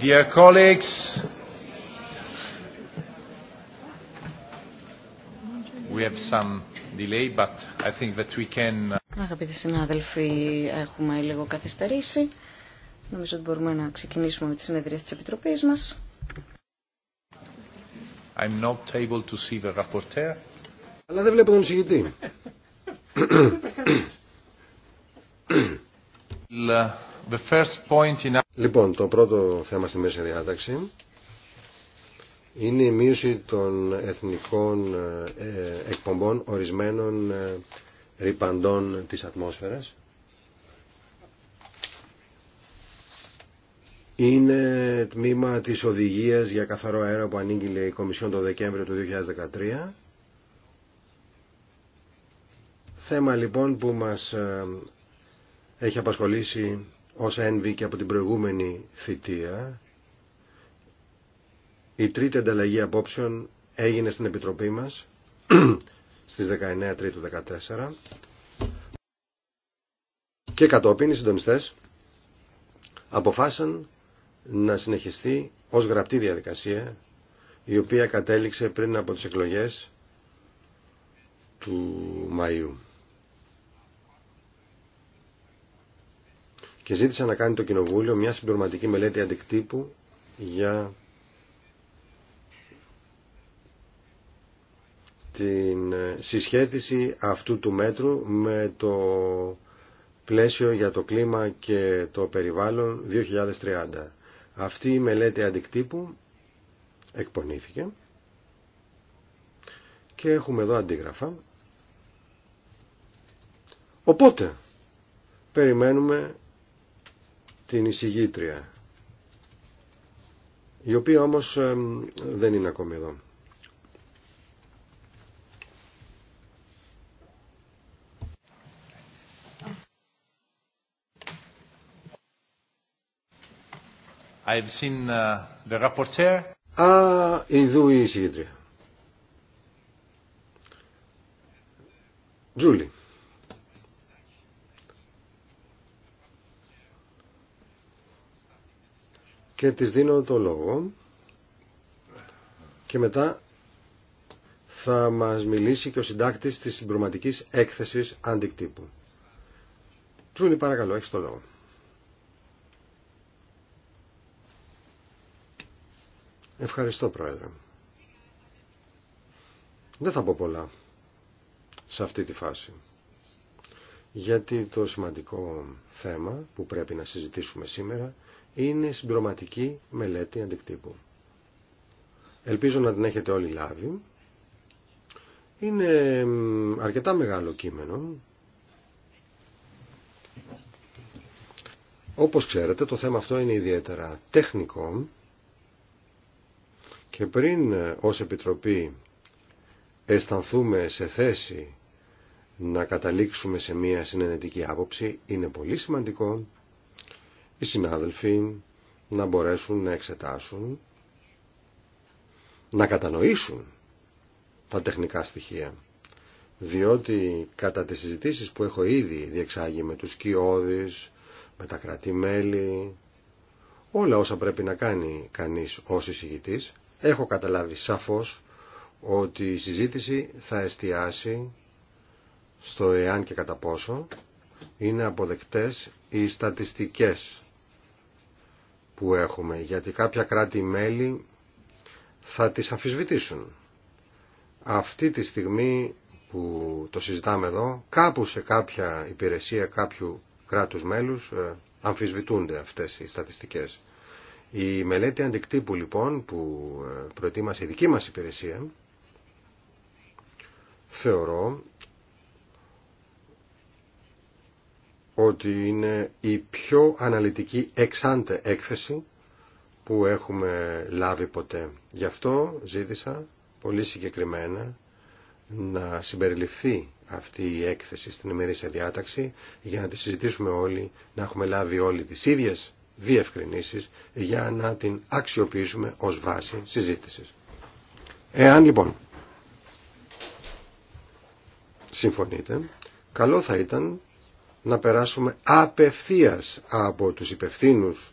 Dear colleagues, we have some delay, but I think that we can. Uh, Αγαπητοί συνάδελφοι, έχουμε λίγο καθυστερήσει. Νομίζω ότι μπορούμε να ξεκινήσουμε με τις συνεδρίες της Επιτροπής μας. I'm not able to see the rapporteur. Αλλά δεν βλέπω τον Δεν Λοιπόν, το πρώτο θέμα στη μέση διάταξη είναι η μείωση των εθνικών ε, εκπομπών ορισμένων ε, ρηπαντών της ατμόσφαιρας. Είναι τμήμα της οδηγίας για καθαρό αέρα που ανήγγειλε η Κομισιόν το Δεκέμβριο του 2013. Θέμα λοιπόν που μας ε, έχει απασχολήσει ως ένβη και από την προηγούμενη θητεία, η τρίτη ανταλλαγή απόψεων έγινε στην Επιτροπή μας στις 19 Τρίτου 14 και κατόπιν οι συντονιστές αποφάσισαν να συνεχιστεί ως γραπτή διαδικασία η οποία κατέληξε πριν από τις εκλογές του Μαΐου. και ζήτησα να κάνει το Κοινοβούλιο μια συμπληρωματική μελέτη αντικτύπου για την συσχέτιση αυτού του μέτρου με το πλαίσιο για το κλίμα και το περιβάλλον 2030. Αυτή η μελέτη αντικτύπου εκπονήθηκε και έχουμε εδώ αντίγραφα. Οπότε περιμένουμε την εισηγήτρια, η οποία όμως δεν είναι ακόμη εδώ. I've seen uh, the rapporteur. Α, ειδού η εισηγήτρια. Τζούλη. και τις δίνω το λόγο και μετά θα μας μιλήσει και ο συντάκτης της συμπροματικής έκθεσης αντικτύπου. Τζούνι παρακαλώ, έχεις το λόγο. Ευχαριστώ Πρόεδρε. Δεν θα πω πολλά σε αυτή τη φάση. Γιατί το σημαντικό θέμα που πρέπει να συζητήσουμε σήμερα είναι συμπληρωματική μελέτη αντικτύπου. Ελπίζω να την έχετε όλοι λάβει. Είναι αρκετά μεγάλο κείμενο. Όπως ξέρετε το θέμα αυτό είναι ιδιαίτερα τεχνικό και πριν ε, ως Επιτροπή αισθανθούμε σε θέση να καταλήξουμε σε μια συνενετική άποψη είναι πολύ σημαντικό οι συνάδελφοι να μπορέσουν να εξετάσουν, να κατανοήσουν τα τεχνικά στοιχεία. Διότι κατά τις συζητήσεις που έχω ήδη διεξάγει με τους κοιόδης, με τα κρατημέλη, όλα όσα πρέπει να κάνει κανείς ως εισηγητής, έχω καταλάβει σαφώς ότι η συζήτηση θα εστιάσει στο εάν και κατά πόσο είναι αποδεκτές οι στατιστικές που έχουμε, γιατί κάποια κράτη-μέλη θα τις αμφισβητήσουν. Αυτή τη στιγμή που το συζητάμε εδώ, κάπου σε κάποια υπηρεσία κάποιου κράτους μέλους ε, αμφισβητούνται αυτές οι στατιστικές. Η μελέτη αντικτύπου λοιπόν που ε, προετοίμασε η δική μας υπηρεσία θεωρώ ότι είναι η πιο αναλυτική εξάντε έκθεση που έχουμε λάβει ποτέ. Γι' αυτό ζήτησα πολύ συγκεκριμένα να συμπεριληφθεί αυτή η έκθεση στην ημερήσια διάταξη για να τη συζητήσουμε όλοι, να έχουμε λάβει όλοι τις ίδιες διευκρινήσεις για να την αξιοποιήσουμε ως βάση συζήτησης. Εάν λοιπόν συμφωνείτε, καλό θα ήταν να περάσουμε απευθείας από τους υπευθύνους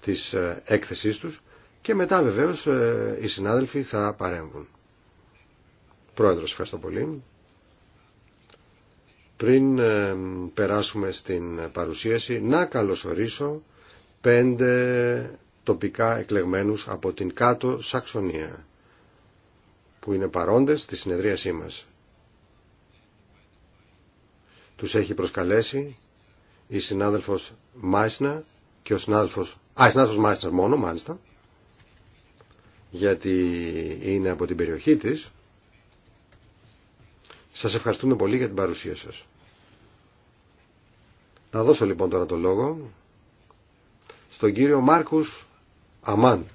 της ε, έκθεσής τους και μετά βεβαίως ε, οι συνάδελφοι θα παρέμβουν. Πρόεδρος, ευχαριστώ πολύ. Πριν ε, περάσουμε στην παρουσίαση, να καλωσορίσω πέντε τοπικά εκλεγμένους από την κάτω Σαξονία, που είναι παρόντες στη συνεδρίασή μας. Τους έχει προσκαλέσει η συνάδελφος Μάισνα και ο συνάδελφος... Α, η Μάισνα μόνο, μάλιστα. Γιατί είναι από την περιοχή της. Σας ευχαριστούμε πολύ για την παρουσία σας. Να δώσω λοιπόν τώρα το λόγο στον κύριο Μάρκους Αμάν.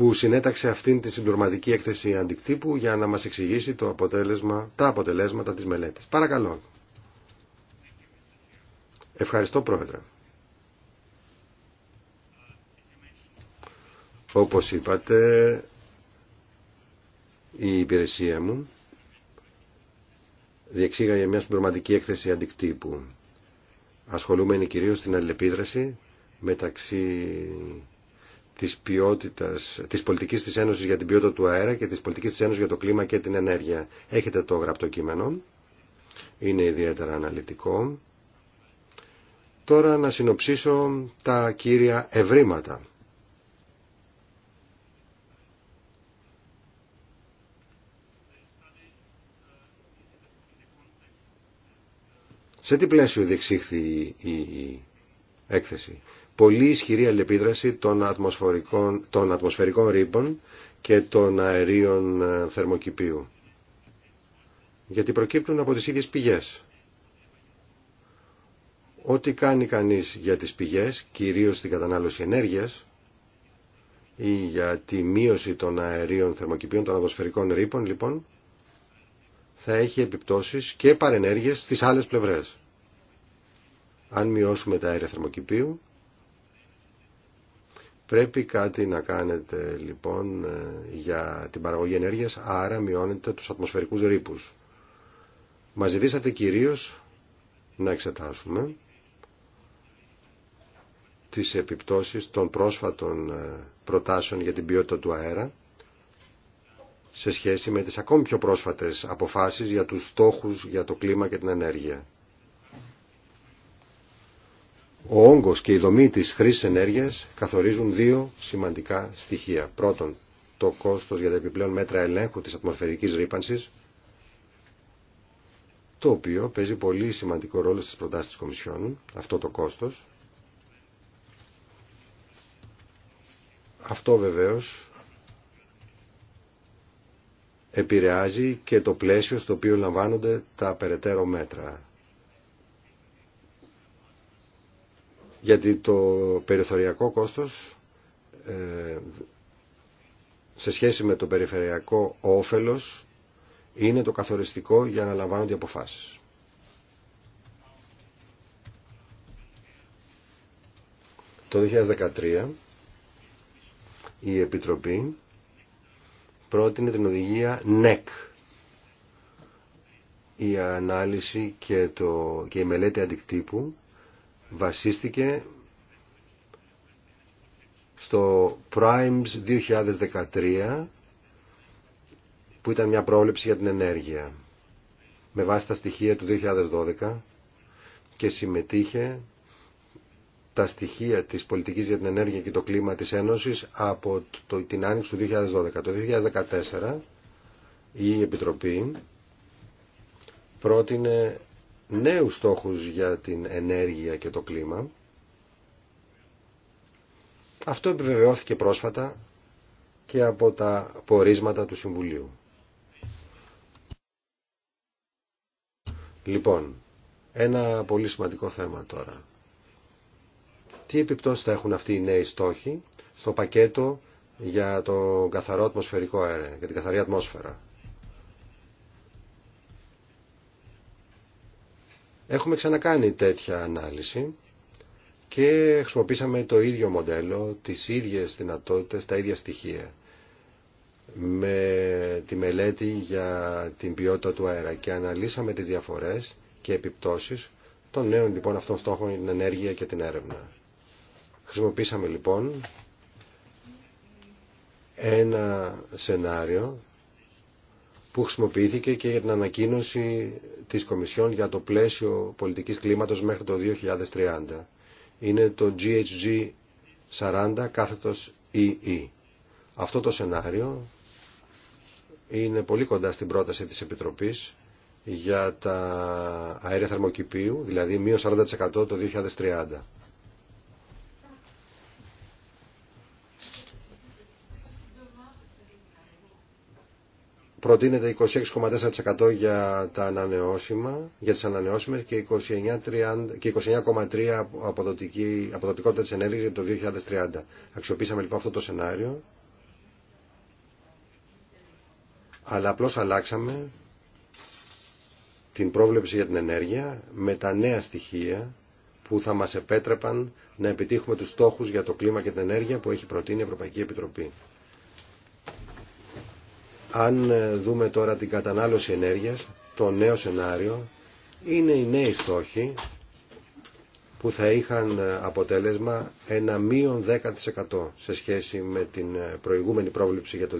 που συνέταξε αυτήν τη συντορματική έκθεση αντικτύπου για να μας εξηγήσει το αποτέλεσμα, τα αποτελέσματα της μελέτης. Παρακαλώ. Ευχαριστώ Πρόεδρε. Όπως είπατε, η υπηρεσία μου διεξήγαγε μια συμπληρωματική έκθεση αντικτύπου. Ασχολούμενη κυρίως στην αλληλεπίδραση μεταξύ της, ποιότητας, της πολιτικής της Ένωσης για την ποιότητα του αέρα και της πολιτικής της Ένωσης για το κλίμα και την ενέργεια. Έχετε το γραπτό κείμενο. Είναι ιδιαίτερα αναλυτικό. Τώρα να συνοψίσω τα κύρια ευρήματα. Σε τι πλαίσιο διεξήχθη η έκθεση πολύ ισχυρή αλληλεπίδραση των ατμοσφαιρικών, των ατμοσφαιρικών ρήπων και των αερίων ε, θερμοκηπίου. Γιατί προκύπτουν από τις ίδιες πηγές. Ό,τι κάνει κανείς για τις πηγές, κυρίως την κατανάλωση ενέργειας ή για τη μείωση των αερίων θερμοκηπίων, των ατμοσφαιρικών ρήπων, λοιπόν, θα έχει επιπτώσεις και παρενέργειες στις άλλες πλευρές. Αν μειώσουμε τα αέρια θερμοκηπίου, Πρέπει κάτι να κάνετε λοιπόν ε, για την παραγωγή ενέργειας, άρα μειώνετε τους ατμοσφαιρικούς ρήπους. Μα ζητήσατε κυρίως να εξετάσουμε τις επιπτώσεις των πρόσφατων ε, προτάσεων για την ποιότητα του αέρα σε σχέση με τις ακόμη πιο πρόσφατες αποφάσεις για τους στόχους για το κλίμα και την ενέργεια. Ο όγκος και η δομή της χρήσης ενέργειας καθορίζουν δύο σημαντικά στοιχεία. Πρώτον, το κόστος για τα επιπλέον μέτρα ελέγχου της ατμοσφαιρικής ρήπανσης, το οποίο παίζει πολύ σημαντικό ρόλο στις προτάσεις της Κομισιόν, αυτό το κόστος. Αυτό βεβαίως επηρεάζει και το πλαίσιο στο οποίο λαμβάνονται τα περαιτέρω μέτρα. γιατί το περιθωριακό κόστος ε, σε σχέση με το περιφερειακό όφελος είναι το καθοριστικό για να λαμβάνονται αποφάσεις. Το 2013 η Επιτροπή πρότεινε την οδηγία NEC. Η ανάλυση και, το, και η μελέτη αντικτύπου βασίστηκε στο Primes 2013 που ήταν μια πρόβλεψη για την ενέργεια με βάση τα στοιχεία του 2012 και συμμετείχε τα στοιχεία της πολιτικής για την ενέργεια και το κλίμα της Ένωσης από το, την άνοιξη του 2012. Το 2014 η Επιτροπή πρότεινε νέους στόχους για την ενέργεια και το κλίμα. Αυτό επιβεβαιώθηκε πρόσφατα και από τα πορίσματα του Συμβουλίου. Λοιπόν, ένα πολύ σημαντικό θέμα τώρα. Τι επιπτώσεις θα έχουν αυτοί οι νέοι στόχοι στο πακέτο για το καθαρό ατμοσφαιρικό αέρα, για την καθαρή ατμόσφαιρα. Έχουμε ξανακάνει τέτοια ανάλυση και χρησιμοποίησαμε το ίδιο μοντέλο, τις ίδιες δυνατότητες, τα ίδια στοιχεία με τη μελέτη για την ποιότητα του αέρα και αναλύσαμε τις διαφορές και επιπτώσεις των νέων λοιπόν αυτών στόχων την ενέργεια και την έρευνα. Χρησιμοποίησαμε λοιπόν ένα σενάριο που χρησιμοποιήθηκε και για την ανακοίνωση της Κομισιόν για το πλαίσιο πολιτικής κλίματος μέχρι το 2030. Είναι το GHG 40 κάθετος EE. E. Αυτό το σενάριο είναι πολύ κοντά στην πρόταση της Επιτροπής για τα αέρια θερμοκηπίου, δηλαδή μείον 40% το 2030. προτείνεται 26,4% για τα ανανεώσιμα, για τις ανανεώσιμες και 29,3% και 29 αποδοτικότητα της ενέργειας για το 2030. Αξιοποίησαμε λοιπόν αυτό το σενάριο, αλλά απλώς αλλάξαμε την πρόβλεψη για την ενέργεια με τα νέα στοιχεία που θα μας επέτρεπαν να επιτύχουμε τους στόχους για το κλίμα και την ενέργεια που έχει προτείνει η Ευρωπαϊκή Επιτροπή. Αν ε, δούμε τώρα την κατανάλωση ενέργειας, το νέο σενάριο είναι οι νέοι στόχοι που θα είχαν ε, αποτέλεσμα ένα μείον 10% σε σχέση με την ε, προηγούμενη πρόβληψη για το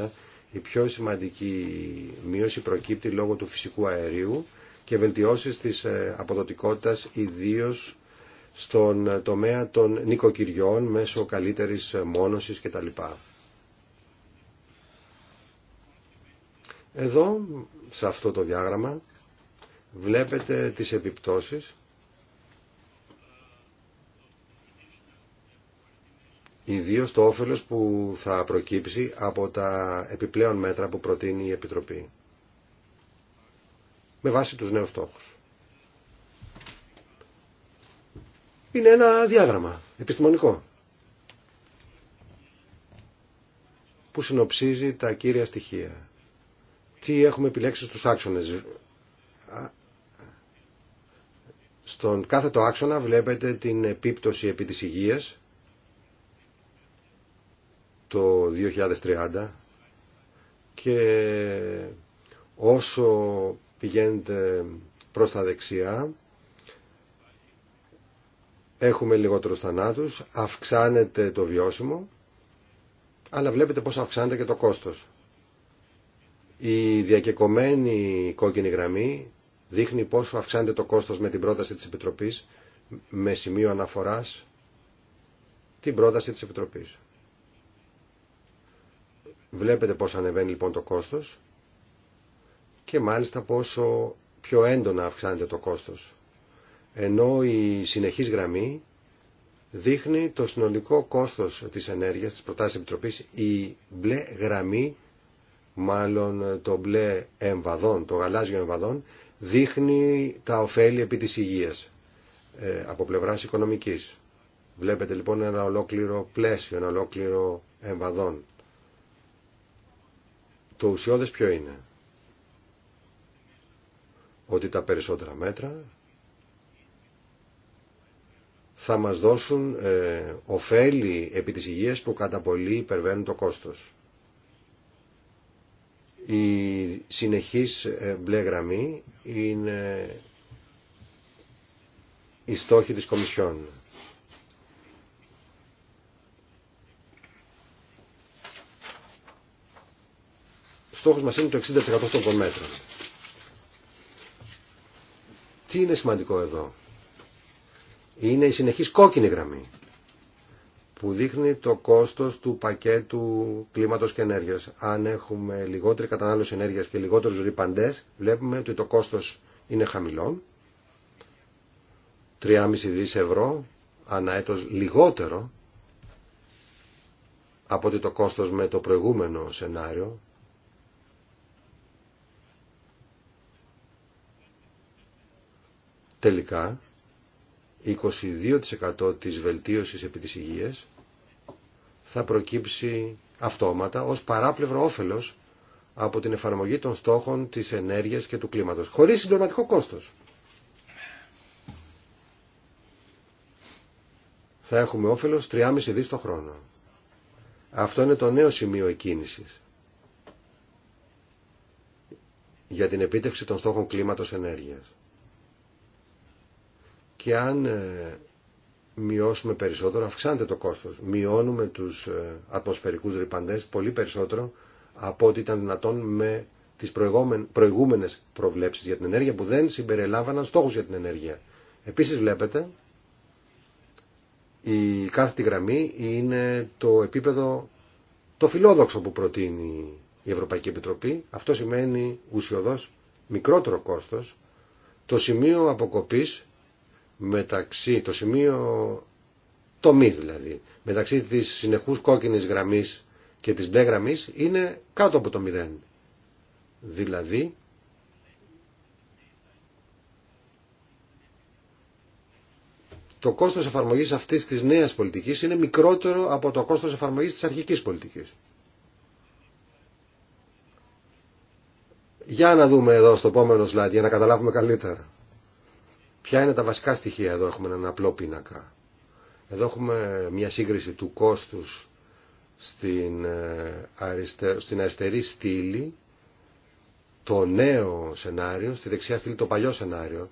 2030. Η πιο σημαντική μείωση προκύπτει λόγω του φυσικού αερίου και βελτιώσεις της αποδοτικότητας ιδίως στον τομέα των νοικοκυριών μέσω καλύτερης μόνωσης κτλ. Εδώ, σε αυτό το διάγραμμα, βλέπετε τις επιπτώσεις ιδίω το όφελος που θα προκύψει από τα επιπλέον μέτρα που προτείνει η Επιτροπή με βάση τους νέους στόχους. Είναι ένα διάγραμμα επιστημονικό που συνοψίζει τα κύρια στοιχεία τι έχουμε επιλέξει στους άξονες. Στον κάθε το άξονα βλέπετε την επίπτωση επί της υγείας το 2030 και όσο πηγαίνετε προς τα δεξιά έχουμε λιγότερους θανάτους, αυξάνεται το βιώσιμο αλλά βλέπετε πως αυξάνεται και το κόστος. Η διακεκομένη κόκκινη γραμμή δείχνει πόσο αυξάνεται το κόστος με την πρόταση της Επιτροπής με σημείο αναφοράς την πρόταση της Επιτροπής. Βλέπετε πώς ανεβαίνει λοιπόν το κόστος και μάλιστα πόσο πιο έντονα αυξάνεται το κόστος. Ενώ η συνεχής γραμμή δείχνει το συνολικό κόστος της ενέργειας της προτάσης Επιτροπής. Η μπλε γραμμή μάλλον το μπλε εμβαδόν, το γαλάζιο εμβαδόν, δείχνει τα ωφέλη επί της υγείας ε, από πλευράς οικονομικής. Βλέπετε λοιπόν ένα ολόκληρο πλαίσιο, ένα ολόκληρο εμβαδόν. Το ουσιώδες ποιο είναι. Ότι τα περισσότερα μέτρα θα μας δώσουν ε, ωφέλη επί της υγείας που κατά πολύ υπερβαίνουν το κόστος. Η συνεχής ε, μπλε γραμμή είναι η στόχη της Κομισιόν. Στόχος μας είναι το 60% των κομμέτρων. Τι είναι σημαντικό εδώ. Είναι η συνεχής κόκκινη γραμμή που δείχνει το κόστος του πακέτου κλίματος και ενέργειας. Αν έχουμε λιγότερη κατανάλωση ενέργειας και λιγότερους ρηπαντές, βλέπουμε ότι το κόστος είναι χαμηλό, 3,5 δις ευρώ ανά έτος λιγότερο από ότι το κόστος με το προηγούμενο σενάριο, τελικά 22% της βελτίωσης επί της υγείας θα προκύψει αυτόματα ως παράπλευρο όφελος από την εφαρμογή των στόχων της ενέργειας και του κλίματος, χωρίς συμπληρωματικό κόστος. Θα έχουμε όφελος 3,5 δις το χρόνο. Αυτό είναι το νέο σημείο εκκίνησης για την επίτευξη των στόχων κλίματος ενέργειας και αν ε, μειώσουμε περισσότερο, αυξάνεται το κόστος. Μειώνουμε τους ε, ατμοσφαιρικούς ρυπαντές πολύ περισσότερο από ό,τι ήταν δυνατόν με τις προηγούμενες προβλέψεις για την ενέργεια που δεν συμπεριλάμβαναν στόχους για την ενέργεια. Επίσης βλέπετε, η κάθετη γραμμή είναι το επίπεδο το φιλόδοξο που προτείνει η Ευρωπαϊκή Επιτροπή. Αυτό σημαίνει ουσιοδός μικρότερο κόστος. Το σημείο αποκοπής μεταξύ, το σημείο μη δηλαδή, μεταξύ της συνεχούς κόκκινης γραμμής και της μπλε γραμμής είναι κάτω από το 0. Δηλαδή, το κόστος εφαρμογής αυτής της νέας πολιτικής είναι μικρότερο από το κόστος εφαρμογής της αρχικής πολιτικής. Για να δούμε εδώ στο επόμενο slide για να καταλάβουμε καλύτερα. Ποια είναι τα βασικά στοιχεία. Εδώ έχουμε έναν απλό πίνακα. Εδώ έχουμε μια σύγκριση του κόστους στην, ε, στην αριστερή στήλη το νέο σενάριο, στη δεξιά στήλη το παλιό σενάριο.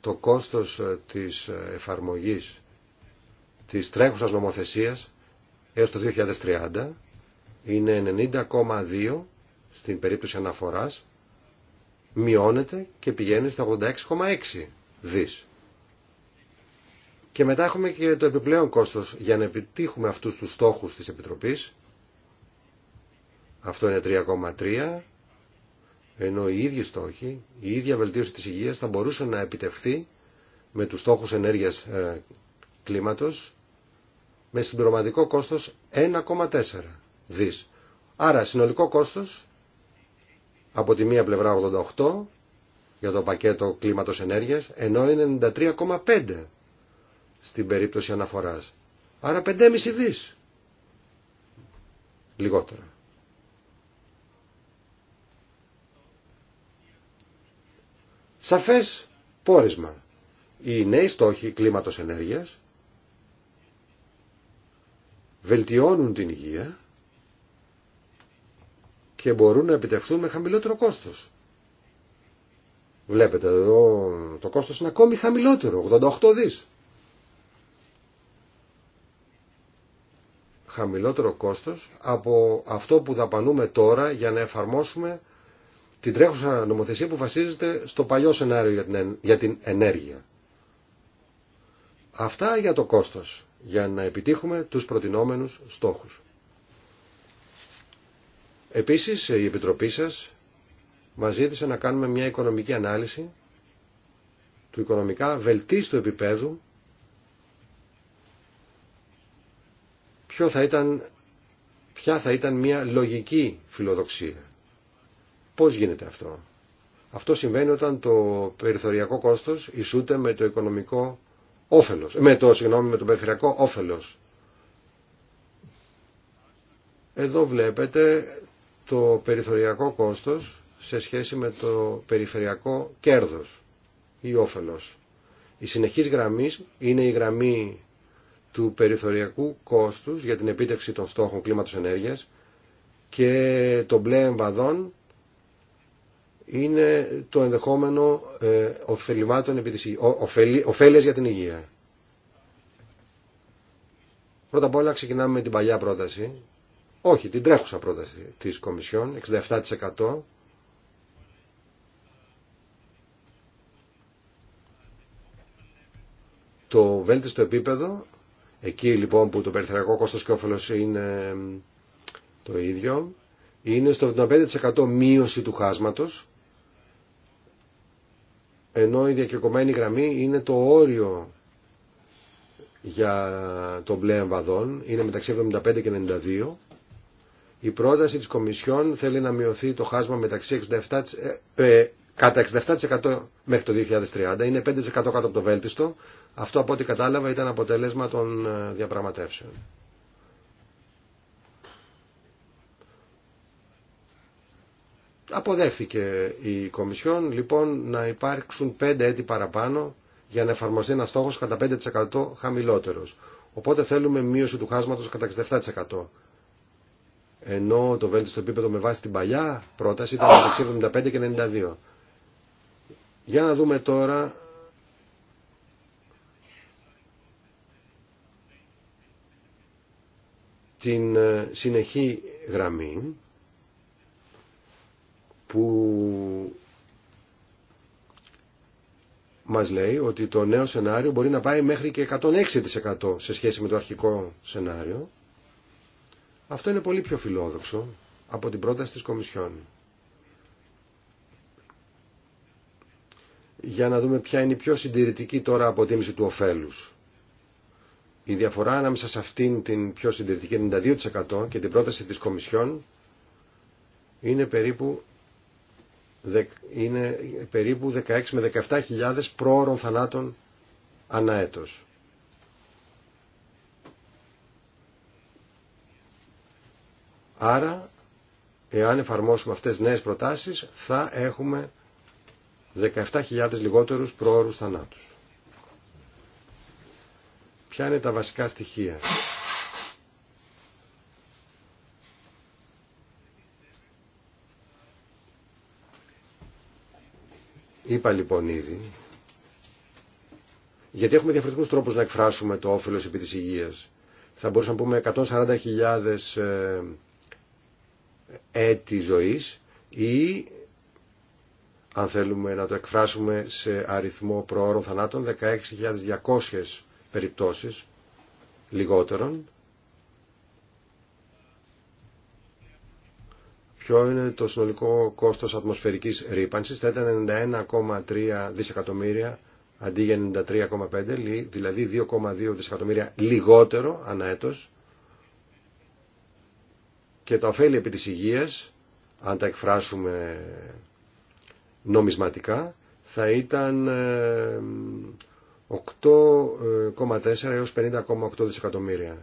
Το κόστος ε, της ε, εφαρμογής της τρέχουσας νομοθεσίας έως το 2030 είναι 90,2 στην περίπτωση αναφοράς μειώνεται και πηγαίνει στα 86,6 δις. Και μετά έχουμε και το επιπλέον κόστος για να επιτύχουμε αυτούς τους στόχους της Επιτροπής. Αυτό είναι 3,3 ενώ οι ίδιοι στόχοι, η ίδια βελτίωση της υγείας θα μπορούσε να επιτευχθεί με τους στόχους ενέργειας ε, κλίματος με συμπληρωματικό κόστος 1,4 δις. Άρα συνολικό κόστος από τη μία πλευρά 88 για το πακέτο κλίματος ενέργειας, ενώ είναι 93,5 στην περίπτωση αναφοράς. Άρα 5,5 δις λιγότερα. Σαφές πόρισμα. Οι νέοι στόχοι κλίματος ενέργειας βελτιώνουν την υγεία και μπορούν να επιτευχθούν με χαμηλότερο κόστος. Βλέπετε εδώ το κόστος είναι ακόμη χαμηλότερο, 88 δις. Χαμηλότερο κόστος από αυτό που δαπανούμε τώρα για να εφαρμόσουμε την τρέχουσα νομοθεσία που βασίζεται στο παλιό σενάριο για την ενέργεια. Αυτά για το κόστος, για να επιτύχουμε τους προτινόμενους στόχους. Επίσης, η Επιτροπή σας μας ζήτησε να κάνουμε μια οικονομική ανάλυση του οικονομικά βελτίστου επίπεδου θα ήταν, ποια θα ήταν μια λογική φιλοδοξία. Πώς γίνεται αυτό. Αυτό συμβαίνει όταν το περιθωριακό κόστος ισούται με το οικονομικό όφελος, με το, συγγνώμη, με το περιφερειακό όφελος. Εδώ βλέπετε το περιθωριακό κόστος σε σχέση με το περιφερειακό κέρδος ή όφελος. Η συνεχής γραμμή είναι η γραμμή του περιθωριακού κόστους για την επίτευξη των στόχων κλίματος ενέργειας και το μπλε εμβαδόν είναι το ενδεχόμενο ε, ωφελημάτων επί για την υγεία. Πρώτα απ' όλα ξεκινάμε με την παλιά πρόταση, όχι την τρέχουσα πρόταση της Κομισιόν, 67% βέλτιστο επίπεδο, εκεί λοιπόν που το περιθωριακό κόστος και όφελος είναι το ίδιο, είναι στο 75% μείωση του χάσματος, ενώ η διακεκομένη γραμμή είναι το όριο για το μπλε εμβαδόν, είναι μεταξύ 75 και 92. Η πρόταση της Κομισιόν θέλει να μειωθεί το χάσμα μεταξύ 67, κατά 67% μέχρι το 2030. Είναι 5% κάτω από το βέλτιστο. Αυτό από ό,τι κατάλαβα ήταν αποτέλεσμα των ε, διαπραγματεύσεων. Αποδέχθηκε η Κομισιόν λοιπόν να υπάρξουν 5 έτη παραπάνω για να εφαρμοστεί ένα στόχος κατά 5% χαμηλότερος. Οπότε θέλουμε μείωση του χάσματος κατά 67%. Ενώ το βέλτιστο επίπεδο με βάση την παλιά πρόταση ήταν μεταξύ 75 και 92. Για να δούμε τώρα την ε, συνεχή γραμμή που μας λέει ότι το νέο σενάριο μπορεί να πάει μέχρι και 106% σε σχέση με το αρχικό σενάριο. Αυτό είναι πολύ πιο φιλόδοξο από την πρόταση της Κομισιόν. για να δούμε ποια είναι η πιο συντηρητική τώρα αποτίμηση του ωφέλους. Η διαφορά ανάμεσα σε αυτήν την πιο συντηρητική 92% και την πρόταση της Κομισιόν είναι περίπου, είναι περίπου 16 με χιλιάδες προώρων θανάτων ανά έτος. Άρα, εάν εφαρμόσουμε αυτές τις νέες προτάσεις, θα έχουμε 17.000 λιγότερους προώρους θανάτους. Ποια είναι τα βασικά στοιχεία. Είπα λοιπόν ήδη, γιατί έχουμε διαφορετικούς τρόπους να εκφράσουμε το όφελος επί της υγείας. Θα μπορούσαμε να πούμε 140.000 ε, έτη ζωής ή αν θέλουμε να το εκφράσουμε σε αριθμό προώρων θανάτων, 16.200 περιπτώσεις λιγότερων. Ποιο είναι το συνολικό κόστος ατμοσφαιρικής ρήπανσης, θα ήταν 91,3 δισεκατομμύρια αντί για 93,5, δηλαδή 2,2 δισεκατομμύρια λιγότερο ανά έτος. Και το ωφέλη επί της υγείας, αν τα εκφράσουμε νομισματικά θα ήταν 8,4 ε, ε, έως 50,8 δισεκατομμύρια.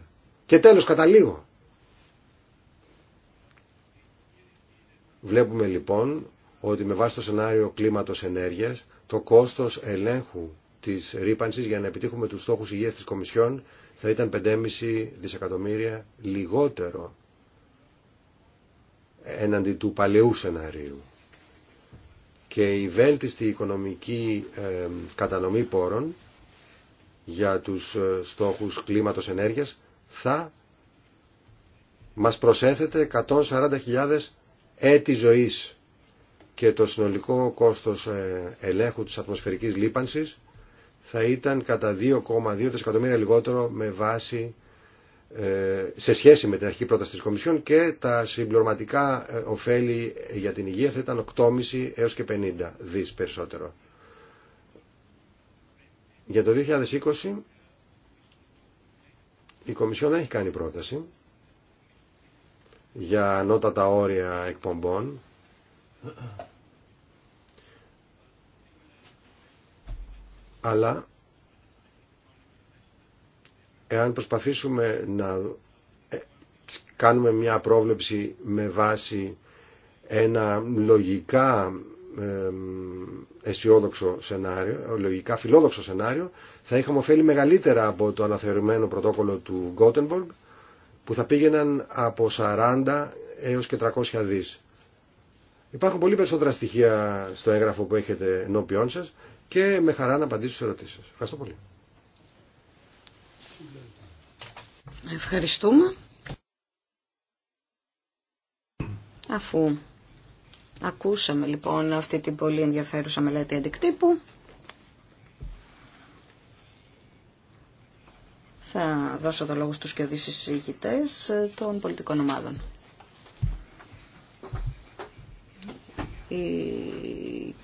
Και τέλος καταλήγω. Βλέπουμε λοιπόν ότι με βάση το σενάριο κλίματος ενέργειας το κόστος ελέγχου της ρήπανσης για να επιτύχουμε τους στόχους υγείας της Κομισιόν θα ήταν 5,5 δισεκατομμύρια λιγότερο έναντι του παλαιού σενάριου και η βέλτιστη οικονομική κατανομή πόρων για τους ε, στόχους κλίματος ενέργειας θα μας προσέθεται 140.000 έτη ζωής και το συνολικό κόστος ε, ελέγχου της ατμοσφαιρικής λίπανσης θα ήταν κατά 2,2 δισεκατομμύρια λιγότερο με βάση ε, σε σχέση με την αρχική πρόταση της Κομισιόν και τα συμπληρωματικά ε, ωφέλη για την υγεία θα ήταν 8,5 έως και 50 δις περισσότερο. Για το 2020 η Κομισιόν δεν έχει κάνει πρόταση για ανώτατα όρια εκπομπών. Αλλά εάν προσπαθήσουμε να ε, κάνουμε μια πρόβλεψη με βάση ένα λογικά αισιόδοξο σενάριο, λογικά φιλόδοξο σενάριο, θα είχαμε ωφέλη μεγαλύτερα από το αναθεωρημένο πρωτόκολλο του Gothenburg, που θα πήγαιναν από 40 έως και 300 δις. Υπάρχουν πολύ περισσότερα στοιχεία στο έγγραφο που έχετε ενώπιόν σας και με χαρά να απαντήσω στις ερωτήσεις. Ευχαριστώ πολύ. Ευχαριστούμε. Αφού ακούσαμε λοιπόν αυτή την πολύ ενδιαφέρουσα μελέτη αντικτύπου, θα δώσω το λόγο στους και συζητητές των πολιτικών ομάδων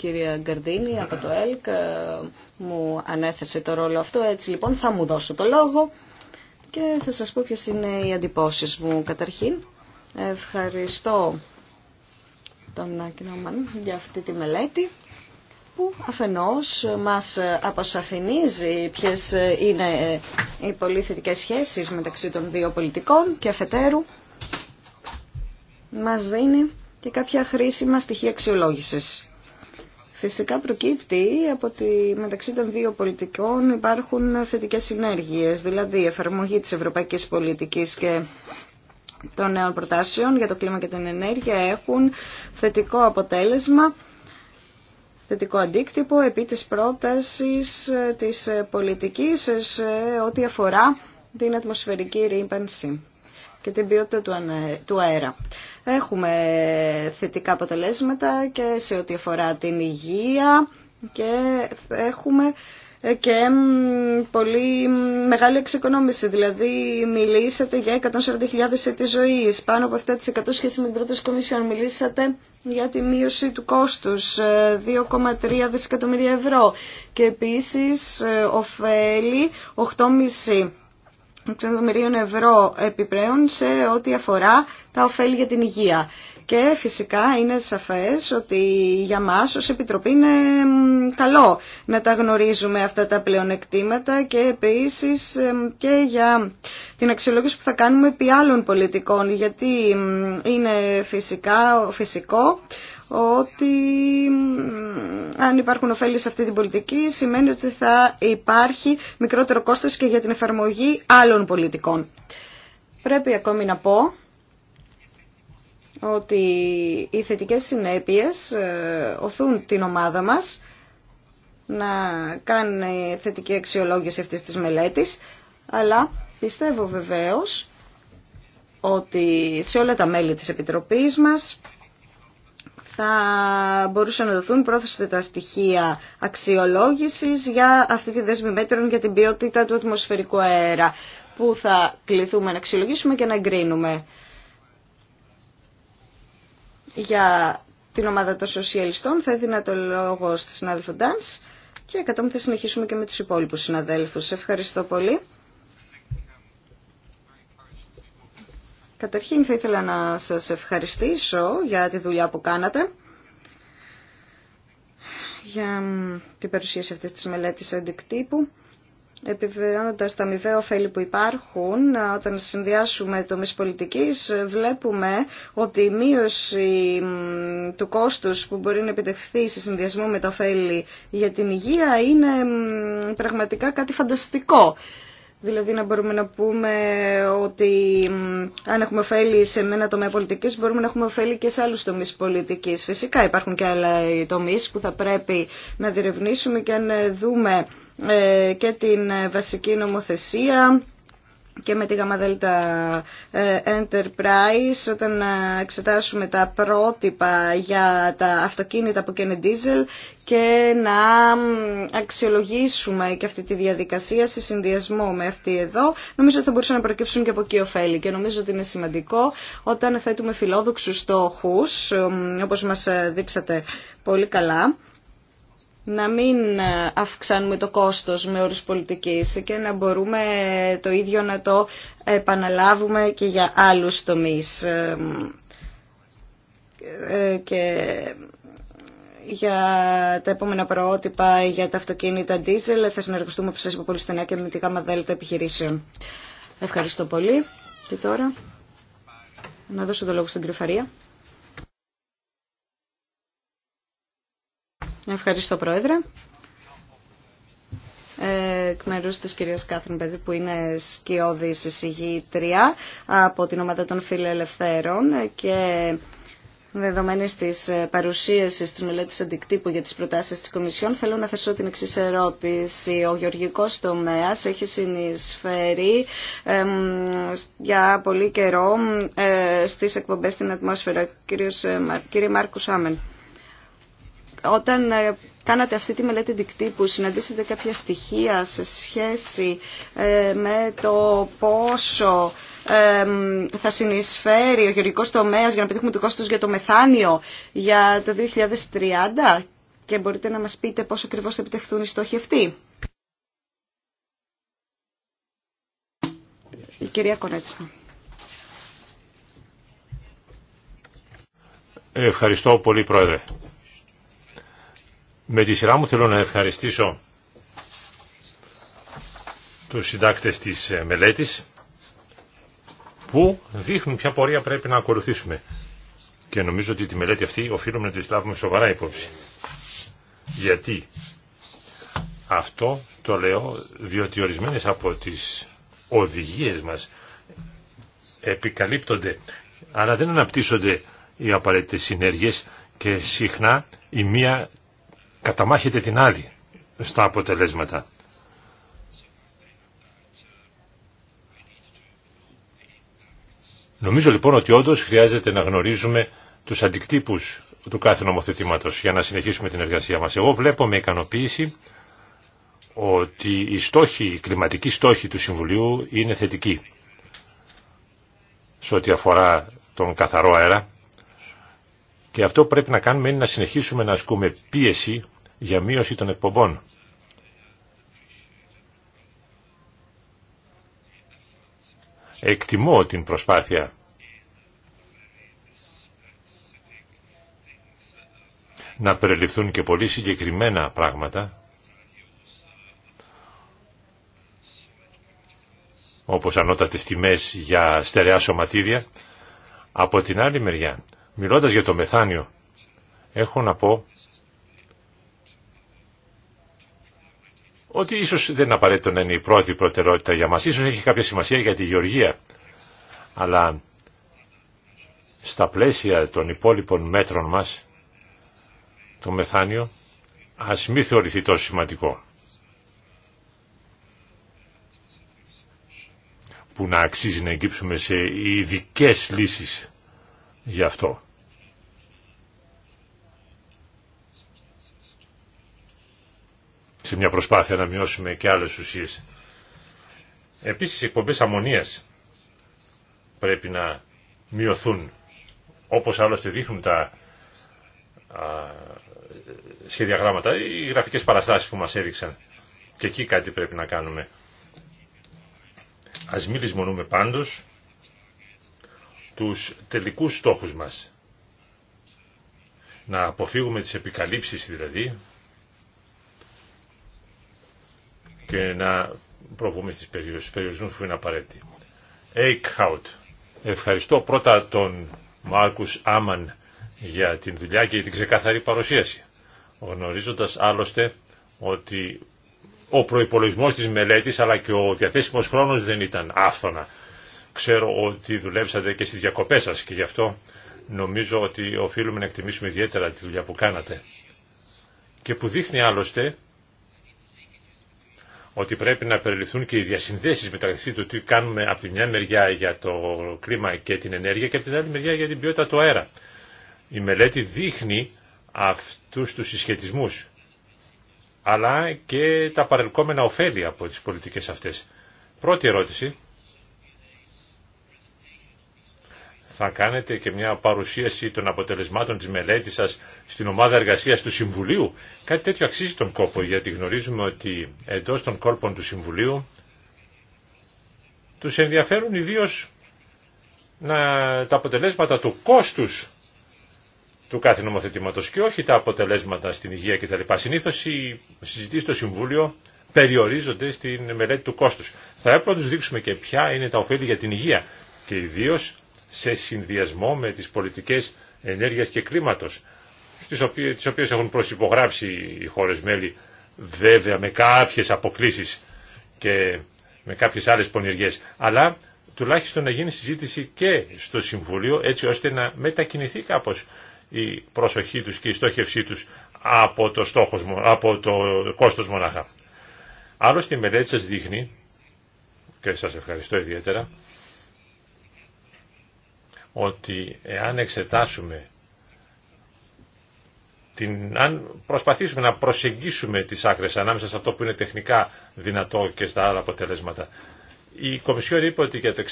κυρία Γκαρδίνη από το ΕΛΚ ε, μου ανέθεσε το ρόλο αυτό. Έτσι λοιπόν θα μου δώσω το λόγο και θα σας πω ποιες είναι οι αντιπώσεις μου. Καταρχήν ευχαριστώ τον Κινόμαν για αυτή τη μελέτη που αφενός μας αποσαφηνίζει ποιες είναι οι πολύ θετικές σχέσεις μεταξύ των δύο πολιτικών και αφετέρου μας δίνει και κάποια χρήσιμα στοιχεία αξιολόγηση. Φυσικά προκύπτει από ότι μεταξύ των δύο πολιτικών υπάρχουν θετικές συνέργειες, δηλαδή η εφαρμογή της ευρωπαϊκής πολιτικής και των νέων προτάσεων για το κλίμα και την ενέργεια έχουν θετικό αποτέλεσμα, θετικό αντίκτυπο επί της πρότασης ε, της ε, πολιτικής σε ό,τι αφορά την ατμοσφαιρική ρήπανση και την ποιότητα του αέρα. Έχουμε θετικά αποτελέσματα και σε ό,τι αφορά την υγεία και έχουμε και πολύ μεγάλη εξοικονόμηση. Δηλαδή, μιλήσατε για 140.000 έτη ζωή, πάνω από 7% σχέση με την πρόταση Κομισιόν. Μιλήσατε για τη μείωση του κόστου 2,3 ε, δισεκατομμύρια ευρώ. Και επίση, ε, ωφέλει 8,5 εκατομμυρίων ευρώ επιπλέον σε ό,τι αφορά τα ωφέλη για την υγεία. Και φυσικά είναι σαφές ότι για μας ως Επιτροπή είναι καλό να τα γνωρίζουμε αυτά τα πλεονεκτήματα και επίσης και για την αξιολόγηση που θα κάνουμε επί άλλων πολιτικών γιατί είναι φυσικά, φυσικό ότι αν υπάρχουν ωφέλη σε αυτή την πολιτική σημαίνει ότι θα υπάρχει μικρότερο κόστος και για την εφαρμογή άλλων πολιτικών. Πρέπει ακόμη να πω ότι οι θετικές συνέπειες ε, οθούν την ομάδα μας να κάνει θετική αξιολόγηση αυτής της μελέτης, αλλά πιστεύω βεβαίως ότι σε όλα τα μέλη της Επιτροπής μας θα μπορούσαν να δοθούν τα στοιχεία αξιολόγησης για αυτή τη δέσμη μέτρων για την ποιότητα του ατμοσφαιρικού αέρα που θα κληθούμε να αξιολογήσουμε και να εγκρίνουμε για την ομάδα των σοσιαλιστών. Θα έδινα το λόγο στη συνάδελφο Ντάνς και κατόπιν θα συνεχίσουμε και με τους υπόλοιπους συναδέλφους. Ευχαριστώ πολύ. Καταρχήν θα ήθελα να σας ευχαριστήσω για τη δουλειά που κάνατε για την παρουσίαση αυτής της μελέτης αντικτύπου επιβεβαιώνοντας τα αμοιβαία ωφέλη που υπάρχουν, όταν συνδυάσουμε το πολιτικής, βλέπουμε ότι η μείωση του κόστους που μπορεί να επιτευχθεί σε συνδυασμό με τα ωφέλη για την υγεία είναι πραγματικά κάτι φανταστικό. Δηλαδή να μπορούμε να πούμε ότι αν έχουμε ωφέλη σε ένα τομέα πολιτικής μπορούμε να έχουμε ωφέλη και σε άλλους τομείς πολιτικής. Φυσικά υπάρχουν και άλλα τομείς που θα πρέπει να διερευνήσουμε και αν δούμε ε, και την ε, βασική νομοθεσία και με τη ΓΑΜΑΔΕΛΤΑ ε, Enterprise όταν εξετάσουμε τα πρότυπα για τα αυτοκίνητα που καίνε diesel και να αξιολογήσουμε και αυτή τη διαδικασία σε συνδυασμό με αυτή εδώ. Νομίζω ότι θα μπορούσαν να προκύψουν και από εκεί ωφέλη και νομίζω ότι είναι σημαντικό όταν θέτουμε φιλόδοξους στόχους όπως μας δείξατε πολύ καλά να μην ε, αυξάνουμε το κόστος με όρους πολιτικής και να μπορούμε το ίδιο να το επαναλάβουμε και για άλλους τομείς. Ε, και για τα επόμενα πρότυπα, για τα αυτοκίνητα diesel, θα συνεργαστούμε που σας είπα πολύ στενά και με τη ΓΑΜΑ ΔΕΛΤΑ επιχειρήσεων. Ευχαριστώ πολύ. Και τώρα να δώσω το λόγο στην κρυφαρία. Ευχαριστώ, Πρόεδρε. Εκ μέρους της κυρίας Κάθριν Παιδί που είναι σκιώδη εισηγήτρια από την ομάδα των φιλελευθέρων και δεδομένη της παρουσίαση της μελέτη αντικτύπου για τις προτάσεις της Κομισιόν, θέλω να θέσω την εξή ερώτηση. Ο Γεωργικός τομέας έχει συνεισφέρει για πολύ καιρό ε, στι εκπομπέ στην ατμόσφαιρα. Κύριος, ε, κύριε Μάρκου Σάμεν όταν ε, κάνατε αυτή τη μελέτη δικτύπου, συναντήσετε κάποια στοιχεία σε σχέση ε, με το πόσο θα συνεισφέρει ο γεωργικός τομέας για να πετύχουμε το κόστος για το μεθάνιο για το 2030 και μπορείτε να μας πείτε πόσο ακριβώ θα επιτευχθούν οι στόχοι αυτοί. Η κυρία Κονέτσα. Ευχαριστώ πολύ, Πρόεδρε. Με τη σειρά μου θέλω να ευχαριστήσω τους συντάκτες της ε, μελέτης που δείχνουν ποια πορεία πρέπει να ακολουθήσουμε. Και νομίζω ότι τη μελέτη αυτή οφείλουμε να τη λάβουμε σοβαρά υπόψη. Γιατί αυτό το λέω διότι ορισμένες από τις οδηγίες μας επικαλύπτονται αλλά δεν αναπτύσσονται οι απαραίτητες συνέργειες και συχνά η μία καταμάχεται την άλλη στα αποτελέσματα. Νομίζω λοιπόν ότι όντως χρειάζεται να γνωρίζουμε τους αντικτύπους του κάθε νομοθετήματος για να συνεχίσουμε την εργασία μας. Εγώ βλέπω με ικανοποίηση ότι οι, στόχοι, οι κλιματικοί στόχοι του Συμβουλίου είναι θετικοί σε ό,τι αφορά τον καθαρό αέρα και αυτό πρέπει να κάνουμε είναι να συνεχίσουμε να ασκούμε πίεση για μείωση των εκπομπών. Εκτιμώ την προσπάθεια να περιληφθούν και πολύ συγκεκριμένα πράγματα όπως ανώτατες τιμές για στερεά σωματίδια. Από την άλλη μεριά, μιλώντας για το μεθάνιο, έχω να πω ότι ίσως δεν είναι απαραίτητο να είναι η πρώτη προτεραιότητα για μας. Ίσως έχει κάποια σημασία για τη γεωργία. Αλλά στα πλαίσια των υπόλοιπων μέτρων μας, το μεθάνιο, ας μη θεωρηθεί τόσο σημαντικό. Που να αξίζει να εγκύψουμε σε ειδικέ λύσεις γι' αυτό. σε μια προσπάθεια να μειώσουμε και άλλες ουσίες. Επίσης οι εκπομπές αμμονίας πρέπει να μειωθούν όπως άλλωστε δείχνουν τα σχεδιαγράμματα, οι γραφικές παραστάσεις που μας έδειξαν. Και εκεί κάτι πρέπει να κάνουμε. Ας μην λησμονούμε πάντως τους τελικούς στόχους μας. Να αποφύγουμε τις επικαλύψεις δηλαδή και να προβούμε στις περιορισμούς που είναι απαραίτητοι. Eichhout. Ευχαριστώ πρώτα τον Μάρκους Άμαν για την δουλειά και την ξεκαθαρή παρουσίαση. Γνωρίζοντας άλλωστε ότι ο προϋπολογισμός της μελέτης αλλά και ο διαθέσιμος χρόνος δεν ήταν άφθονα. Ξέρω ότι δουλέψατε και στις διακοπές σας και γι' αυτό νομίζω ότι οφείλουμε να εκτιμήσουμε ιδιαίτερα τη δουλειά που κάνατε. Και που δείχνει άλλωστε ότι πρέπει να περιληφθούν και οι διασυνδέσεις μεταξύ του τι κάνουμε από τη μια μεριά για το κλίμα και την ενέργεια και από την άλλη μεριά για την ποιότητα του αέρα. Η μελέτη δείχνει αυτούς τους συσχετισμούς αλλά και τα παρελκόμενα ωφέλη από τις πολιτικές αυτές. Πρώτη ερώτηση θα κάνετε και μια παρουσίαση των αποτελεσμάτων της μελέτης σας στην ομάδα εργασίας του Συμβουλίου. Κάτι τέτοιο αξίζει τον κόπο γιατί γνωρίζουμε ότι εντός των κόλπων του Συμβουλίου τους ενδιαφέρουν ιδίω να, τα αποτελέσματα του κόστους του κάθε νομοθετήματος και όχι τα αποτελέσματα στην υγεία κτλ. Συνήθως οι συζητήσεις στο Συμβούλιο περιορίζονται στην μελέτη του κόστους. Θα έπρεπε να τους δείξουμε και ποια είναι τα ωφέλη για την υγεία και ιδίω σε συνδυασμό με τις πολιτικές ενέργειας και κλίματος, στις οποίες, τις οποίες έχουν προσυπογράψει οι χώρες μέλη, βέβαια με κάποιες αποκλήσεις και με κάποιες άλλες πονηριές, αλλά τουλάχιστον να γίνει συζήτηση και στο Συμβουλίο, έτσι ώστε να μετακινηθεί κάπως η προσοχή τους και η στόχευσή τους από το, στόχος, από το κόστος μονάχα. Άλλωστε η μελέτη σας δείχνει, και σας ευχαριστώ ιδιαίτερα, ότι εάν εξετάσουμε την, αν προσπαθήσουμε να προσεγγίσουμε τις άκρες ανάμεσα σε αυτό που είναι τεχνικά δυνατό και στα άλλα αποτελέσματα η Κομισιόν είπε ότι για το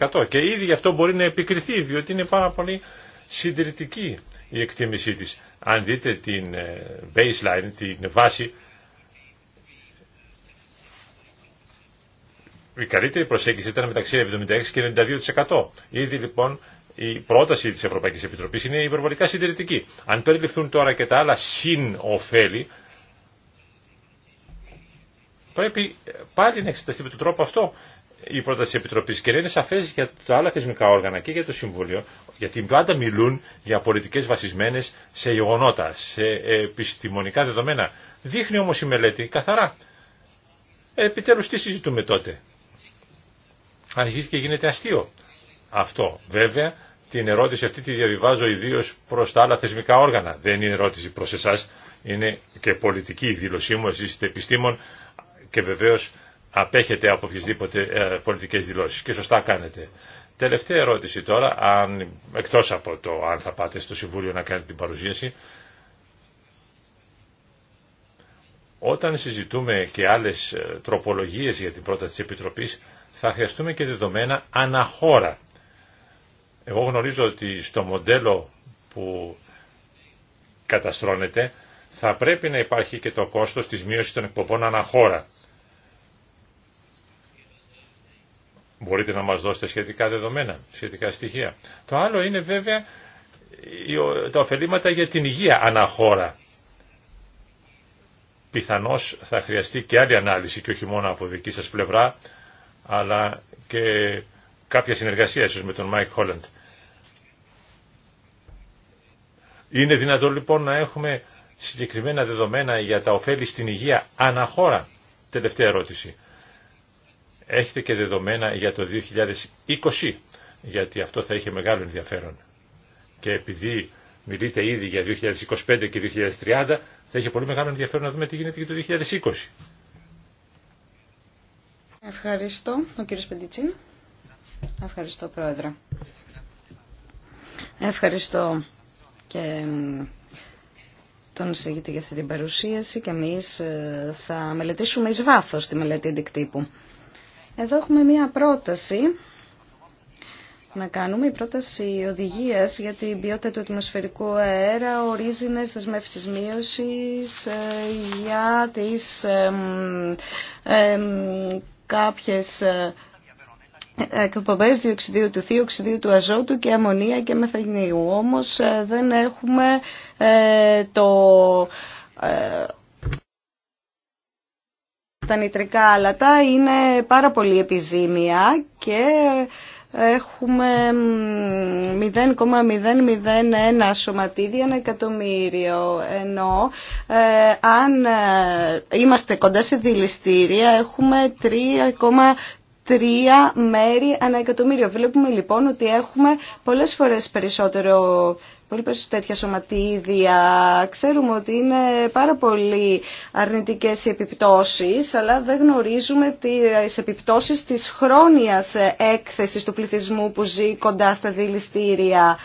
67%, 67% και ήδη γι' αυτό μπορεί να επικριθεί διότι είναι πάρα πολύ συντηρητική η εκτίμησή της. Αν δείτε την ε, baseline, την βάση η καλύτερη προσέγγιση ήταν μεταξύ 76% και 92%. Ήδη λοιπόν η πρόταση της Ευρωπαϊκής Επιτροπής είναι υπερβολικά συντηρητική. Αν περιληφθούν τώρα και τα άλλα συν ωφέλη, πρέπει πάλι να εξεταστεί με τον τρόπο αυτό η πρόταση της Επιτροπής και είναι σαφές για τα άλλα θεσμικά όργανα και για το Συμβούλιο, γιατί πάντα μιλούν για πολιτικές βασισμένες σε γεγονότα, σε επιστημονικά δεδομένα. Δείχνει όμως η μελέτη καθαρά. Επιτέλους τι συζητούμε τότε αρχίζει και γίνεται αστείο αυτό. Βέβαια, την ερώτηση αυτή τη διαβιβάζω ιδίω προ τα άλλα θεσμικά όργανα. Δεν είναι ερώτηση προ εσά, είναι και πολιτική η δήλωσή μου. Εσεί είστε επιστήμον και βεβαίω απέχετε από οποιασδήποτε ε, πολιτικέ δηλώσει. Και σωστά κάνετε. Τελευταία ερώτηση τώρα, αν, εκτός από το αν θα πάτε στο Συμβούλιο να κάνετε την παρουσίαση, όταν συζητούμε και άλλες ε, τροπολογίες για την πρόταση της Επιτροπής, θα χρειαστούμε και δεδομένα αναχώρα. Εγώ γνωρίζω ότι στο μοντέλο που καταστρώνεται θα πρέπει να υπάρχει και το κόστος της μείωσης των εκπομπών αναχώρα. Μπορείτε να μας δώσετε σχετικά δεδομένα, σχετικά στοιχεία. Το άλλο είναι βέβαια τα ωφελήματα για την υγεία αναχώρα. Πιθανώς θα χρειαστεί και άλλη ανάλυση και όχι μόνο από δική σας πλευρά αλλά και κάποια συνεργασία ίσως με τον Μάικ Χόλαντ. Είναι δυνατόν λοιπόν να έχουμε συγκεκριμένα δεδομένα για τα ωφέλη στην υγεία αναχώρα. Τελευταία ερώτηση. Έχετε και δεδομένα για το 2020, γιατί αυτό θα είχε μεγάλο ενδιαφέρον. Και επειδή μιλείτε ήδη για 2025 και 2030, θα είχε πολύ μεγάλο ενδιαφέρον να δούμε τι γίνεται και το 2020. Ευχαριστώ, ο κύριος Ευχαριστώ, Πρόεδρε. Ευχαριστώ και τον εισηγητή για αυτή την παρουσίαση και εμείς ε, θα μελετήσουμε εις βάθος τη μελέτη αντικτύπου. Εδώ έχουμε μία πρόταση να κάνουμε. Η πρόταση οδηγία για την ποιότητα του ατμοσφαιρικού αέρα ορίζει νέε δεσμεύσει μείωση ε, για τι ε, κάποιες ε, εκπομπές διοξιδίου του θείου, οξιδίου του αζότου και αμμονία και μεθανίου. Όμως ε, δεν έχουμε ε, το... τα νητρικά άλατα είναι πάρα πολύ επιζήμια και έχουμε 0,001 σωματίδια ένα εκατομμύριο ενώ ε, αν ε, είμαστε κοντά σε δηληστήρια έχουμε 3,3 μέρη ανά εκατομμύριο. Βλέπουμε λοιπόν ότι έχουμε πολλές φορές περισσότερο πολύ περισσότερα τέτοια σωματίδια. Ξέρουμε ότι είναι πάρα πολύ αρνητικές οι επιπτώσεις, αλλά δεν γνωρίζουμε τις επιπτώσεις της χρόνιας έκθεσης του πληθυσμού που ζει κοντά στα δηληστήρια.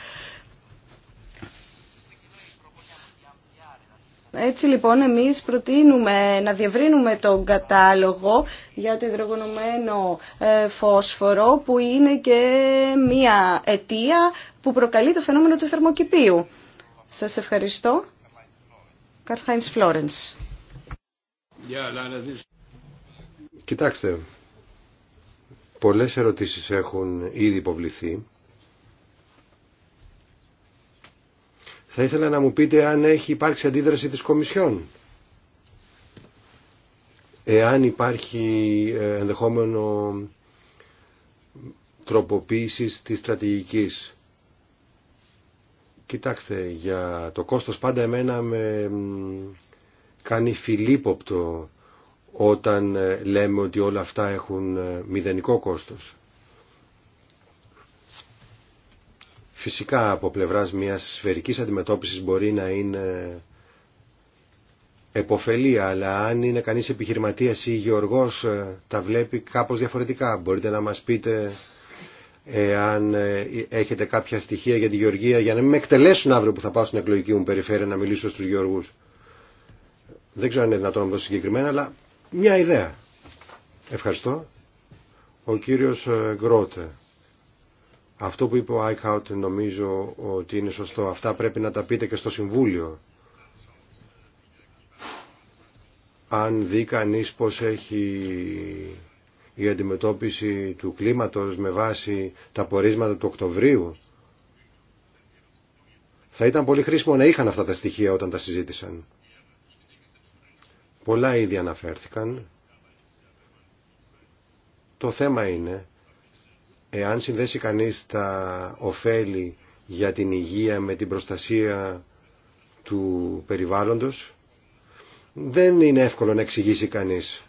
Έτσι λοιπόν εμείς προτείνουμε να διευρύνουμε τον κατάλογο για το υδρογονωμένο ε, φόσφορο που είναι και μία αιτία που προκαλεί το φαινόμενο του θερμοκηπίου. Σας ευχαριστώ. Καρθάινς Φλόρενς. Κοιτάξτε, πολλές ερωτήσεις έχουν ήδη υποβληθεί Θα ήθελα να μου πείτε αν έχει υπάρξει αντίδραση της Κομισιόν. Εάν υπάρχει ε, ενδεχόμενο τροποποίησης της στρατηγικής. Κοιτάξτε, για το κόστος πάντα εμένα με κάνει φιλίποπτο όταν ε, λέμε ότι όλα αυτά έχουν ε, μηδενικό κόστος. Φυσικά από πλευράς μιας σφαιρικής αντιμετώπισης μπορεί να είναι εποφελή, αλλά αν είναι κανείς επιχειρηματίας ή γεωργός ε, τα βλέπει κάπως διαφορετικά. Μπορείτε να μας πείτε εάν ε, έχετε κάποια στοιχεία για τη γεωργία για να μην με εκτελέσουν αύριο που θα πάω στην εκλογική μου περιφέρεια να μιλήσω στους γεωργούς. Δεν ξέρω αν είναι δυνατόν να πω συγκεκριμένα, αλλά μια ιδέα. Ευχαριστώ. Ο κύριος ε, Γκρότε. Αυτό που είπε ο Άικχαουτ νομίζω ότι είναι σωστό. Αυτά πρέπει να τα πείτε και στο Συμβούλιο. Αν δει κανεί πώς έχει η αντιμετώπιση του κλίματος με βάση τα πορίσματα του Οκτωβρίου, θα ήταν πολύ χρήσιμο να είχαν αυτά τα στοιχεία όταν τα συζήτησαν. Πολλά ήδη αναφέρθηκαν. Το θέμα είναι Εάν συνδέσει κανείς τα ωφέλη για την υγεία με την προστασία του περιβάλλοντος, δεν είναι εύκολο να εξηγήσει κανείς.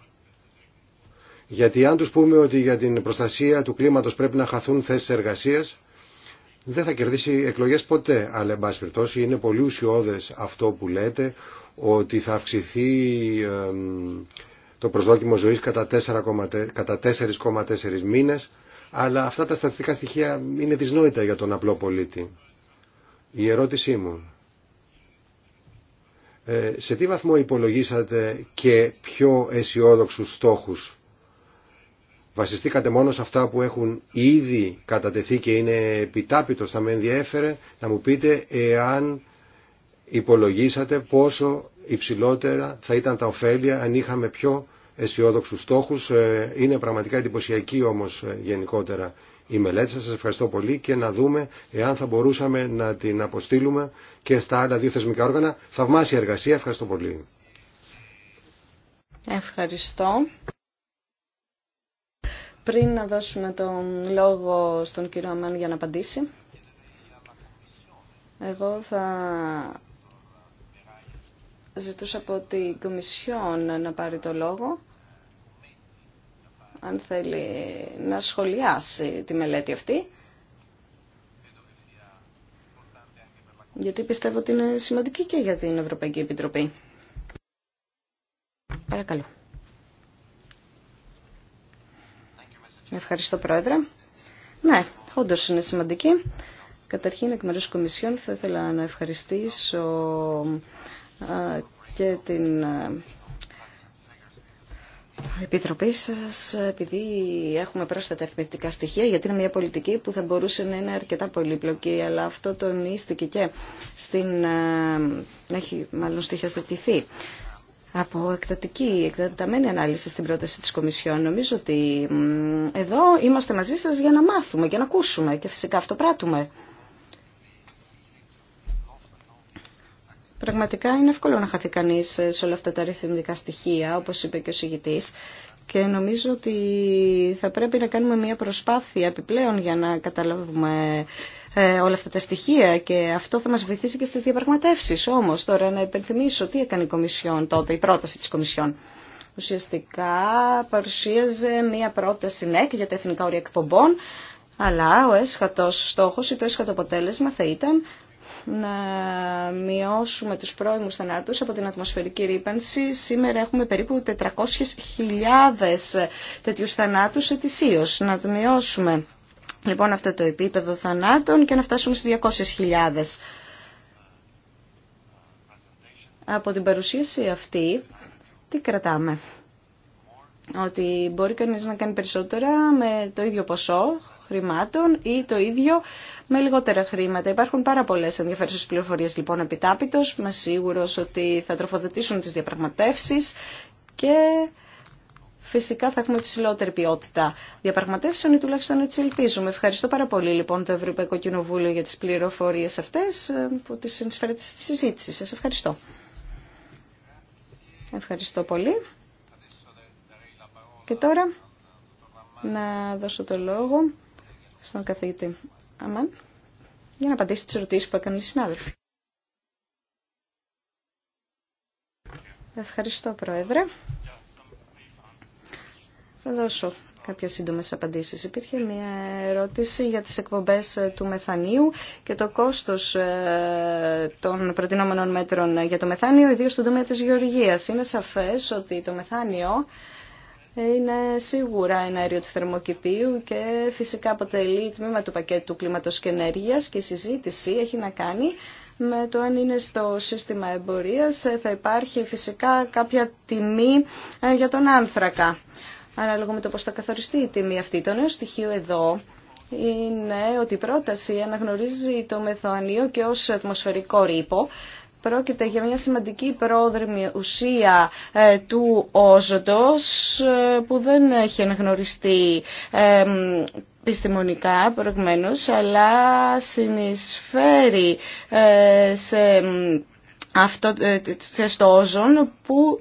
Γιατί αν τους πούμε ότι για την προστασία του κλίματος πρέπει να χαθούν θέσεις εργασίας, δεν θα κερδίσει εκλογές ποτέ. Αλλά, εν περιπτώσει, είναι πολύ ουσιώδες αυτό που λέτε, ότι θα αυξηθεί το προσδόκιμο ζωής κατά 4,4 μήνες, αλλά αυτά τα στατιστικά στοιχεία είναι δυσνόητα για τον απλό πολίτη. Η ερώτησή μου, ε, σε τι βαθμό υπολογίσατε και πιο αισιόδοξου στόχους. Βασιστήκατε μόνο σε αυτά που έχουν ήδη κατατεθεί και είναι επιτάπητος. Θα με ενδιέφερε να μου πείτε εάν υπολογίσατε πόσο υψηλότερα θα ήταν τα ωφέλεια αν είχαμε πιο αισιόδοξου στόχους. Ε, είναι πραγματικά εντυπωσιακή όμως ε, γενικότερα η μελέτη σας. ευχαριστώ πολύ και να δούμε εάν θα μπορούσαμε να την αποστείλουμε και στα άλλα δύο θεσμικά όργανα. Θαυμάσια εργασία. Ευχαριστώ πολύ. Ευχαριστώ. Πριν να δώσουμε τον λόγο στον κύριο Αμάν για να απαντήσει, εγώ θα ζητούσα από την Κομισιόν να πάρει το λόγο αν θέλει να σχολιάσει τη μελέτη αυτή. Γιατί πιστεύω ότι είναι σημαντική και για την Ευρωπαϊκή Επιτροπή. Παρακαλώ. Ευχαριστώ, Πρόεδρε. Ναι, όντω είναι σημαντική. Καταρχήν, εκ μέρους Κομισιόν, θα ήθελα να ευχαριστήσω και την Επιτροπή σα, επειδή έχουμε πρόσθετα αριθμητικά στοιχεία, γιατί είναι μια πολιτική που θα μπορούσε να είναι αρκετά πολύπλοκη, αλλά αυτό τονίστηκε και στην, ε, να έχει μάλλον στοιχειοθετηθεί. Από εκτατική, εκτεταμένη ανάλυση στην πρόταση της Κομισιόν, νομίζω ότι εδώ είμαστε μαζί σας για να μάθουμε για να ακούσουμε και φυσικά αυτό πράττουμε. Πραγματικά είναι εύκολο να χαθεί κανεί ε, σε όλα αυτά τα αριθμητικά στοιχεία, όπω είπε και ο συγητή. Και νομίζω ότι θα πρέπει να κάνουμε μια προσπάθεια επιπλέον για να καταλάβουμε ε, όλα αυτά τα στοιχεία και αυτό θα μας βοηθήσει και στις διαπραγματεύσεις. Όμως τώρα να υπενθυμίσω τι έκανε η Κομισιόν τότε, η πρόταση της Κομισιόν. Ουσιαστικά παρουσίαζε μια πρόταση ΝΕΚ για τα εθνικά όρια εκπομπών, αλλά ο έσχατος στόχος ή το έσχατο αποτέλεσμα θα ήταν να μειώσουμε τους πρώιμους θανάτους από την ατμοσφαιρική ρήπανση. Σήμερα έχουμε περίπου 400.000 τέτοιους θανάτους ετησίως. Να το μειώσουμε λοιπόν αυτό το επίπεδο θανάτων και να φτάσουμε στις 200.000. Από την παρουσίαση αυτή, τι κρατάμε. Ότι μπορεί κανείς να κάνει περισσότερα με το ίδιο ποσό, χρημάτων ή το ίδιο με λιγότερα χρήματα. Υπάρχουν πάρα πολλέ ενδιαφέρουσε πληροφορίε λοιπόν επιτάπητο. Είμαι σίγουρο ότι θα τροφοδοτήσουν τι διαπραγματεύσει και φυσικά θα έχουμε υψηλότερη ποιότητα διαπραγματεύσεων ή τουλάχιστον έτσι ελπίζουμε. Ευχαριστώ πάρα πολύ λοιπόν το Ευρωπαϊκό Κοινοβούλιο για τι πληροφορίε αυτέ ε, που τι συνεισφέρετε στη συζήτηση. Σα ευχαριστώ. Ευχαριστώ πολύ. Και τώρα να δώσω το λόγο στον καθηγητή Αμάν για να απαντήσει τις ερωτήσεις που έκανε οι συνάδελφοι. Ευχαριστώ, Πρόεδρε. Θα δώσω κάποιε σύντομε απαντήσει. Υπήρχε μια ερώτηση για τι εκπομπέ ε, του μεθανίου και το κόστο ε, των προτινόμενων μέτρων για το μεθάνιο, ιδίω στον τομέα τη γεωργία. Είναι σαφέ ότι το μεθάνιο είναι σίγουρα ένα αέριο του θερμοκηπίου και φυσικά αποτελεί τμήμα του πακέτου κλίματος και ενέργειας και η συζήτηση έχει να κάνει με το αν είναι στο σύστημα εμπορίας θα υπάρχει φυσικά κάποια τιμή ε, για τον άνθρακα. Ανάλογα με το πώς θα καθοριστεί η τιμή αυτή. Το νέο στοιχείο εδώ είναι ότι η πρόταση αναγνωρίζει το μεθοανείο και ως ατμοσφαιρικό ρήπο Πρόκειται για μια σημαντική πρόδρυμη ουσία ε, του όζοντος ε, που δεν έχει αναγνωριστεί επιστημονικά προηγουμένως, αλλά συνεισφέρει ε, σε αυτό, στο όζον που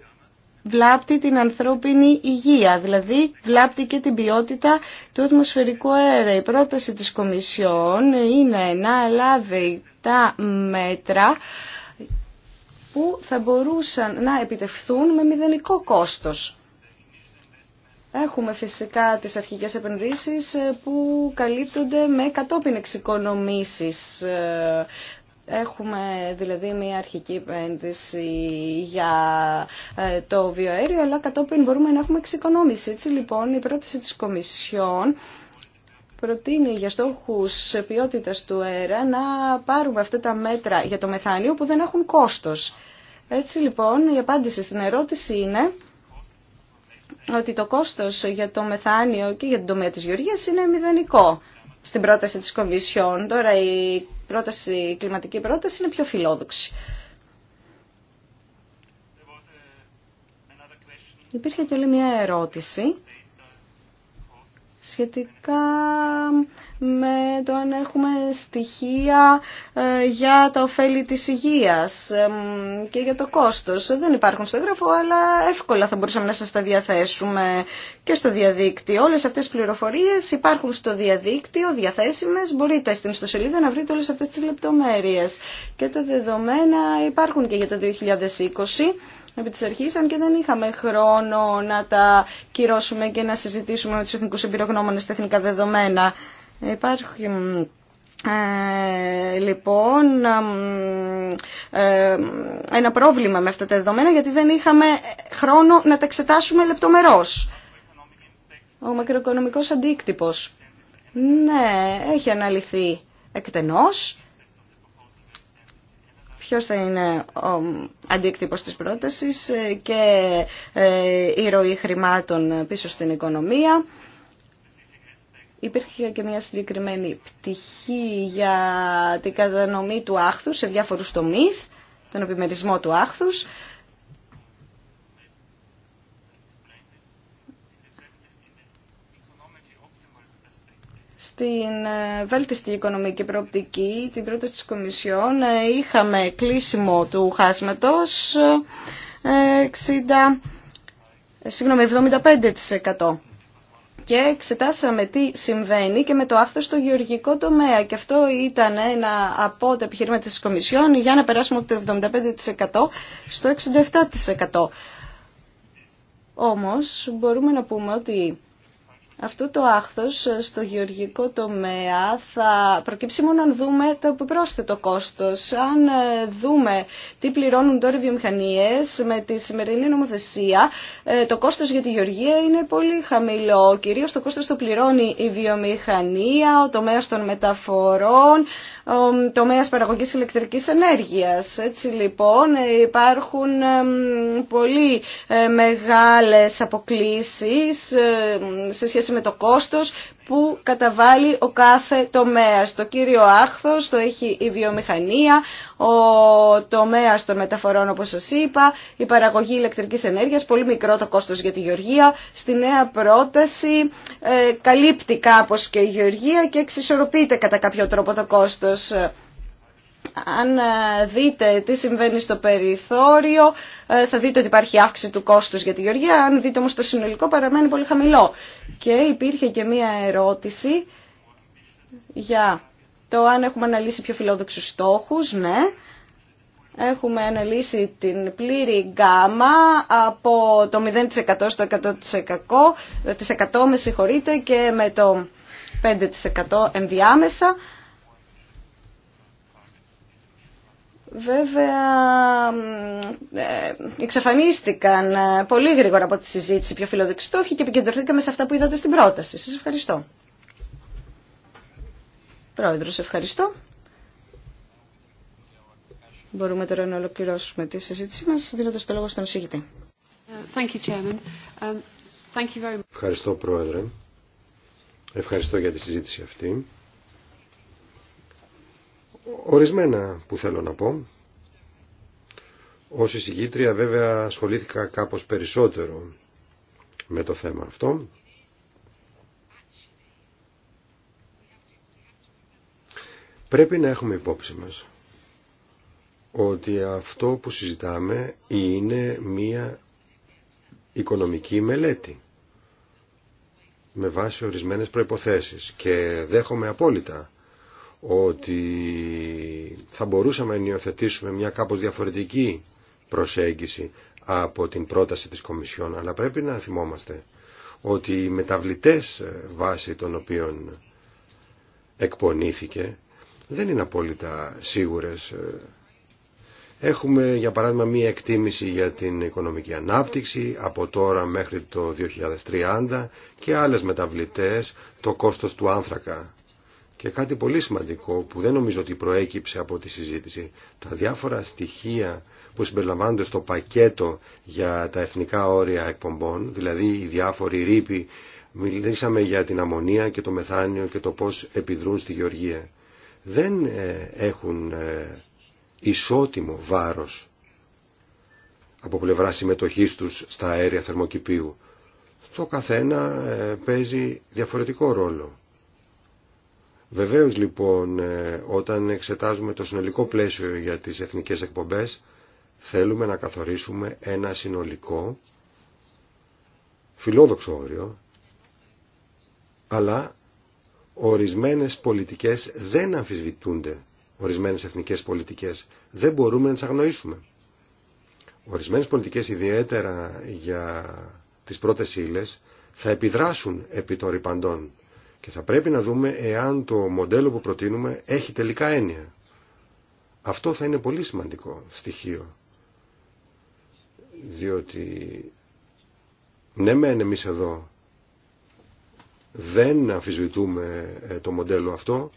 βλάπτει την ανθρώπινη υγεία, δηλαδή βλάπτει και την ποιότητα του ατμοσφαιρικού αέρα. Η πρόταση της Κομισιόν είναι να λάβει τα μέτρα που θα μπορούσαν να επιτευχθούν με μηδενικό κόστος. Έχουμε φυσικά τις αρχικές επενδύσεις ε, που καλύπτονται με κατόπιν εξοικονομήσεις. Ε, έχουμε δηλαδή μια αρχική επένδυση για ε, το βιοαέριο, αλλά κατόπιν μπορούμε να έχουμε εξοικονόμηση. Έτσι λοιπόν η πρόταση της Κομισιόν προτείνει για στόχους ποιότητας του αέρα να πάρουμε αυτά τα μέτρα για το μεθάνιο που δεν έχουν κόστος. Έτσι λοιπόν η απάντηση στην ερώτηση είναι ότι το κόστος για το μεθάνιο και για την τομέα της γεωργίας είναι μηδενικό στην πρόταση της Κομισιόν. Τώρα η, πρόταση, η κλιματική πρόταση είναι πιο φιλόδοξη. Υπήρχε και άλλη μια ερώτηση σχετικά με το αν έχουμε στοιχεία ε, για τα ωφέλη της υγείας και για το κόστος. Δεν υπάρχουν στο έγγραφο, αλλά εύκολα θα μπορούσαμε να σας τα διαθέσουμε και στο διαδίκτυο. Όλες αυτές τις πληροφορίες υπάρχουν στο διαδίκτυο, διαθέσιμες. Μπορείτε στην ιστοσελίδα να βρείτε όλες αυτές τις λεπτομέρειες. Και τα δεδομένα υπάρχουν και για το 2020 επί της αρχής, αν και δεν είχαμε χρόνο να τα κυρώσουμε και να συζητήσουμε με τους εθνικούς εμπειρογνώμονες τα εθνικά δεδομένα. Υπάρχει ε, λοιπόν ε, ε, ένα πρόβλημα με αυτά τα δεδομένα γιατί δεν είχαμε χρόνο να τα εξετάσουμε λεπτομερώς. Ο μακροοικονομικός αντίκτυπος. Ναι, έχει αναλυθεί εκτενώς ποιος θα είναι ο αντίκτυπος της πρότασης ε, και ε, η ροή χρημάτων πίσω στην οικονομία. Υπήρχε και μια συγκεκριμένη πτυχή για την κατανομή του άχθους σε διάφορους τομείς, τον επιμερισμό του άχθους. την ε, βέλτιστη οικονομική προοπτική, την πρόταση της Κομισιόν, ε, είχαμε κλείσιμο του χάσματος 60, ε, συγγνώμη, 75% και εξετάσαμε τι συμβαίνει και με το άφθος στο γεωργικό τομέα. Και αυτό ήταν ένα από τα επιχειρήματα της Κομισιόν για να περάσουμε από το 75% στο 67%. Όμως μπορούμε να πούμε ότι αυτό το άχθος ε, στο γεωργικό τομέα θα προκύψει μόνο αν δούμε το πρόσθετο κόστος. Αν ε, δούμε τι πληρώνουν τώρα οι βιομηχανίες με τη σημερινή νομοθεσία, ε, το κόστος για τη γεωργία είναι πολύ χαμηλό. Κυρίως το κόστος το πληρώνει η βιομηχανία, ο τομέας των μεταφορών, τομέας παραγωγής ηλεκτρικής ενέργειας. Έτσι λοιπόν υπάρχουν πολύ ε, μεγάλες αποκλήσεις ε, σε σχέση με το κόστος που καταβάλει ο κάθε τομέας. Το κύριο άχθος το έχει η βιομηχανία, ο τομέας των μεταφορών όπως σας είπα, η παραγωγή ηλεκτρικής ενέργειας, πολύ μικρό το κόστος για τη γεωργία. Στη νέα πρόταση ε, καλύπτει κάπως και η γεωργία και εξισορροπείται κατά κάποιο τρόπο το κόστος αν ε, δείτε τι συμβαίνει στο περιθώριο, ε, θα δείτε ότι υπάρχει αύξηση του κόστους για τη Γεωργία, αν δείτε όμως το συνολικό παραμένει πολύ χαμηλό. Και υπήρχε και μία ερώτηση για το αν έχουμε αναλύσει πιο φιλόδοξους στόχους, ναι. Έχουμε αναλύσει την πλήρη γκάμα από το 0% στο 100%, 100% ε, με συγχωρείτε, και με το 5% ενδιάμεσα. Βέβαια, ε, εξαφανίστηκαν ε, πολύ γρήγορα από τη συζήτηση πιο φιλοδεξιτόχοι και επικεντρωθήκαμε σε αυτά που είδατε στην πρόταση. Σας ευχαριστώ. Πρόεδρος, ευχαριστώ. Μπορούμε τώρα να ολοκληρώσουμε τη συζήτησή μας, δίνοντας το λόγο στον εισηγητή. Um, ευχαριστώ, Πρόεδρε. Ευχαριστώ για τη συζήτηση αυτή ορισμένα που θέλω να πω. Ως εισηγήτρια βέβαια ασχολήθηκα κάπως περισσότερο με το θέμα αυτό. Πρέπει να έχουμε υπόψη μας ότι αυτό που συζητάμε είναι μία οικονομική μελέτη με βάση ορισμένες προϋποθέσεις και δέχομαι απόλυτα ότι θα μπορούσαμε να υιοθετήσουμε μια κάπως διαφορετική προσέγγιση από την πρόταση της Κομισιόν, αλλά πρέπει να θυμόμαστε ότι οι μεταβλητές βάσει των οποίων εκπονήθηκε δεν είναι απόλυτα σίγουρες. Έχουμε για παράδειγμα μία εκτίμηση για την οικονομική ανάπτυξη από τώρα μέχρι το 2030 και άλλες μεταβλητές, το κόστος του άνθρακα και κάτι πολύ σημαντικό που δεν νομίζω ότι προέκυψε από τη συζήτηση. Τα διάφορα στοιχεία που συμπεριλαμβάνονται στο πακέτο για τα εθνικά όρια εκπομπών, δηλαδή οι διάφοροι ρήποι, μιλήσαμε για την αμμονία και το μεθάνιο και το πώς επιδρούν στη γεωργία. Δεν ε, έχουν ε, ισότιμο βάρος από πλευρά συμμετοχής τους στα αέρια θερμοκηπίου. Το καθένα ε, παίζει διαφορετικό ρόλο. Βεβαίως λοιπόν ε, όταν εξετάζουμε το συνολικό πλαίσιο για τις εθνικές εκπομπές θέλουμε να καθορίσουμε ένα συνολικό φιλόδοξο όριο αλλά ορισμένες πολιτικές δεν αμφισβητούνται ορισμένες εθνικές πολιτικές δεν μπορούμε να τις αγνοήσουμε ορισμένες πολιτικές ιδιαίτερα για τις πρώτες ύλες θα επιδράσουν επί των ρηπαντών και θα πρέπει να δούμε εάν το μοντέλο που προτείνουμε έχει τελικά έννοια. Αυτό θα είναι πολύ σημαντικό στοιχείο. Διότι ναι μεν εμείς εδώ δεν αμφισβητούμε ε, το μοντέλο αυτό.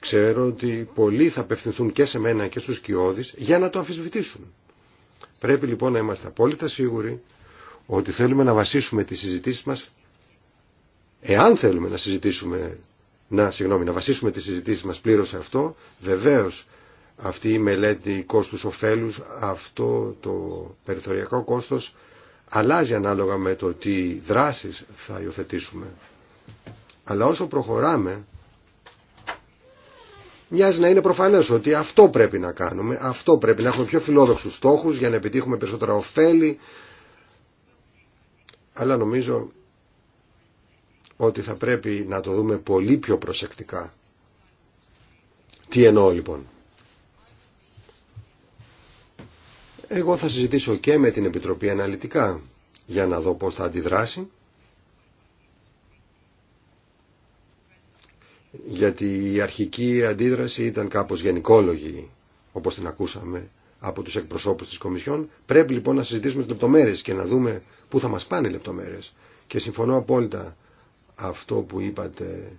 Ξέρω ότι πολλοί θα απευθυνθούν και σε μένα και στους κοιόδης για να το αμφισβητήσουν. Πρέπει λοιπόν να είμαστε απόλυτα σίγουροι ότι θέλουμε να βασίσουμε τις συζητήσεις μας Εάν θέλουμε να συζητήσουμε, να, συγγνώμη, να βασίσουμε τις συζητήσεις μας πλήρως σε αυτό, βεβαίως αυτή η μελέτη κόστους ωφέλους, αυτό το περιθωριακό κόστος αλλάζει ανάλογα με το τι δράσεις θα υιοθετήσουμε. Αλλά όσο προχωράμε, μοιάζει να είναι προφανές ότι αυτό πρέπει να κάνουμε, αυτό πρέπει να έχουμε πιο φιλόδοξους στόχους για να επιτύχουμε περισσότερα ωφέλη, αλλά νομίζω ότι θα πρέπει να το δούμε πολύ πιο προσεκτικά. Τι εννοώ λοιπόν. Εγώ θα συζητήσω και με την Επιτροπή αναλυτικά για να δω πώς θα αντιδράσει. Γιατί η αρχική αντίδραση ήταν κάπως γενικόλογη, όπως την ακούσαμε από τους εκπροσώπους της Κομισιόν. Πρέπει λοιπόν να συζητήσουμε τις λεπτομέρειες και να δούμε πού θα μας πάνε οι λεπτομέρειες. Και συμφωνώ απόλυτα αυτό που είπατε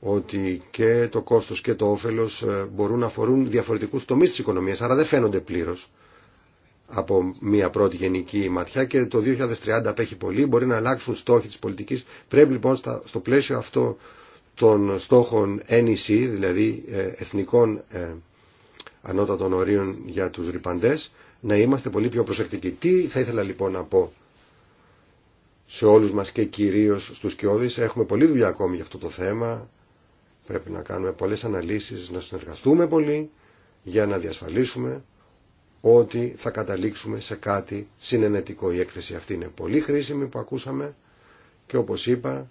ότι και το κόστος και το όφελος ε, μπορούν να αφορούν διαφορετικούς τομείς της οικονομίας, άρα δεν φαίνονται πλήρως από μια πρώτη γενική ματιά και το 2030 απέχει πολύ, μπορεί να αλλάξουν στόχοι της πολιτικής. Πρέπει λοιπόν στο πλαίσιο αυτό των στόχων NEC, δηλαδή ε, εθνικών ε, ανώτατων ορίων για τους ρηπαντές, να είμαστε πολύ πιο προσεκτικοί. Τι θα ήθελα λοιπόν να πω σε όλους μας και κυρίως στους Κιώδης. Έχουμε πολλή δουλειά ακόμη για αυτό το θέμα. Πρέπει να κάνουμε πολλές αναλύσεις, να συνεργαστούμε πολύ για να διασφαλίσουμε ότι θα καταλήξουμε σε κάτι συνενετικό. Η έκθεση αυτή είναι πολύ χρήσιμη που ακούσαμε και όπως είπα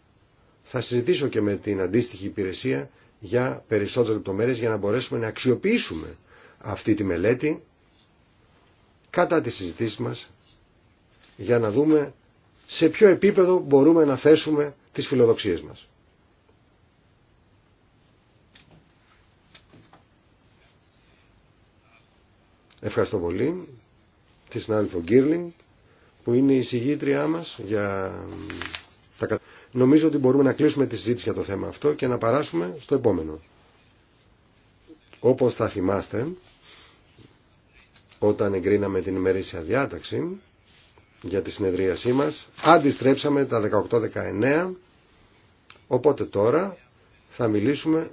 θα συζητήσω και με την αντίστοιχη υπηρεσία για περισσότερες λεπτομέρειες για να μπορέσουμε να αξιοποιήσουμε αυτή τη μελέτη κατά τις συζητήσεις μας για να δούμε σε ποιο επίπεδο μπορούμε να θέσουμε τις φιλοδοξίες μας. Ευχαριστώ πολύ τη συνάδελφο Γκίρλινγκ που είναι η συγγήτριά μας για τα Νομίζω ότι μπορούμε να κλείσουμε τη συζήτηση για το θέμα αυτό και να παράσουμε στο επόμενο. Όπως θα θυμάστε, όταν εγκρίναμε την ημερήσια διάταξη, για τη συνεδρίασή μας. Αντιστρέψαμε τα 18-19, οπότε τώρα θα μιλήσουμε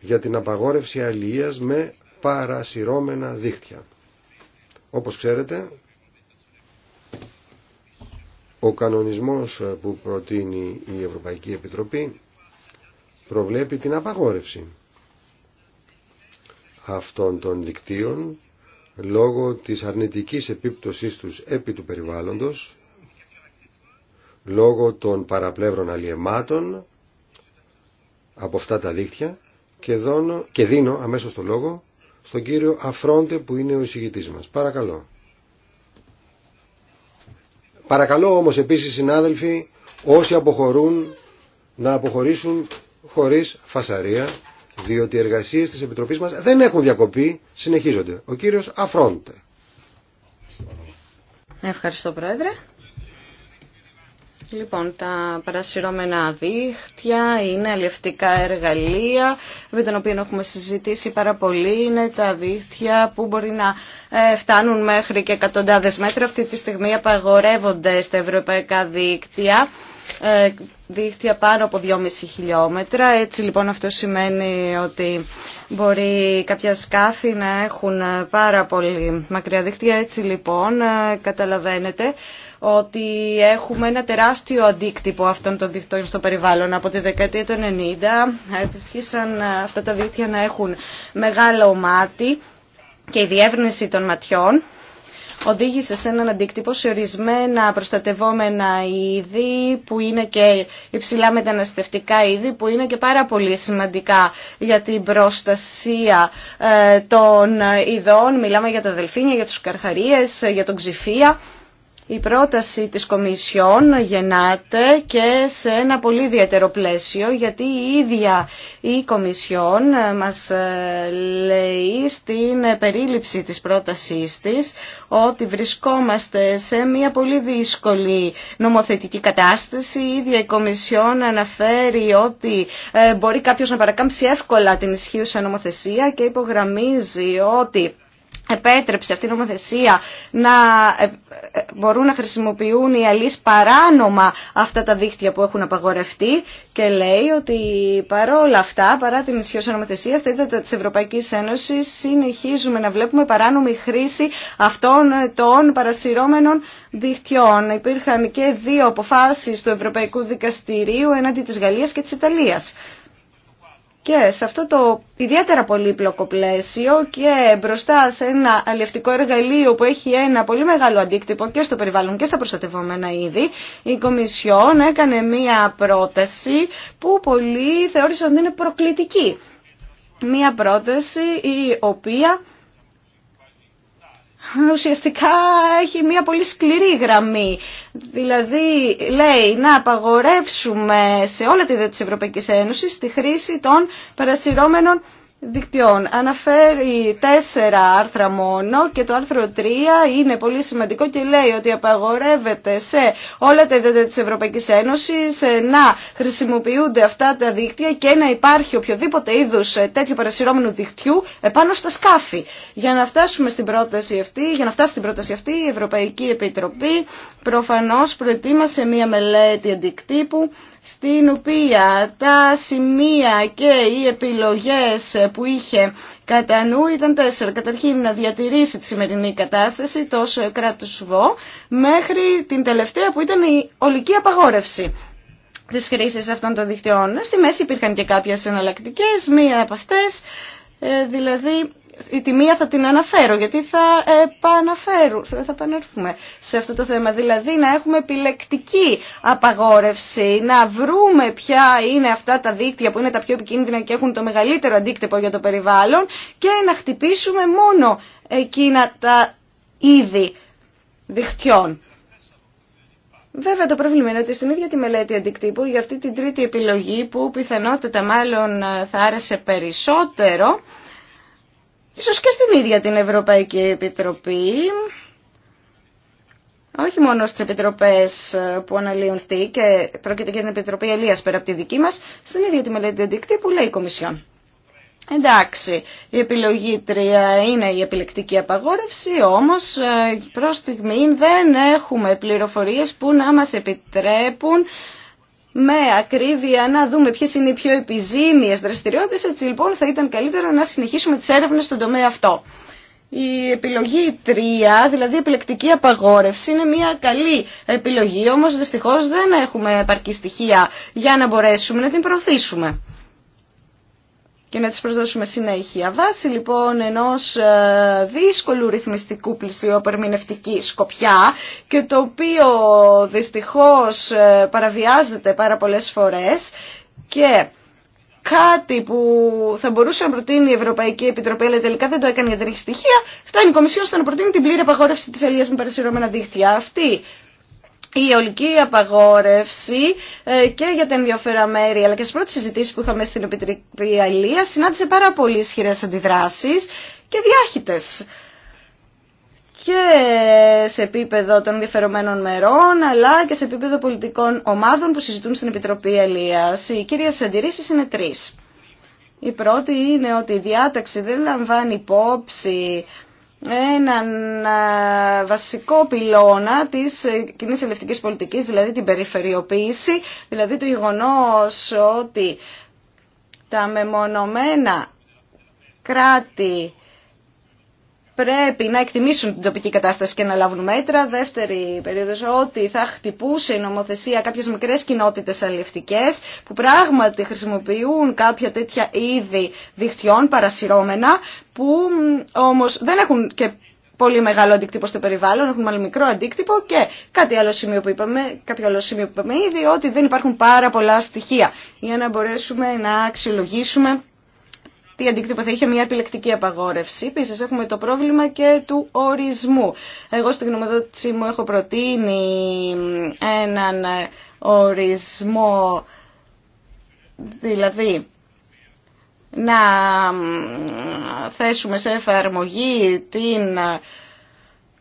για την απαγόρευση αλληλείας με παρασυρώμενα δίχτυα. Όπως ξέρετε, ο κανονισμός που προτείνει η Ευρωπαϊκή Επιτροπή προβλέπει την απαγόρευση αυτών των δικτύων λόγω της αρνητικής επίπτωσής τους επί του περιβάλλοντος, λόγω των παραπλεύρων αλλιεμάτων από αυτά τα δίκτυα και, και δίνω αμέσως το λόγο στον κύριο Αφρόντε που είναι ο εισηγητής μας. Παρακαλώ. Παρακαλώ όμως επίσης συνάδελφοι όσοι αποχωρούν να αποχωρήσουν χωρίς φασαρία διότι οι εργασίες της Επιτροπής μας δεν έχουν διακοπεί, συνεχίζονται. Ο κύριος Αφρόντε. Ευχαριστώ Πρόεδρε. Λοιπόν, τα παρασυρώμενα δίχτυα είναι αλληλευτικά εργαλεία με τον οποίο έχουμε συζητήσει πάρα πολύ. Είναι τα δίχτυα που μπορεί να ε, φτάνουν μέχρι και εκατοντάδες μέτρα. Αυτή τη στιγμή απαγορεύονται στα ευρωπαϊκά δίκτυα. Ε, δίχτυα πάνω από 2,5 χιλιόμετρα. Έτσι λοιπόν αυτό σημαίνει ότι μπορεί κάποια σκάφη να έχουν πάρα πολύ μακριά δίχτυα. Έτσι λοιπόν ε, καταλαβαίνετε ότι έχουμε ένα τεράστιο αντίκτυπο αυτών των δίχτυων στο περιβάλλον. Από τη δεκαετία του 90 αυτά τα δίχτυα να έχουν μεγάλο μάτι και η διεύρυνση των ματιών οδήγησε σε έναν αντίκτυπο σε ορισμένα προστατευόμενα είδη που είναι και υψηλά μεταναστευτικά είδη που είναι και πάρα πολύ σημαντικά για την προστασία ε, των ειδών. Μιλάμε για τα δελφίνια, για τους καρχαρίες, ε, για τον ξηφία. Η πρόταση της Κομισιόν γεννάται και σε ένα πολύ ιδιαίτερο πλαίσιο γιατί η ίδια η Κομισιόν ε, μας ε, λέει στην περίληψη της πρότασής της ότι βρισκόμαστε σε μια πολύ δύσκολη νομοθετική κατάσταση. Η ίδια η Κομισιόν αναφέρει ότι ε, μπορεί κάποιος να παρακάμψει εύκολα την ισχύουσα νομοθεσία και υπογραμμίζει ότι επέτρεψε αυτή η νομοθεσία να ε, ε, μπορούν να χρησιμοποιούν οι αλείς παράνομα αυτά τα δίκτυα που έχουν απαγορευτεί και λέει ότι παρόλα αυτά, παρά την ισχυρή νομοθεσία, στα ίδια της Ευρωπαϊκής Ένωσης συνεχίζουμε να βλέπουμε παράνομη χρήση αυτών των παρασυρώμενων δικτυών. Υπήρχαν και δύο αποφάσεις του Ευρωπαϊκού Δικαστηρίου εναντί της Γαλλίας και της Ιταλίας. Και σε αυτό το ιδιαίτερα πολύπλοκο πλαίσιο και μπροστά σε ένα αλληλευτικό εργαλείο που έχει ένα πολύ μεγάλο αντίκτυπο και στο περιβάλλον και στα προστατευόμενα είδη, η Κομισιόν έκανε μία πρόταση που πολλοί θεώρησαν ότι είναι προκλητική. Μία πρόταση η οποία ουσιαστικά έχει μια πολύ σκληρή γραμμή. Δηλαδή λέει να απαγορεύσουμε σε όλα τη δε της Ευρωπαϊκής Ένωσης τη χρήση των παρασυρώμενων δικτυών. Αναφέρει τέσσερα άρθρα μόνο και το άρθρο 3 είναι πολύ σημαντικό και λέει ότι απαγορεύεται σε όλα τα ιδέα της Ευρωπαϊκής Ένωσης ε, να χρησιμοποιούνται αυτά τα δίκτυα και να υπάρχει οποιοδήποτε είδους ε, τέτοιο παρασυρώμενο δικτυού επάνω στα σκάφη. Για να φτάσουμε στην πρόταση αυτή, για να φτάσει στην πρόταση αυτή η Ευρωπαϊκή Επιτροπή προφανώς προετοίμασε μια μελέτη αντικτύπου στην οποία τα σημεία και οι επιλογές που είχε κατά νου ήταν τέσσερα. Καταρχήν να διατηρήσει τη σημερινή κατάσταση τόσο κράτους ΒΟ μέχρι την τελευταία που ήταν η ολική απαγόρευση της χρήσης αυτών των δικτυών. Στη μέση υπήρχαν και κάποιες εναλλακτικές, μία από αυτές ε, δηλαδή η τιμία θα την αναφέρω, γιατί θα επαναφέρουμε, σε αυτό το θέμα. Δηλαδή να έχουμε επιλεκτική απαγόρευση, να βρούμε ποια είναι αυτά τα δίκτυα που είναι τα πιο επικίνδυνα και έχουν το μεγαλύτερο αντίκτυπο για το περιβάλλον και να χτυπήσουμε μόνο εκείνα τα είδη δικτυών. Βέβαια το πρόβλημα είναι ότι στην ίδια τη μελέτη αντικτύπου για αυτή την τρίτη επιλογή που πιθανότητα μάλλον θα άρεσε περισσότερο ίσως και στην ίδια την Ευρωπαϊκή Επιτροπή, όχι μόνο στις επιτροπές που αναλύουν αυτή και πρόκειται για την Επιτροπή Ελίας πέρα από τη δική μας, στην ίδια τη μελέτη αντικτή που λέει η Κομισιόν. Εντάξει, η επιλογή τρία είναι η επιλεκτική απαγόρευση, όμως ε, προς στιγμή δεν έχουμε πληροφορίες που να μας επιτρέπουν με ακρίβεια να δούμε ποιε είναι οι πιο επιζήμιες δραστηριότητες, έτσι λοιπόν θα ήταν καλύτερο να συνεχίσουμε τις έρευνες στον τομέα αυτό. Η επιλογή 3, δηλαδή επιλεκτική απαγόρευση, είναι μια καλή επιλογή, όμως δυστυχώς δεν έχουμε επαρκή στοιχεία για να μπορέσουμε να την προωθήσουμε και να τις προσδώσουμε συνέχεια. Βάση λοιπόν ενός ε, δύσκολου ρυθμιστικού πλησίου περμηνευτική σκοπιά και το οποίο δυστυχώς ε, παραβιάζεται πάρα πολλές φορές και κάτι που θα μπορούσε να προτείνει η Ευρωπαϊκή Επιτροπή, αλλά τελικά δεν το έκανε γιατί δεν έχει στοιχεία, φτάνει η Κομισιόν στο να προτείνει την πλήρη απαγόρευση τη αλληλεία με παρασυρωμένα δίχτυα. Αυτή η αιωλική απαγόρευση ε, και για τα ενδιαφέρα μέρη, αλλά και στις πρώτες συζητήσεις που είχαμε στην Επιτροπή Αλία, συνάντησε πάρα πολύ ισχυρέ αντιδράσεις και διάχυτες και σε επίπεδο των ενδιαφερομένων μερών, αλλά και σε επίπεδο πολιτικών ομάδων που συζητούν στην Επιτροπή Αλίας. Οι κύριες αντιρρήσεις είναι τρεις. Η πρώτη είναι ότι η διάταξη δεν λαμβάνει υπόψη έναν ε, βασικό πυλώνα της ε, κοινή ελευτικής πολιτικής, δηλαδή την περιφερειοποίηση, δηλαδή το γεγονό ότι τα μεμονωμένα κράτη πρέπει να εκτιμήσουν την τοπική κατάσταση και να λάβουν μέτρα. Δεύτερη περίοδος ότι θα χτυπούσε η νομοθεσία κάποιες μικρές κοινότητες αλληλευτικές που πράγματι χρησιμοποιούν κάποια τέτοια είδη δικτυών παρασυρώμενα που όμως δεν έχουν και πολύ μεγάλο αντίκτυπο στο περιβάλλον, έχουν μάλλον μικρό αντίκτυπο και κάτι άλλο σημείο που είπαμε, κάποιο άλλο σημείο που είπαμε ήδη, ότι δεν υπάρχουν πάρα πολλά στοιχεία για να μπορέσουμε να αξιολογήσουμε η αντίκτυπο θα είχε μια επιλεκτική απαγόρευση. Επίση έχουμε το πρόβλημα και του ορισμού. Εγώ στην γνωμοδότησή μου έχω προτείνει έναν ορισμό, δηλαδή να θέσουμε σε εφαρμογή την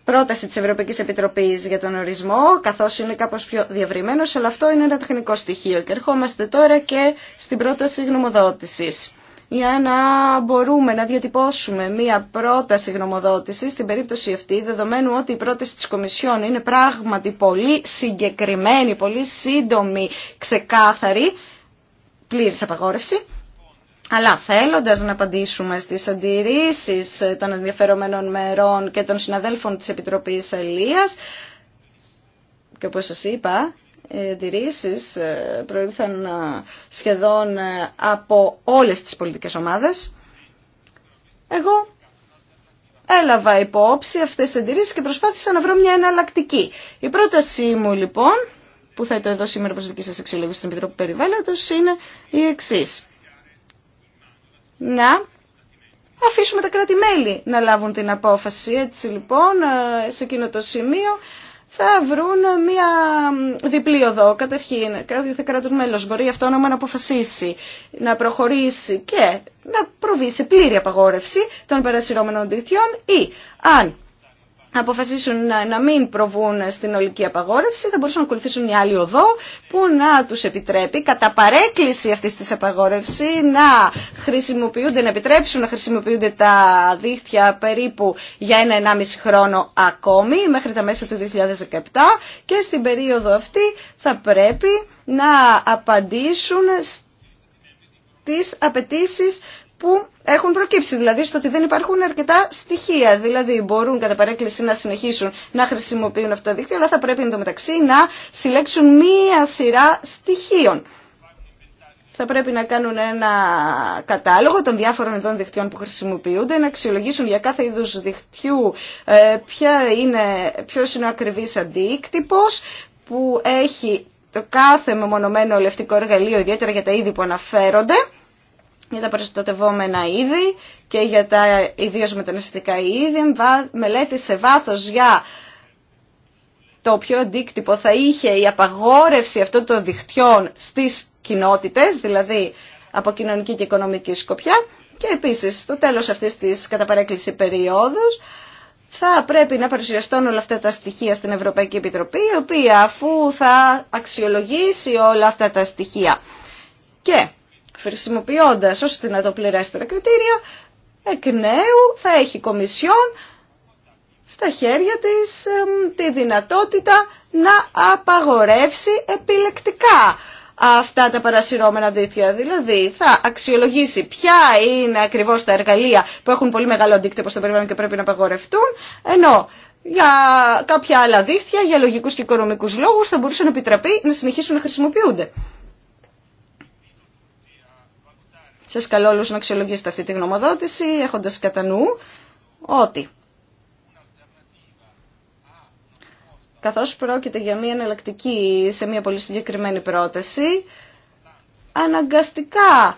πρόταση της Ευρωπαϊκής Επιτροπής για τον ορισμό, καθώς είναι κάπως πιο διευρυμένος, αλλά αυτό είναι ένα τεχνικό στοιχείο. Και ερχόμαστε τώρα και στην πρόταση γνωμοδότησης για να μπορούμε να διατυπώσουμε μία πρόταση γνωμοδότηση στην περίπτωση αυτή, δεδομένου ότι η πρόταση τη Κομισιόν είναι πράγματι πολύ συγκεκριμένη, πολύ σύντομη, ξεκάθαρη, πλήρης απαγόρευση. Αλλά θέλοντας να απαντήσουμε στις αντιρρήσεις των ενδιαφερομένων μερών και των συναδέλφων της Επιτροπής Ελίας, και όπως σας είπα, αντιρρήσεις ε, προήλθαν ε, σχεδόν ε, από όλες τις πολιτικές ομάδες. Εγώ έλαβα υπόψη αυτές τις αντιρρήσεις και προσπάθησα να βρω μια εναλλακτική. Η πρότασή μου λοιπόν, που θέτω εδώ σήμερα προς δική σας στην Επιτροπή Περιβάλλοντος, είναι η εξή. Να αφήσουμε τα κράτη-μέλη να λάβουν την απόφαση. Έτσι λοιπόν, σε εκείνο το σημείο θα βρουν μία διπλή οδό. Καταρχήν, κάθε κρατούν μέλος μπορεί αυτόνομα να αποφασίσει, να προχωρήσει και να προβεί σε πλήρη απαγόρευση των παρασυρώμενων δικτυών ή αν αποφασίσουν να μην προβούν στην ολική απαγόρευση, θα μπορούσαν να ακολουθήσουν η άλλη οδό που να τους επιτρέπει κατά παρέκκληση αυτής της απαγόρευση να χρησιμοποιούνται, να επιτρέψουν να χρησιμοποιούνται τα δίχτυα περίπου για ένα εναμιση χρόνο ακόμη μέχρι τα μέσα του 2017 και στην περίοδο αυτή θα πρέπει να απαντήσουν τις απαιτήσει που έχουν προκύψει, δηλαδή στο ότι δεν υπάρχουν αρκετά στοιχεία. Δηλαδή μπορούν κατά παρέκκληση να συνεχίσουν να χρησιμοποιούν αυτά τα δίκτυα, αλλά θα πρέπει εντωμεταξύ να συλλέξουν μία σειρά στοιχείων. Θα πρέπει να κάνουν ένα κατάλογο των διάφορων ειδών δικτυών που χρησιμοποιούνται, να αξιολογήσουν για κάθε είδους δικτυού ε, ποια είναι, ποιος είναι ο ακριβής αντίκτυπος που έχει το κάθε μεμονωμένο λευτικό εργαλείο, ιδιαίτερα για τα είδη που αναφέρονται για τα προστατευόμενα είδη και για τα ιδίω μεταναστευτικά είδη, μελέτη σε βάθος για το πιο αντίκτυπο θα είχε η απαγόρευση αυτών των δικτυών στις κοινότητες, δηλαδή από κοινωνική και οικονομική σκοπιά. Και επίση, στο τέλος αυτής της καταπαρέκκληση περιόδου, θα πρέπει να παρουσιαστούν όλα αυτά τα στοιχεία στην Ευρωπαϊκή Επιτροπή, η οποία αφού θα αξιολογήσει όλα αυτά τα στοιχεία. Και χρησιμοποιώντας όσο δυνατό πληρέστερα κριτήρια, εκ νέου θα έχει κομισιόν στα χέρια της τη δυνατότητα να απαγορεύσει επιλεκτικά αυτά τα παρασυρώμενα δίκτυα. Δηλαδή θα αξιολογήσει ποια είναι ακριβώς τα εργαλεία που έχουν πολύ μεγάλο αντίκτυπο στο περιβάλλον και πρέπει να απαγορευτούν, ενώ για κάποια άλλα δίκτυα, για λογικούς και οικονομικούς λόγους θα μπορούσε να επιτραπεί να συνεχίσουν να χρησιμοποιούνται. Σα καλώ όλου να αξιολογήσετε αυτή τη γνωμοδότηση έχοντα κατά νου ότι Καθώ πρόκειται για μια εναλλακτική σε μια πολύ συγκεκριμένη πρόταση αναγκαστικά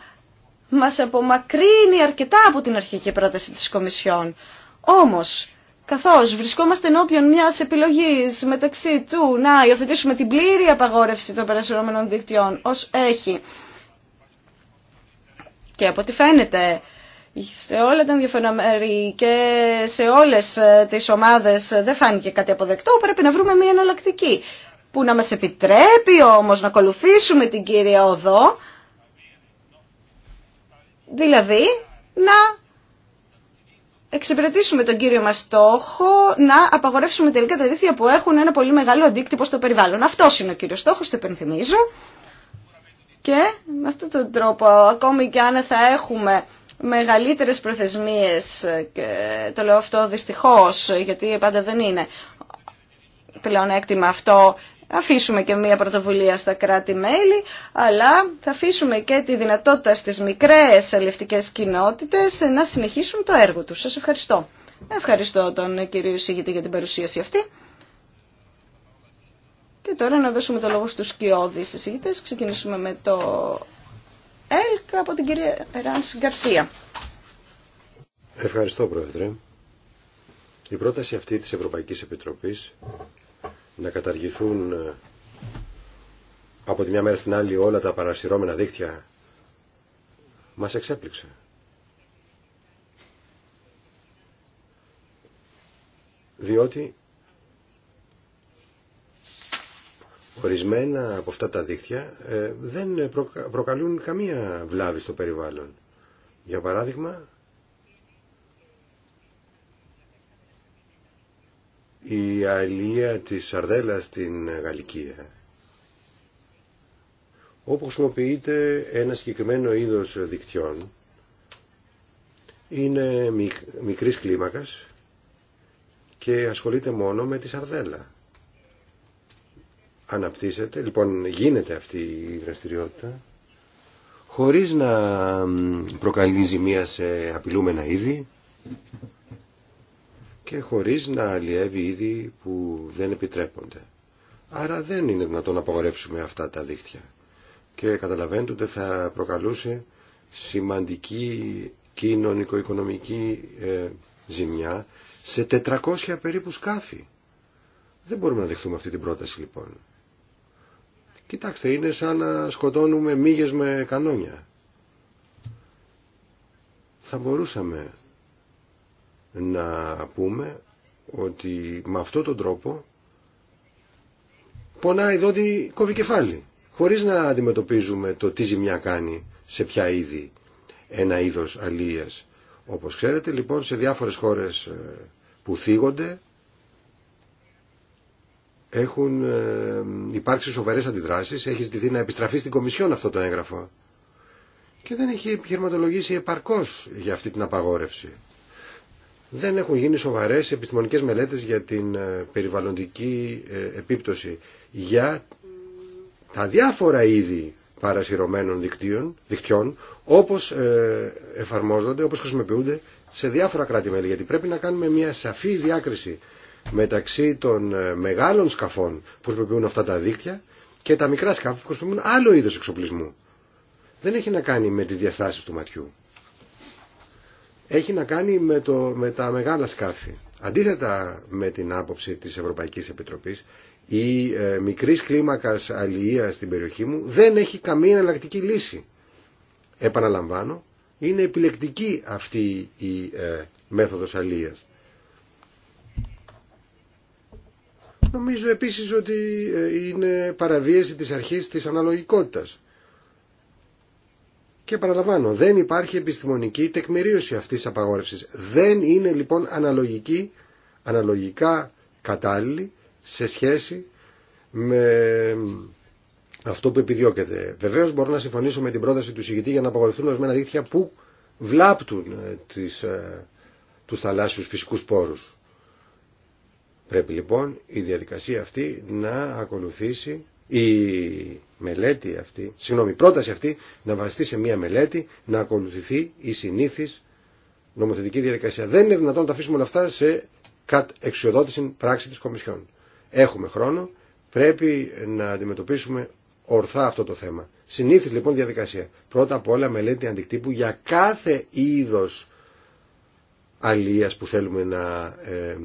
μα απομακρύνει αρκετά από την αρχική πρόταση τη Κομισιόν. Όμω, καθώ βρισκόμαστε ενώπιον μια επιλογή μεταξύ του να υιοθετήσουμε την πλήρη απαγόρευση των περασυνόμενων δικτυών ω έχει και από ό,τι φαίνεται σε όλα τα μέρη και σε όλες ε, τις ομάδες ε, δεν φάνηκε κάτι αποδεκτό, πρέπει να βρούμε μια εναλλακτική που να μας επιτρέπει όμως να ακολουθήσουμε την κύρια οδό, δηλαδή να εξυπηρετήσουμε τον κύριο μας στόχο να απαγορεύσουμε τελικά τα δίθια που έχουν ένα πολύ μεγάλο αντίκτυπο στο περιβάλλον. Αυτό είναι ο κύριος στόχος, το υπενθυμίζω. Και με αυτόν τον τρόπο, ακόμη και αν θα έχουμε μεγαλύτερες προθεσμίες, το λέω αυτό δυστυχώς, γιατί πάντα δεν είναι πλέον έκτημα αυτό, αφήσουμε και μία πρωτοβουλία στα κράτη-μέλη, αλλά θα αφήσουμε και τη δυνατότητα στις μικρές αλληλευτικές κοινότητες να συνεχίσουν το έργο τους. Σας ευχαριστώ. Ευχαριστώ τον κύριο Σίγητη για την παρουσίαση αυτή. Και τώρα να δώσουμε το λόγο στους κοιόδης εισηγητές. Ξεκινήσουμε με το ΕΛΚ από την κυρία Ράνς Γκαρσία. Ευχαριστώ Πρόεδρε. Η πρόταση αυτή της Ευρωπαϊκής Επιτροπής να καταργηθούν ε, από τη μια μέρα στην άλλη όλα τα παρασυρώμενα δίκτυα μας εξέπληξε. Διότι Ορισμένα από αυτά τα δίκτυα ε, δεν προκαλούν καμία βλάβη στο περιβάλλον. Για παράδειγμα, η αλία της Σαρδέλα στην Γαλλικία όπου χρησιμοποιείται ένα συγκεκριμένο είδος δικτυών είναι μικρής κλίμακας και ασχολείται μόνο με τη σαρδέλα αναπτύσσεται, λοιπόν γίνεται αυτή η δραστηριότητα χωρίς να προκαλεί ζημία σε απειλούμενα είδη και χωρίς να αλλιεύει είδη που δεν επιτρέπονται. Άρα δεν είναι δυνατόν να απαγορεύσουμε αυτά τα δίκτυα. Και καταλαβαίνετε ότι θα προκαλούσε σημαντική κοινωνικο-οικονομική ε, ζημιά σε 400 περίπου σκάφη. Δεν μπορούμε να δεχτούμε αυτή την πρόταση λοιπόν. Κοιτάξτε, είναι σαν να σκοτώνουμε μύγες με κανόνια. Θα μπορούσαμε να πούμε ότι με αυτόν τον τρόπο πονάει δόντι κόβει κεφάλι. Χωρίς να αντιμετωπίζουμε το τι ζημιά κάνει σε ποια είδη ένα είδος αλίας. Όπως ξέρετε λοιπόν σε διάφορες χώρες ε, που θίγονται έχουν ε, υπάρξει σοβαρές αντιδράσεις, έχει ζητηθεί να επιστραφεί στην Κομισιόν αυτό το έγγραφο και δεν έχει επιχειρηματολογήσει επαρκώς για αυτή την απαγόρευση. Δεν έχουν γίνει σοβαρές επιστημονικές μελέτες για την ε, περιβαλλοντική ε, επίπτωση για τα διάφορα είδη παρασυρωμένων δικτύων, δικτυών όπως εφαρμόζονται, όπως χρησιμοποιούνται σε διάφορα κράτη-μέλη. Γιατί πρέπει να κάνουμε μια σαφή διάκριση μεταξύ των ε, μεγάλων σκαφών που χρησιμοποιούν αυτά τα δίκτυα και τα μικρά σκάφη που χρησιμοποιούν άλλο είδο εξοπλισμού. Δεν έχει να κάνει με τη διαστάσει του ματιού. Έχει να κάνει με, το, με τα μεγάλα σκάφη. Αντίθετα με την άποψη της Ευρωπαϊκής Επιτροπής, η ε, μικρής κλίμακας αλληλεία στην περιοχή μου δεν έχει καμία εναλλακτική λύση. Επαναλαμβάνω, είναι επιλεκτική αυτή η ε, μέθοδος Νομίζω επίσης ότι ε, είναι παραβίαση της αρχής της αναλογικότητας. Και παραλαμβάνω, δεν υπάρχει επιστημονική τεκμηρίωση αυτής της απαγόρευσης. Δεν είναι λοιπόν αναλογική, αναλογικά κατάλληλη σε σχέση με αυτό που επιδιώκεται. Βεβαίως μπορώ να συμφωνήσω με την πρόταση του συγητή για να απαγορευτούν ορισμένα δίκτυα που βλάπτουν ε, τις, ε, τους θαλάσσιους φυσικούς πόρους. Πρέπει λοιπόν η διαδικασία αυτή να ακολουθήσει η μελέτη αυτή, συγγνώμη, η πρόταση αυτή να βασιστεί σε μια μελέτη να ακολουθηθεί η συνήθις νομοθετική διαδικασία. Δεν είναι δυνατόν να τα αφήσουμε όλα αυτά σε κατ εξοδότηση πράξη της Κομισιόν. Έχουμε χρόνο, πρέπει να αντιμετωπίσουμε ορθά αυτό το θέμα. Συνήθις λοιπόν διαδικασία. Πρώτα απ' όλα μελέτη αντικτύπου για κάθε είδος αλίας που θέλουμε να ε,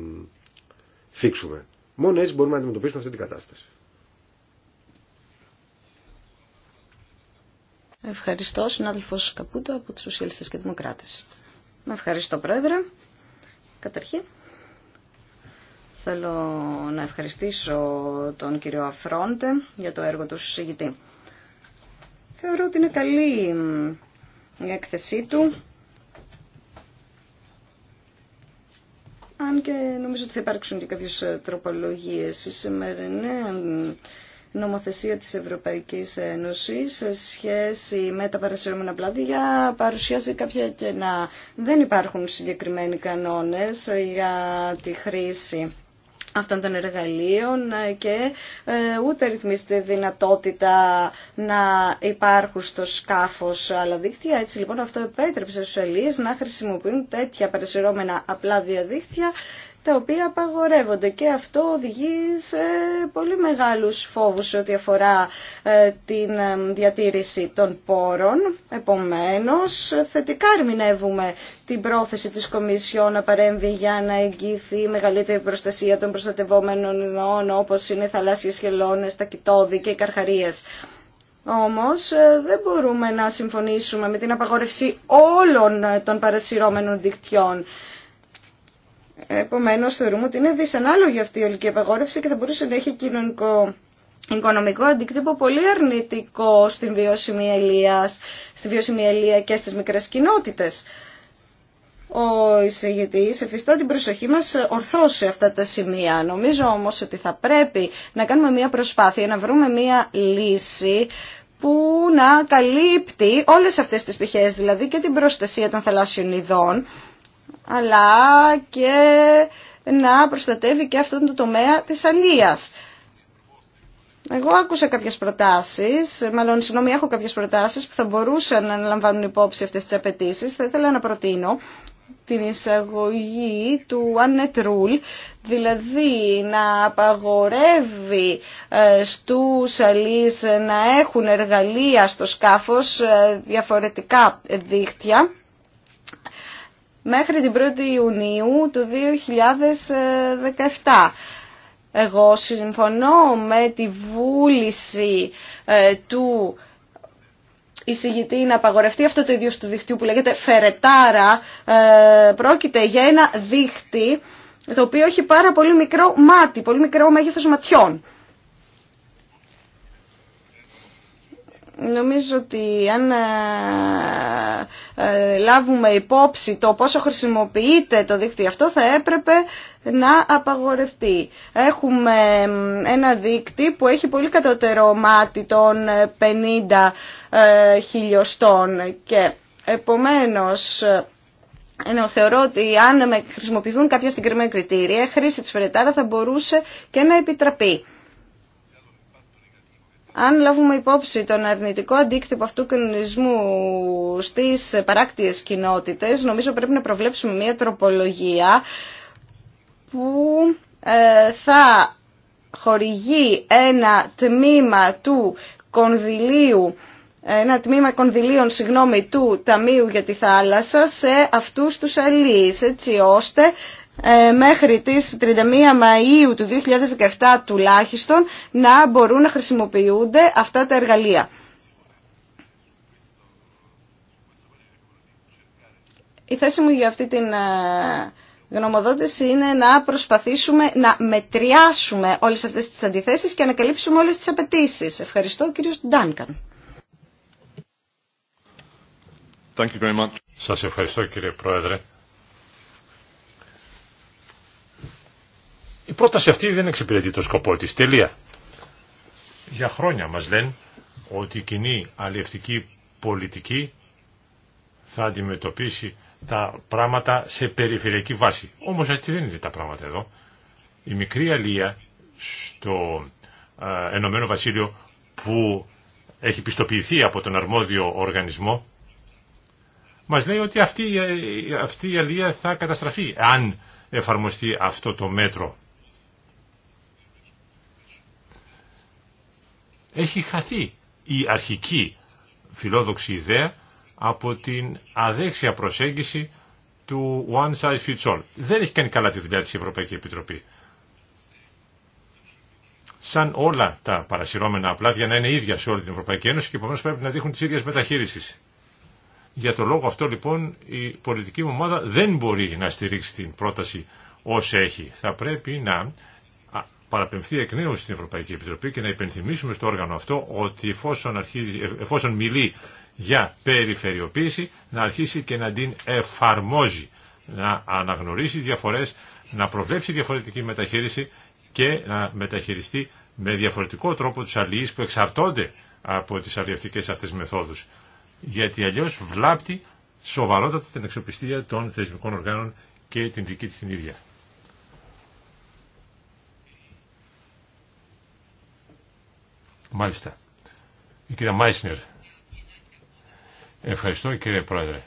θίξουμε. Μόνο έτσι μπορούμε να αντιμετωπίσουμε αυτή την κατάσταση. Ευχαριστώ, συνάδελφο Καπούτα από του Σοσιαλιστέ και Δημοκράτε. Με ευχαριστώ, Πρόεδρε. Καταρχήν, θέλω να ευχαριστήσω τον κύριο Αφρόντε για το έργο του συζητητή. Θεωρώ ότι είναι καλή η έκθεσή του αν και νομίζω ότι θα υπάρξουν και κάποιες ε, τροπολογίες. Η σημερινή νομοθεσία της Ευρωπαϊκής Ένωσης σε σχέση με τα παρασυρώμενα πλάδια παρουσιάζει κάποια κενά. Δεν υπάρχουν συγκεκριμένοι κανόνες για τη χρήση αυτών των εργαλείων ε, και ε, ούτε ρυθμίστε δυνατότητα να υπάρχουν στο σκάφος άλλα δίκτυα. Έτσι λοιπόν αυτό επέτρεψε στους Ελλήνες να χρησιμοποιούν τέτοια παρασυρώμενα απλά διαδίκτυα τα οποία απαγορεύονται και αυτό οδηγεί σε πολύ μεγάλους φόβους ό,τι αφορά ε, την ε, διατήρηση των πόρων. Επομένως, θετικά ερμηνεύουμε την πρόθεση της Κομισιόν να παρέμβει για να εγγυηθεί μεγαλύτερη προστασία των προστατευόμενων ειδών όπως είναι οι θαλάσσιες χελώνες, τα κοιτόδη και οι καρχαρίες. Όμως ε, δεν μπορούμε να συμφωνήσουμε με την απαγόρευση όλων των παρασυρώμενων δικτυών. Επομένω, θεωρούμε ότι είναι δυσανάλογη αυτή η ολική απαγόρευση και θα μπορούσε να έχει κοινωνικό οικονομικό αντίκτυπο πολύ αρνητικό στην βιώσιμη ελεία, στη βιώσιμη ελεία και στι μικρέ κοινότητε. Ο εισηγητή εφιστά την προσοχή μα ορθώ σε αυτά τα σημεία. Νομίζω όμω ότι θα πρέπει να κάνουμε μια προσπάθεια, να βρούμε μια λύση που να καλύπτει όλες αυτές τις πτυχές, δηλαδή και την προστασία των θαλάσσιων ειδών, αλλά και να προστατεύει και αυτόν τον τομέα της αλίας. Εγώ άκουσα κάποιες προτάσεις, μάλλον συγγνώμη έχω κάποιες προτάσεις που θα μπορούσαν να λαμβάνουν υπόψη αυτές τις απαιτήσεις. Θα ήθελα να προτείνω την εισαγωγή του Unnet Rule, δηλαδή να απαγορεύει ε, στους αλείς να έχουν εργαλεία στο σκάφος ε, διαφορετικά δίχτυα μέχρι την 1η Ιουνίου του 2017. Εγώ συμφωνώ με τη βούληση ε, του εισηγητή να απαγορευτεί αυτό το ίδιο του δικτύου που λέγεται φερετάρα. Ε, πρόκειται για ένα δίχτυ το οποίο έχει πάρα πολύ μικρό μάτι, πολύ μικρό μέγεθος ματιών. Νομίζω ότι αν ε, ε, λάβουμε υπόψη το πόσο χρησιμοποιείται το δίκτυο αυτό θα έπρεπε να απαγορευτεί. Έχουμε ένα δίκτυο που έχει πολύ κατώτερο μάτι των 50 ε, χιλιοστών και επομένως ενώ ναι, θεωρώ ότι αν χρησιμοποιηθούν κάποια συγκεκριμένα κριτήρια, χρήση της φερετάρα θα μπορούσε και να επιτραπεί αν λάβουμε υπόψη τον αρνητικό αντίκτυπο αυτού του κοινωνισμού στις παράκτιες κοινότητες, νομίζω πρέπει να προβλέψουμε μια τροπολογία που ε, θα χορηγεί ένα τμήμα του κονδυλίου ένα τμήμα κονδυλίων συγγνώμη, του Ταμείου για τη Θάλασσα σε αυτούς τους αλείς, έτσι ώστε ε, μέχρι τις 31 Μαΐου του 2017 τουλάχιστον να μπορούν να χρησιμοποιούνται αυτά τα εργαλεία. Η θέση μου για αυτή την ε, γνωμοδότηση είναι να προσπαθήσουμε να μετριάσουμε όλες αυτές τις αντιθέσεις και να καλύψουμε όλες τις απαιτήσει. Ευχαριστώ κύριο Ντάνκαν. Σας ευχαριστώ κύριε Πρόεδρε. Η πρόταση αυτή δεν εξυπηρετεί το σκοπό της. Τελεία. Για χρόνια μας λένε ότι η κοινή αλληλευτική πολιτική θα αντιμετωπίσει τα πράγματα σε περιφερειακή βάση. Όμως έτσι δεν είναι τα πράγματα εδώ. Η μικρή αλία στο Ενωμένο Βασίλειο που έχει πιστοποιηθεί από τον αρμόδιο οργανισμό μας λέει ότι αυτή, ε, αυτή η αλία θα καταστραφεί αν εφαρμοστεί αυτό το μέτρο. Έχει χαθεί η αρχική φιλόδοξη ιδέα από την αδέξια προσέγγιση του one size fits all. Δεν έχει κάνει καλά τη δουλειά της Ευρωπαϊκή Επιτροπή. Σαν όλα τα παρασυρώμενα για να είναι ίδια σε όλη την Ευρωπαϊκή Ένωση και επομένως πρέπει να δείχνουν τις ίδιες μεταχείρισεις. Για το λόγο αυτό λοιπόν η πολιτική μου ομάδα δεν μπορεί να στηρίξει την πρόταση όσο έχει. Θα πρέπει να παραπεμφθεί εκ νέου στην Ευρωπαϊκή Επιτροπή και να υπενθυμίσουμε στο όργανο αυτό ότι εφόσον, αρχίζει, ε, εφόσον μιλεί για περιφερειοποίηση να αρχίσει και να την εφαρμόζει, να αναγνωρίσει διαφορές, να προβλέψει διαφορετική μεταχείριση και να μεταχειριστεί με διαφορετικό τρόπο τους αλληλείς που εξαρτώνται από τις αλληλευτικές αυτές μεθόδους. Γιατί αλλιώς βλάπτει σοβαρότατα την εξοπιστία των θεσμικών οργάνων και την δική της την ίδια. Μάλιστα. Η κυρία Μάισνερ. Ευχαριστώ κύριε Πρόεδρε.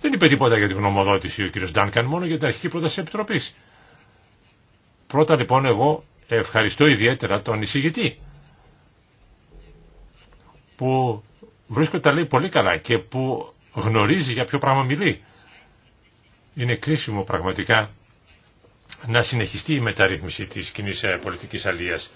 Δεν είπε τίποτα για την γνωμοδότηση ο κύριος Ντάνκαν, μόνο για την αρχική πρόταση επιτροπής. Πρώτα λοιπόν εγώ ευχαριστώ ιδιαίτερα τον εισηγητή που βρίσκεται τα λέει πολύ καλά και που γνωρίζει για ποιο πράγμα μιλεί. Είναι κρίσιμο πραγματικά να συνεχιστεί η μεταρρύθμιση της κοινή ε, πολιτικής αλίας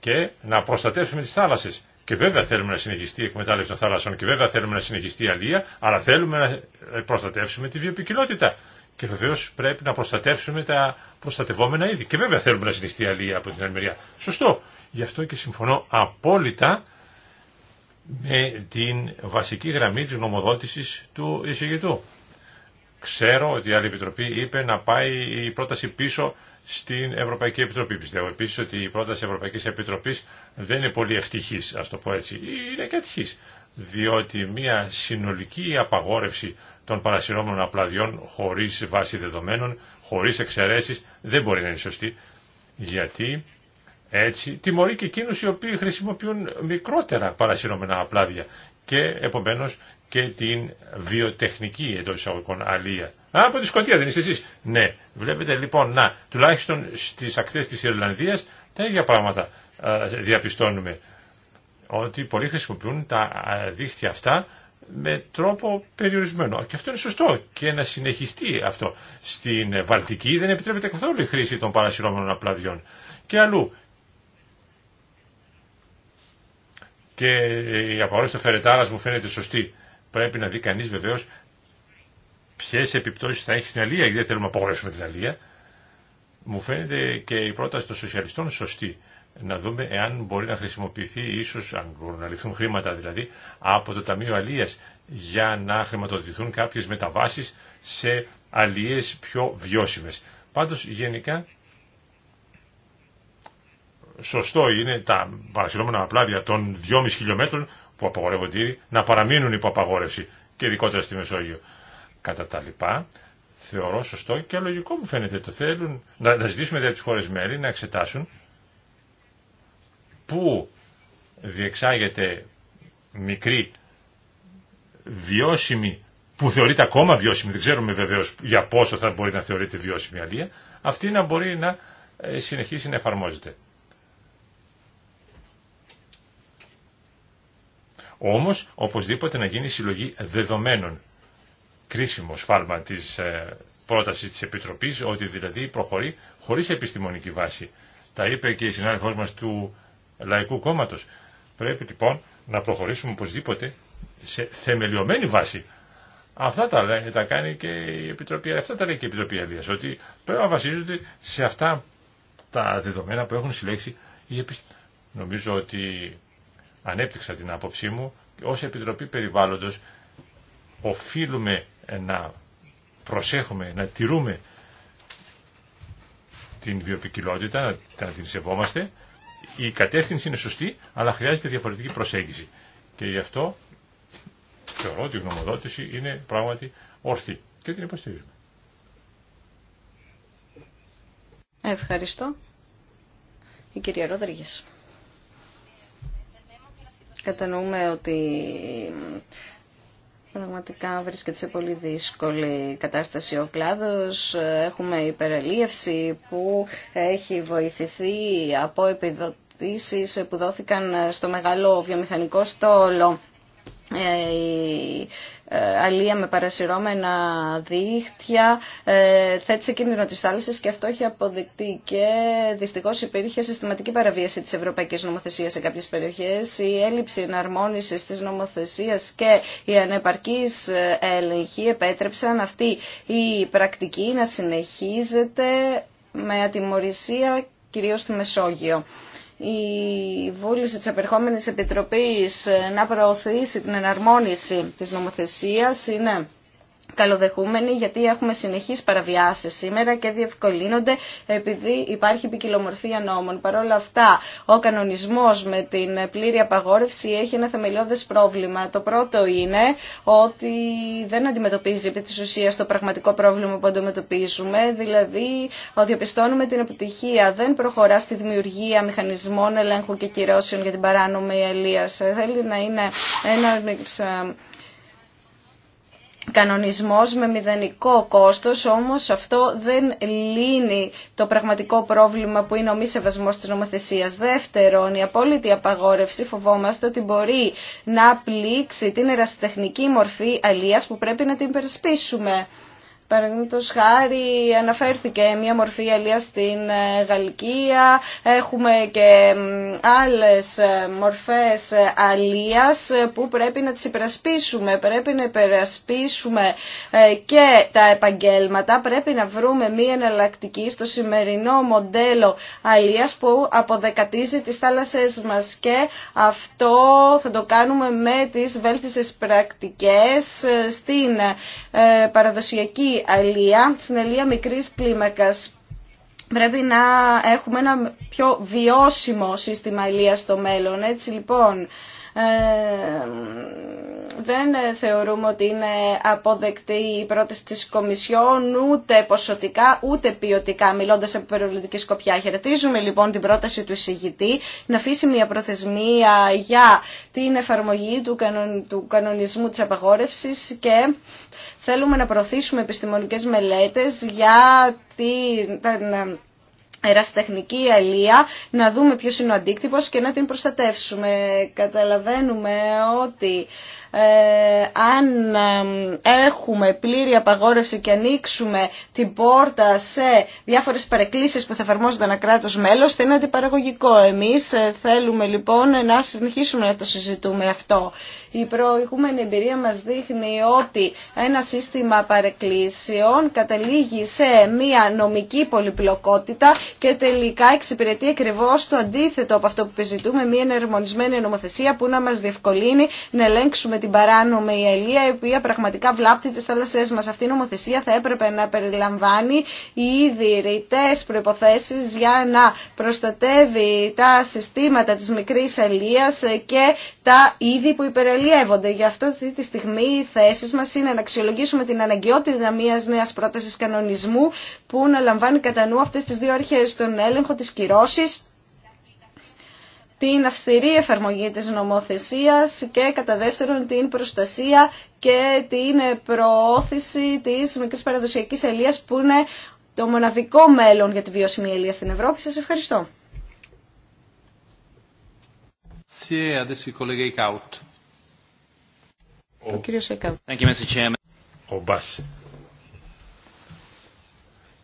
και να προστατεύσουμε τις θάλασσες. Και βέβαια θέλουμε να συνεχιστεί η εκμετάλλευση των θάλασσων και βέβαια θέλουμε να συνεχιστεί η αλία, αλλά θέλουμε να ε, προστατεύσουμε τη βιοπικιλότητα. Και βεβαίω πρέπει να προστατεύσουμε τα προστατευόμενα είδη. Και βέβαια θέλουμε να συνεχιστεί η αλία από την άλλη Σωστό. Γι' αυτό και συμφωνώ απόλυτα με την βασική γραμμή της νομοδότησης του εισηγητού. Ξέρω ότι η άλλη επιτροπή είπε να πάει η πρόταση πίσω στην Ευρωπαϊκή Επιτροπή. Πιστεύω επίσης ότι η πρόταση ευρωπαϊκή Επιτροπή δεν είναι πολύ ευτυχής, α το πω έτσι. Είναι και ευτυχή. διότι μια συνολική απαγόρευση των παρασυρώμενων απλαδιών χωρί βάση δεδομένων, χωρί εξαιρέσει, δεν μπορεί να είναι σωστή. Γιατί έτσι τιμωρεί και εκείνου οι οποίοι χρησιμοποιούν μικρότερα παρασυρώμενα απλάδια και επομένως και την βιοτεχνική εντό εισαγωγικών αλία. Α, από τη Σκοτία δεν είστε εσεί. Ναι, βλέπετε λοιπόν, να, τουλάχιστον στις ακτέ της Ιρλανδίας τα ίδια πράγματα διαπιστώνουμε. Ότι πολλοί χρησιμοποιούν τα δίχτυα αυτά με τρόπο περιορισμένο. Και αυτό είναι σωστό και να συνεχιστεί αυτό. Στην Βαλτική δεν επιτρέπεται καθόλου η χρήση των παρασυρώμενων απλαδιών. Και αλλού και η απαγόρευση του φερετάρας μου φαίνεται σωστή. Πρέπει να δει κανεί βεβαίω ποιε επιπτώσει θα έχει στην αλία, γιατί δεν θέλουμε να απογορεύσουμε την αλία. Μου φαίνεται και η πρόταση των σοσιαλιστών σωστή. Να δούμε εάν μπορεί να χρησιμοποιηθεί, ίσω αν μπορούν να ληφθούν χρήματα δηλαδή, από το Ταμείο Αλία για να χρηματοδοτηθούν κάποιε μεταβάσει σε αλίες πιο βιώσιμε. Πάντω γενικά σωστό είναι τα παρασυρώμενα πλάδια των 2,5 χιλιόμετρων που απαγορεύονται ήδη να παραμείνουν υπό απαγόρευση και ειδικότερα στη Μεσόγειο. Κατά τα λοιπά, θεωρώ σωστό και λογικό μου φαίνεται το θέλουν να, να ζητήσουμε τις χώρες μέλη να εξετάσουν πού διεξάγεται μικρή βιώσιμη που θεωρείται ακόμα βιώσιμη, δεν ξέρουμε βεβαίως για πόσο θα μπορεί να θεωρείται βιώσιμη αλία, αυτή να μπορεί να ε, συνεχίσει να εφαρμόζεται. Όμως, οπωσδήποτε να γίνει συλλογή δεδομένων. Κρίσιμο σφάλμα της ε, πρότασης της Επιτροπής, ότι δηλαδή προχωρεί χωρίς επιστημονική βάση. Τα είπε και η συνάδελφός μας του Λαϊκού Κόμματος. Πρέπει λοιπόν να προχωρήσουμε οπωσδήποτε σε θεμελιωμένη βάση. Αυτά τα, λέει, τα κάνει και η Επιτροπή, αυτά τα λέει και η Επιτροπή Αλίας, ότι πρέπει να βασίζονται σε αυτά τα δεδομένα που έχουν συλλέξει οι επιστήμονες. Νομίζω ότι ανέπτυξα την άποψή μου, ως Επιτροπή Περιβάλλοντος οφείλουμε να προσέχουμε, να τηρούμε την βιοπικιλότητα, να την σεβόμαστε. Η κατεύθυνση είναι σωστή, αλλά χρειάζεται διαφορετική προσέγγιση. Και γι' αυτό θεωρώ ότι η γνωμοδότηση είναι πράγματι όρθη και την υποστηρίζουμε. Ευχαριστώ. Η κυρία Ροδρίγες. Κατανοούμε ότι πραγματικά βρίσκεται σε πολύ δύσκολη κατάσταση ο κλάδος. Έχουμε υπερελίευση που έχει βοηθηθεί από επιδοτήσεις που δόθηκαν στο μεγάλο βιομηχανικό στόλο. Ε, ε, αλία με παρασυρώμενα δίχτυα, ε, θέτει σε κίνδυνο τη θάλασσα και αυτό έχει αποδεικτεί και δυστυχώ υπήρχε συστηματική παραβίαση τη Ευρωπαϊκή Νομοθεσία σε κάποιε περιοχέ. η έλλειψη εναρμόνισης τη νομοθεσία και η ανεπαρκή ε, έλεγχη επέτρεψαν αυτή η πρακτική να συνεχίζεται με ατιμορρησία κυρίως στη Μεσόγειο η βούληση της απερχόμενης επιτροπής να προωθήσει την εναρμόνιση της νομοθεσίας είναι καλοδεχούμενοι γιατί έχουμε συνεχείς παραβιάσεις σήμερα και διευκολύνονται επειδή υπάρχει ποικιλομορφία νόμων. Παρ' όλα αυτά, ο κανονισμός με την πλήρη απαγόρευση έχει ένα θεμελιώδες πρόβλημα. Το πρώτο είναι ότι δεν αντιμετωπίζει επί της ουσίας το πραγματικό πρόβλημα που αντιμετωπίζουμε, δηλαδή ότι επιστώνουμε την επιτυχία, δεν προχωρά στη δημιουργία μηχανισμών ελέγχου και κυρώσεων για την παράνομη ελεία. Θέλει να είναι ένα κανονισμός με μηδενικό κόστος, όμως αυτό δεν λύνει το πραγματικό πρόβλημα που είναι ο μη σεβασμός της νομοθεσίας. Δεύτερον, η απόλυτη απαγόρευση φοβόμαστε ότι μπορεί να πλήξει την ερασιτεχνική μορφή αλίας που πρέπει να την περισπίσουμε. Παραδείγματο χάρη αναφέρθηκε μια μορφή αλία στην ε, Γαλλικία, έχουμε και άλλες ε, μορφές αλίας που πρέπει να τις υπερασπίσουμε. Πρέπει να υπερασπίσουμε ε, και τα επαγγέλματα, πρέπει να βρούμε μια εναλλακτική στο σημερινό μοντέλο αλίας που αποδεκατίζει τις θάλασσες μας και αυτό θα το κάνουμε με τις βέλτιστες πρακτικές στην παραδοσιακή αλία, στην αλία μικρής κλίμακας. Πρέπει να έχουμε ένα πιο βιώσιμο σύστημα αλίας στο μέλλον. Έτσι λοιπόν, ε, δεν θεωρούμε ότι είναι αποδεκτή η πρόταση της Κομισιόν ούτε ποσοτικά ούτε ποιοτικά μιλώντας από περιοριστική σκοπιά. Χαιρετίζουμε λοιπόν την πρόταση του εισηγητή να αφήσει μια προθεσμία για την εφαρμογή του, κανονισμού της απαγόρευσης και Θέλουμε να προωθήσουμε επιστημονικές μελέτες για την ε, εραστεχνική αλία, να δούμε ποιος είναι ο αντίκτυπος και να την προστατεύσουμε. Καταλαβαίνουμε ότι ε, αν ε, έχουμε πλήρη απαγόρευση και ανοίξουμε την πόρτα σε διάφορες παρεκκλήσεις που θα εφαρμόζονται ένα κράτος μέλος, θα είναι αντιπαραγωγικό. Εμείς θέλουμε λοιπόν να συνεχίσουμε να το συζητούμε αυτό. Η προηγούμενη εμπειρία μας δείχνει ότι ένα σύστημα παρεκκλήσεων καταλήγει σε μια νομική πολυπλοκότητα και τελικά εξυπηρετεί ακριβώ το αντίθετο από αυτό που επιζητούμε, μια ενερμονισμένη νομοθεσία που να μας διευκολύνει να ελέγξουμε την παράνομη αιλία, η οποία πραγματικά βλάπτει τις θάλασσές μας. Αυτή η νομοθεσία θα έπρεπε να περιλαμβάνει ήδη ρητές προϋποθέσεις για να προστατεύει τα συστήματα της μικρής αιλίας και τα είδη που υπερελέγχουν Γι' αυτό αυτή τη στιγμή οι θέσει μα είναι να αξιολογήσουμε την αναγκαιότητα μια νέα πρόταση κανονισμού που να λαμβάνει κατά νου αυτέ τι δύο αρχέ, τον έλεγχο τη κυρώση, την αυστηρή εφαρμογή της νομοθεσίας και κατά δεύτερον την προστασία και την προώθηση της μικρής παραδοσιακής ελίας που είναι το μοναδικό μέλλον για τη βιώσιμη ελεία στην Ευρώπη. Σας ευχαριστώ. Ο, κύριος Ο Μπάς.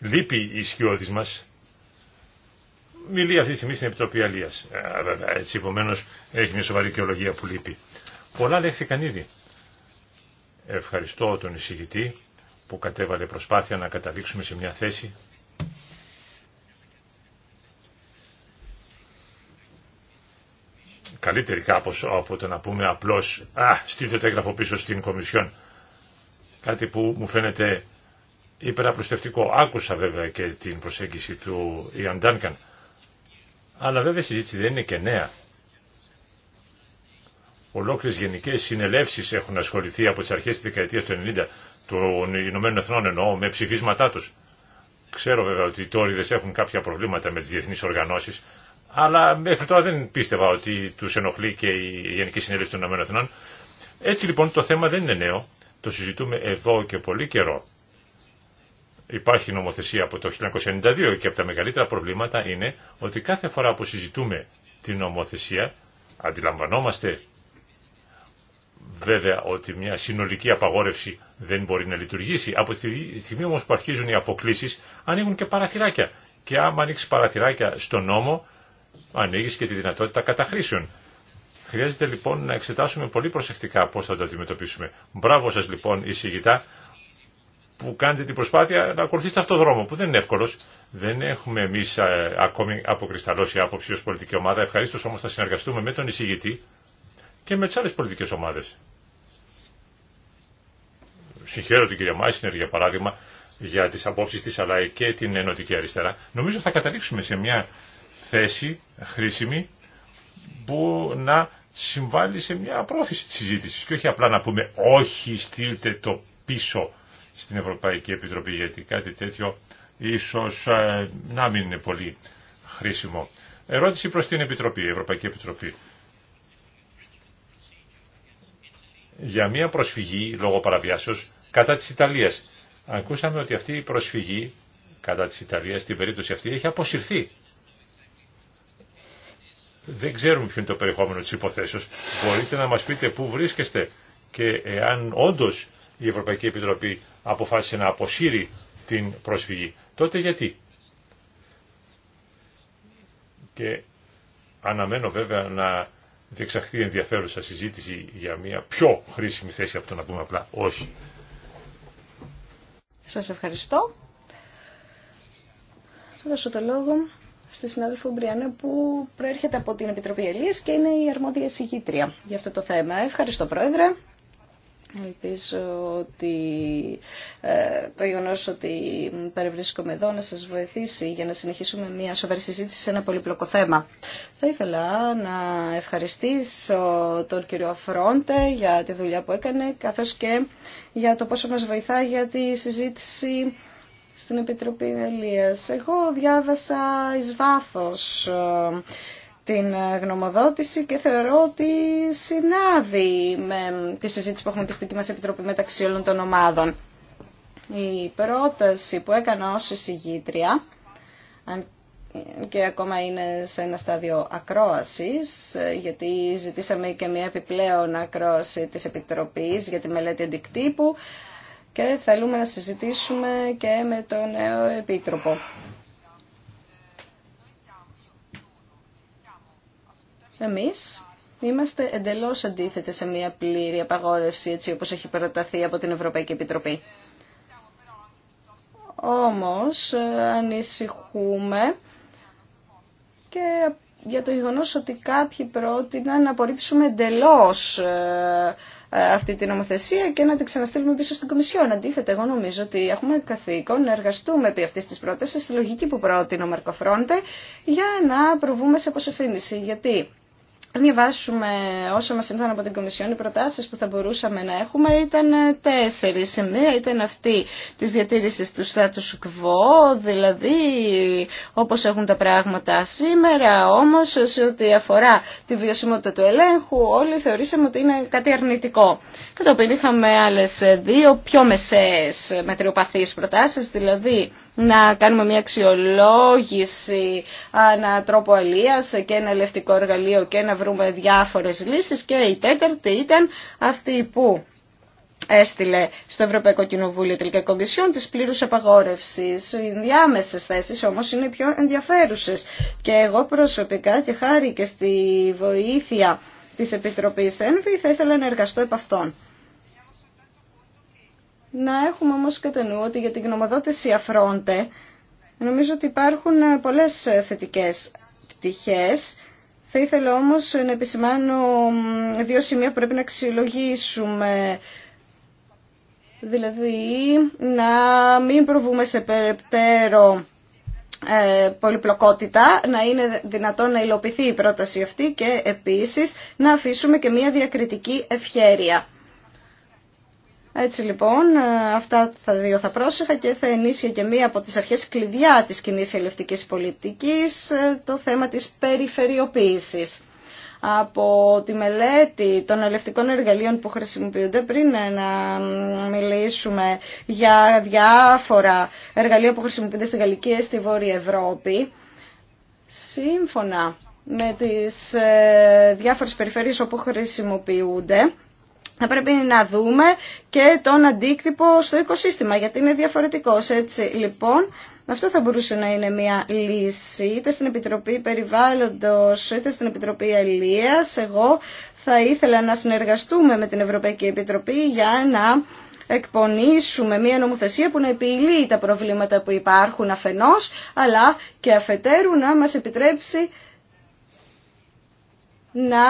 Λείπει η σκιώδης μας. Μιλεί αυτή τη στιγμή στην Επιτροπή Αλίας. Ε, έτσι, επομένω έχει μια σοβαρή δικαιολογία που λείπει. Πολλά λέχθηκαν ήδη. Ευχαριστώ τον εισηγητή που κατέβαλε προσπάθεια να καταλήξουμε σε μια θέση καλύτερη κάπως από το να πούμε απλώς «Α, στείλτε το έγγραφο πίσω στην Κομισιόν». Κάτι που μου φαίνεται υπεραπλουστευτικό. Άκουσα βέβαια και την προσέγγιση του Ιαν Τάνκαν. Αλλά βέβαια η συζήτηση δεν είναι και νέα. Ολόκληρες γενικές συνελεύσεις έχουν ασχοληθεί από τις αρχές της δεκαετίας του 90 των Ηνωμένων Εθνών εννοώ με ψηφίσματά τους. Ξέρω βέβαια ότι οι Τόριδες έχουν κάποια προβλήματα με τις διεθνείς οργανώσει αλλά μέχρι τώρα δεν πίστευα ότι τους ενοχλεί και η Γενική Συνέλευση των ΗΠΑ. Έτσι λοιπόν το θέμα δεν είναι νέο, το συζητούμε εδώ και πολύ καιρό. Υπάρχει νομοθεσία από το 1992 και από τα μεγαλύτερα προβλήματα είναι ότι κάθε φορά που συζητούμε την νομοθεσία αντιλαμβανόμαστε βέβαια ότι μια συνολική απαγόρευση δεν μπορεί να λειτουργήσει. Από τη στιγμή όμως που αρχίζουν οι αποκλήσεις ανοίγουν και παραθυράκια. Και άμα ανοίξει παραθυράκια στο νόμο Ανοίγει και τη δυνατότητα καταχρήσεων. Χρειάζεται λοιπόν να εξετάσουμε πολύ προσεκτικά πώς θα το αντιμετωπίσουμε. Μπράβο σας λοιπόν εισηγητά που κάνετε την προσπάθεια να ακολουθήσετε αυτόν τον δρόμο που δεν είναι εύκολος. Δεν έχουμε εμείς ε, ακόμη αποκρισταλώσει άποψη ως πολιτική ομάδα. Ευχαρίστως όμως θα συνεργαστούμε με τον εισηγητή και με τις άλλες πολιτικές ομάδες. Συγχαίρω την κυρία Μάισνερ για παράδειγμα για τις απόψεις της αλλά και την ενωτική αριστερά. Νομίζω θα καταλήξουμε σε μια θέση χρήσιμη που να συμβάλλει σε μια πρόθεση της συζήτησης και όχι απλά να πούμε όχι στείλτε το πίσω στην Ευρωπαϊκή Επιτροπή γιατί κάτι τέτοιο ίσως ε, να μην είναι πολύ χρήσιμο. Ερώτηση προς την Επιτροπή, Ευρωπαϊκή Επιτροπή. Για μια προσφυγή λόγω παραβιάσεως κατά της Ιταλίας. Ακούσαμε ότι αυτή η προσφυγή κατά της Ιταλίας στην περίπτωση αυτή έχει αποσυρθεί δεν ξέρουμε ποιο είναι το περιεχόμενο της υποθέσεως. Μπορείτε να μας πείτε πού βρίσκεστε και εάν όντως η Ευρωπαϊκή Επιτροπή αποφάσισε να αποσύρει την προσφυγή. Τότε γιατί. Και αναμένω βέβαια να διεξαχθεί ενδιαφέρουσα συζήτηση για μια πιο χρήσιμη θέση από το να πούμε απλά όχι. Σας ευχαριστώ. Θα δώσω το λόγο στη συνάδελφο Μπριάννα που προέρχεται από την Επιτροπή Ελίας και είναι η αρμόδια συγκήτρια για αυτό το θέμα. Ευχαριστώ Πρόεδρε. Ελπίζω ότι ε, το γεγονό ότι παρευρίσκομαι εδώ να σας βοηθήσει για να συνεχίσουμε μια σοβαρή συζήτηση σε ένα πολύπλοκο θέμα. Θα ήθελα να ευχαριστήσω τον κύριο Φρόντε για τη δουλειά που έκανε καθώς και για το πόσο μας βοηθά για τη συζήτηση στην Επιτροπή Ελίας. Εγώ διάβασα εις βάθος ε, την γνωμοδότηση και θεωρώ ότι συνάδει με τη συζήτηση που έχουμε τη δική μας Επιτροπή μεταξύ όλων των ομάδων. Η πρόταση που έκανα ως εισηγήτρια, αν και ακόμα είναι σε ένα στάδιο ακρόασης, ε, γιατί ζητήσαμε και μια επιπλέον ακρόαση της Επιτροπής για τη μελέτη αντικτύπου, και θέλουμε να συζητήσουμε και με τον νέο Επίτροπο. Εμείς είμαστε εντελώς αντίθετοι σε μια πλήρη απαγόρευση έτσι όπως έχει προταθεί από την Ευρωπαϊκή Επιτροπή. Όμως ε, ανησυχούμε και για το γεγονό ότι κάποιοι πρότειναν να απορρίψουμε εντελώς ε, ε, αυτή την νομοθεσία και να την ξαναστείλουμε πίσω στην Κομισιόν. Αντίθετα, εγώ νομίζω ότι έχουμε καθήκον να εργαστούμε επί αυτή τη πρόταση, στη λογική που πρότεινε ο Μαρκοφρόντε, για να προβούμε σε αποσυφήνιση. Γιατί αν διαβάσουμε όσα μας ήρθαν από την Κομισιόν, οι προτάσεις που θα μπορούσαμε να έχουμε ήταν τέσσερις. Η μία ήταν αυτή της διατήρησης του status quo, δηλαδή όπως έχουν τα πράγματα σήμερα, όμως σε ό,τι αφορά τη βιωσιμότητα του ελέγχου, όλοι θεωρήσαμε ότι είναι κάτι αρνητικό. Κατόπιν είχαμε άλλες δύο πιο μεσαίες μετριοπαθείς προτάσεις, δηλαδή να κάνουμε μια αξιολόγηση ανά τρόπο αλίας και ένα ελευτικό εργαλείο και να βρούμε διάφορες λύσεις και η τέταρτη ήταν αυτή που έστειλε στο Ευρωπαϊκό Κοινοβούλιο τελικά κομισιόν της πλήρους απαγόρευσης. Οι διάμεσες θέσεις όμως είναι οι πιο ενδιαφέρουσες και εγώ προσωπικά και χάρη και στη βοήθεια της Επιτροπής ΕΝΒΗ θα ήθελα να εργαστώ επ' αυτών. Να έχουμε όμως κατά νου ότι για την γνωμοδότηση αφρόντε νομίζω ότι υπάρχουν ε, πολλές ε, θετικές πτυχές. Θα ήθελα όμως να επισημάνω δύο σημεία που πρέπει να αξιολογήσουμε. Δηλαδή να μην προβούμε σε περαιτέρω ε, πολυπλοκότητα, να είναι δυνατόν να υλοποιηθεί η πρόταση αυτή και επίσης να αφήσουμε και μια διακριτική ευχέρεια. Έτσι λοιπόν, ε, αυτά τα δύο θα πρόσεχα και θα ενίσχυε και μία από τις αρχές κλειδιά της κοινή ελευτικής πολιτικής, ε, το θέμα της περιφερειοποίησης. Από τη μελέτη των ελευτικών εργαλείων που χρησιμοποιούνται πριν να μιλήσουμε για διάφορα εργαλεία που χρησιμοποιούνται στη Γαλλική και στη Βόρεια Ευρώπη, σύμφωνα με τις ε, διάφορες περιφέρειες όπου χρησιμοποιούνται, θα πρέπει να δούμε και τον αντίκτυπο στο οικοσύστημα, γιατί είναι διαφορετικός. Έτσι, λοιπόν, αυτό θα μπορούσε να είναι μια λύση, είτε στην Επιτροπή Περιβάλλοντος, είτε στην Επιτροπή Ελίας. Εγώ θα ήθελα να συνεργαστούμε με την Ευρωπαϊκή Επιτροπή για να εκπονήσουμε μια νομοθεσία που να επιλύει τα προβλήματα που υπάρχουν αφενός, αλλά και αφετέρου να μας επιτρέψει να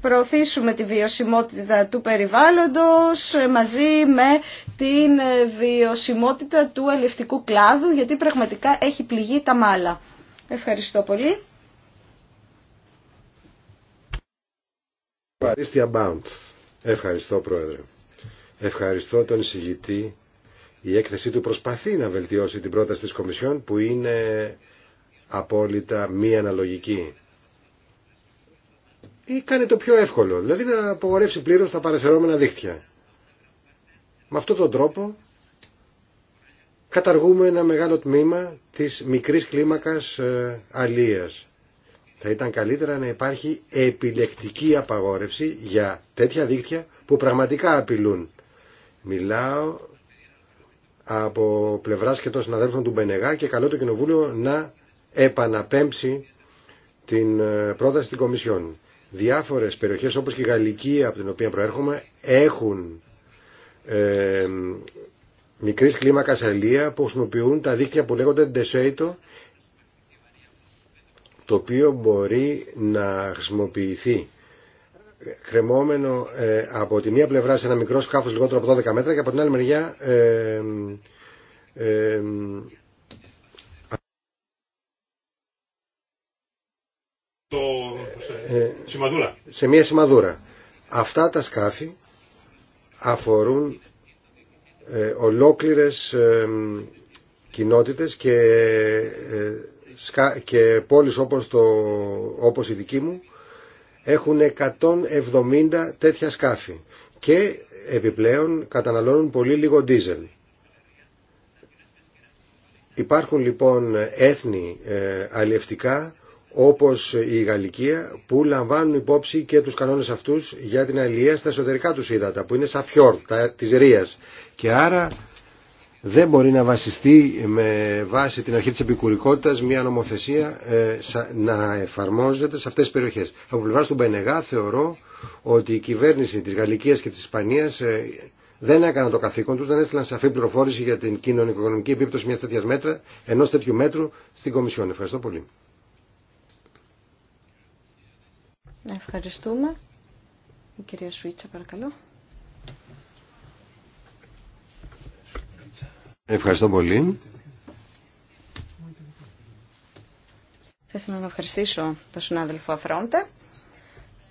προωθήσουμε τη βιωσιμότητα του περιβάλλοντος μαζί με την βιωσιμότητα του ελευτικού κλάδου γιατί πραγματικά έχει πληγεί τα μάλα. Ευχαριστώ πολύ. Ευχαριστώ Πρόεδρε. Ευχαριστώ τον εισηγητή. Η έκθεσή του προσπαθεί να βελτιώσει την πρόταση της Κομισιόν που είναι απόλυτα μη αναλογική ή κάνει το πιο εύκολο, δηλαδή να απογορεύσει πλήρως τα παρασυρώμενα δίκτυα. Με αυτόν τον τρόπο καταργούμε ένα μεγάλο τμήμα της μικρής κλίμακας ε, αλίας. Θα ήταν καλύτερα να υπάρχει επιλεκτική απαγόρευση για τέτοια δίκτυα που πραγματικά απειλούν. Μιλάω από πλευράς και των συναδέλφων του Μπενεγά και καλό το Κοινοβούλιο να επαναπέμψει την ε, πρόταση στην Κομισιόν διάφορες περιοχές όπως και η Γαλλική από την οποία προέρχομαι έχουν ε, μικρής κλίμακας αλεία που χρησιμοποιούν τα δίκτυα που λέγονται ντεσέιτο το οποίο μπορεί να χρησιμοποιηθεί κρεμόμενο ε, από τη μία πλευρά σε ένα μικρό σκάφος λιγότερο από 12 μέτρα και από την άλλη μεριά ε, ε το... Ε, ε, σε μια σημαδούρα. Αυτά τα σκάφη αφορούν ε, ολόκληρες ε, κοινότητες και, και πόλεις όπως, το, όπως η δική μου έχουν 170 τέτοια σκάφη και επιπλέον καταναλώνουν πολύ λίγο ντίζελ. Υπάρχουν λοιπόν έθνη ε, όπως η Γαλλικία που λαμβάνουν υπόψη και τους κανόνες αυτούς για την αλληλεία στα εσωτερικά τους ύδατα που είναι σαν φιόρτ της Ρίας και άρα δεν μπορεί να βασιστεί με βάση την αρχή της επικουρικότητας μια νομοθεσία ε, να εφαρμόζεται σε αυτές τις περιοχές. Από πλευράς του Μπενεγά θεωρώ ότι η κυβέρνηση της Γαλλικίας και της Ισπανίας ε, δεν έκαναν το καθήκον τους, δεν έστειλαν σαφή πληροφόρηση για την κοινωνικο-οικονομική επίπτωση μιας τέτοιας μέτρα, ενός τέτοιου μέτρου στην Κομισιόν. Ευχαριστώ πολύ. Ευχαριστούμε. Η κυρία Σουίτσα, παρακαλώ. Ευχαριστώ πολύ. Θα ήθελα να ευχαριστήσω τον συνάδελφο Αφρόντε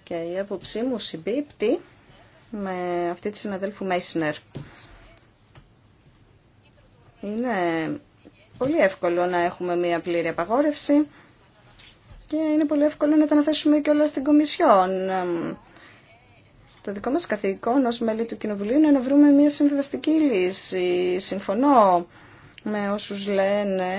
και η άποψή μου συμπίπτει με αυτή τη συναδέλφου Μέισνερ. Είναι πολύ εύκολο να έχουμε μια πλήρη απαγόρευση και είναι πολύ εύκολο να τα αναθέσουμε και όλα στην Κομισιόν. Το δικό μας καθήκον ως μέλη του Κοινοβουλίου είναι να βρούμε μια συμβιβαστική λύση. Συμφωνώ με όσους λένε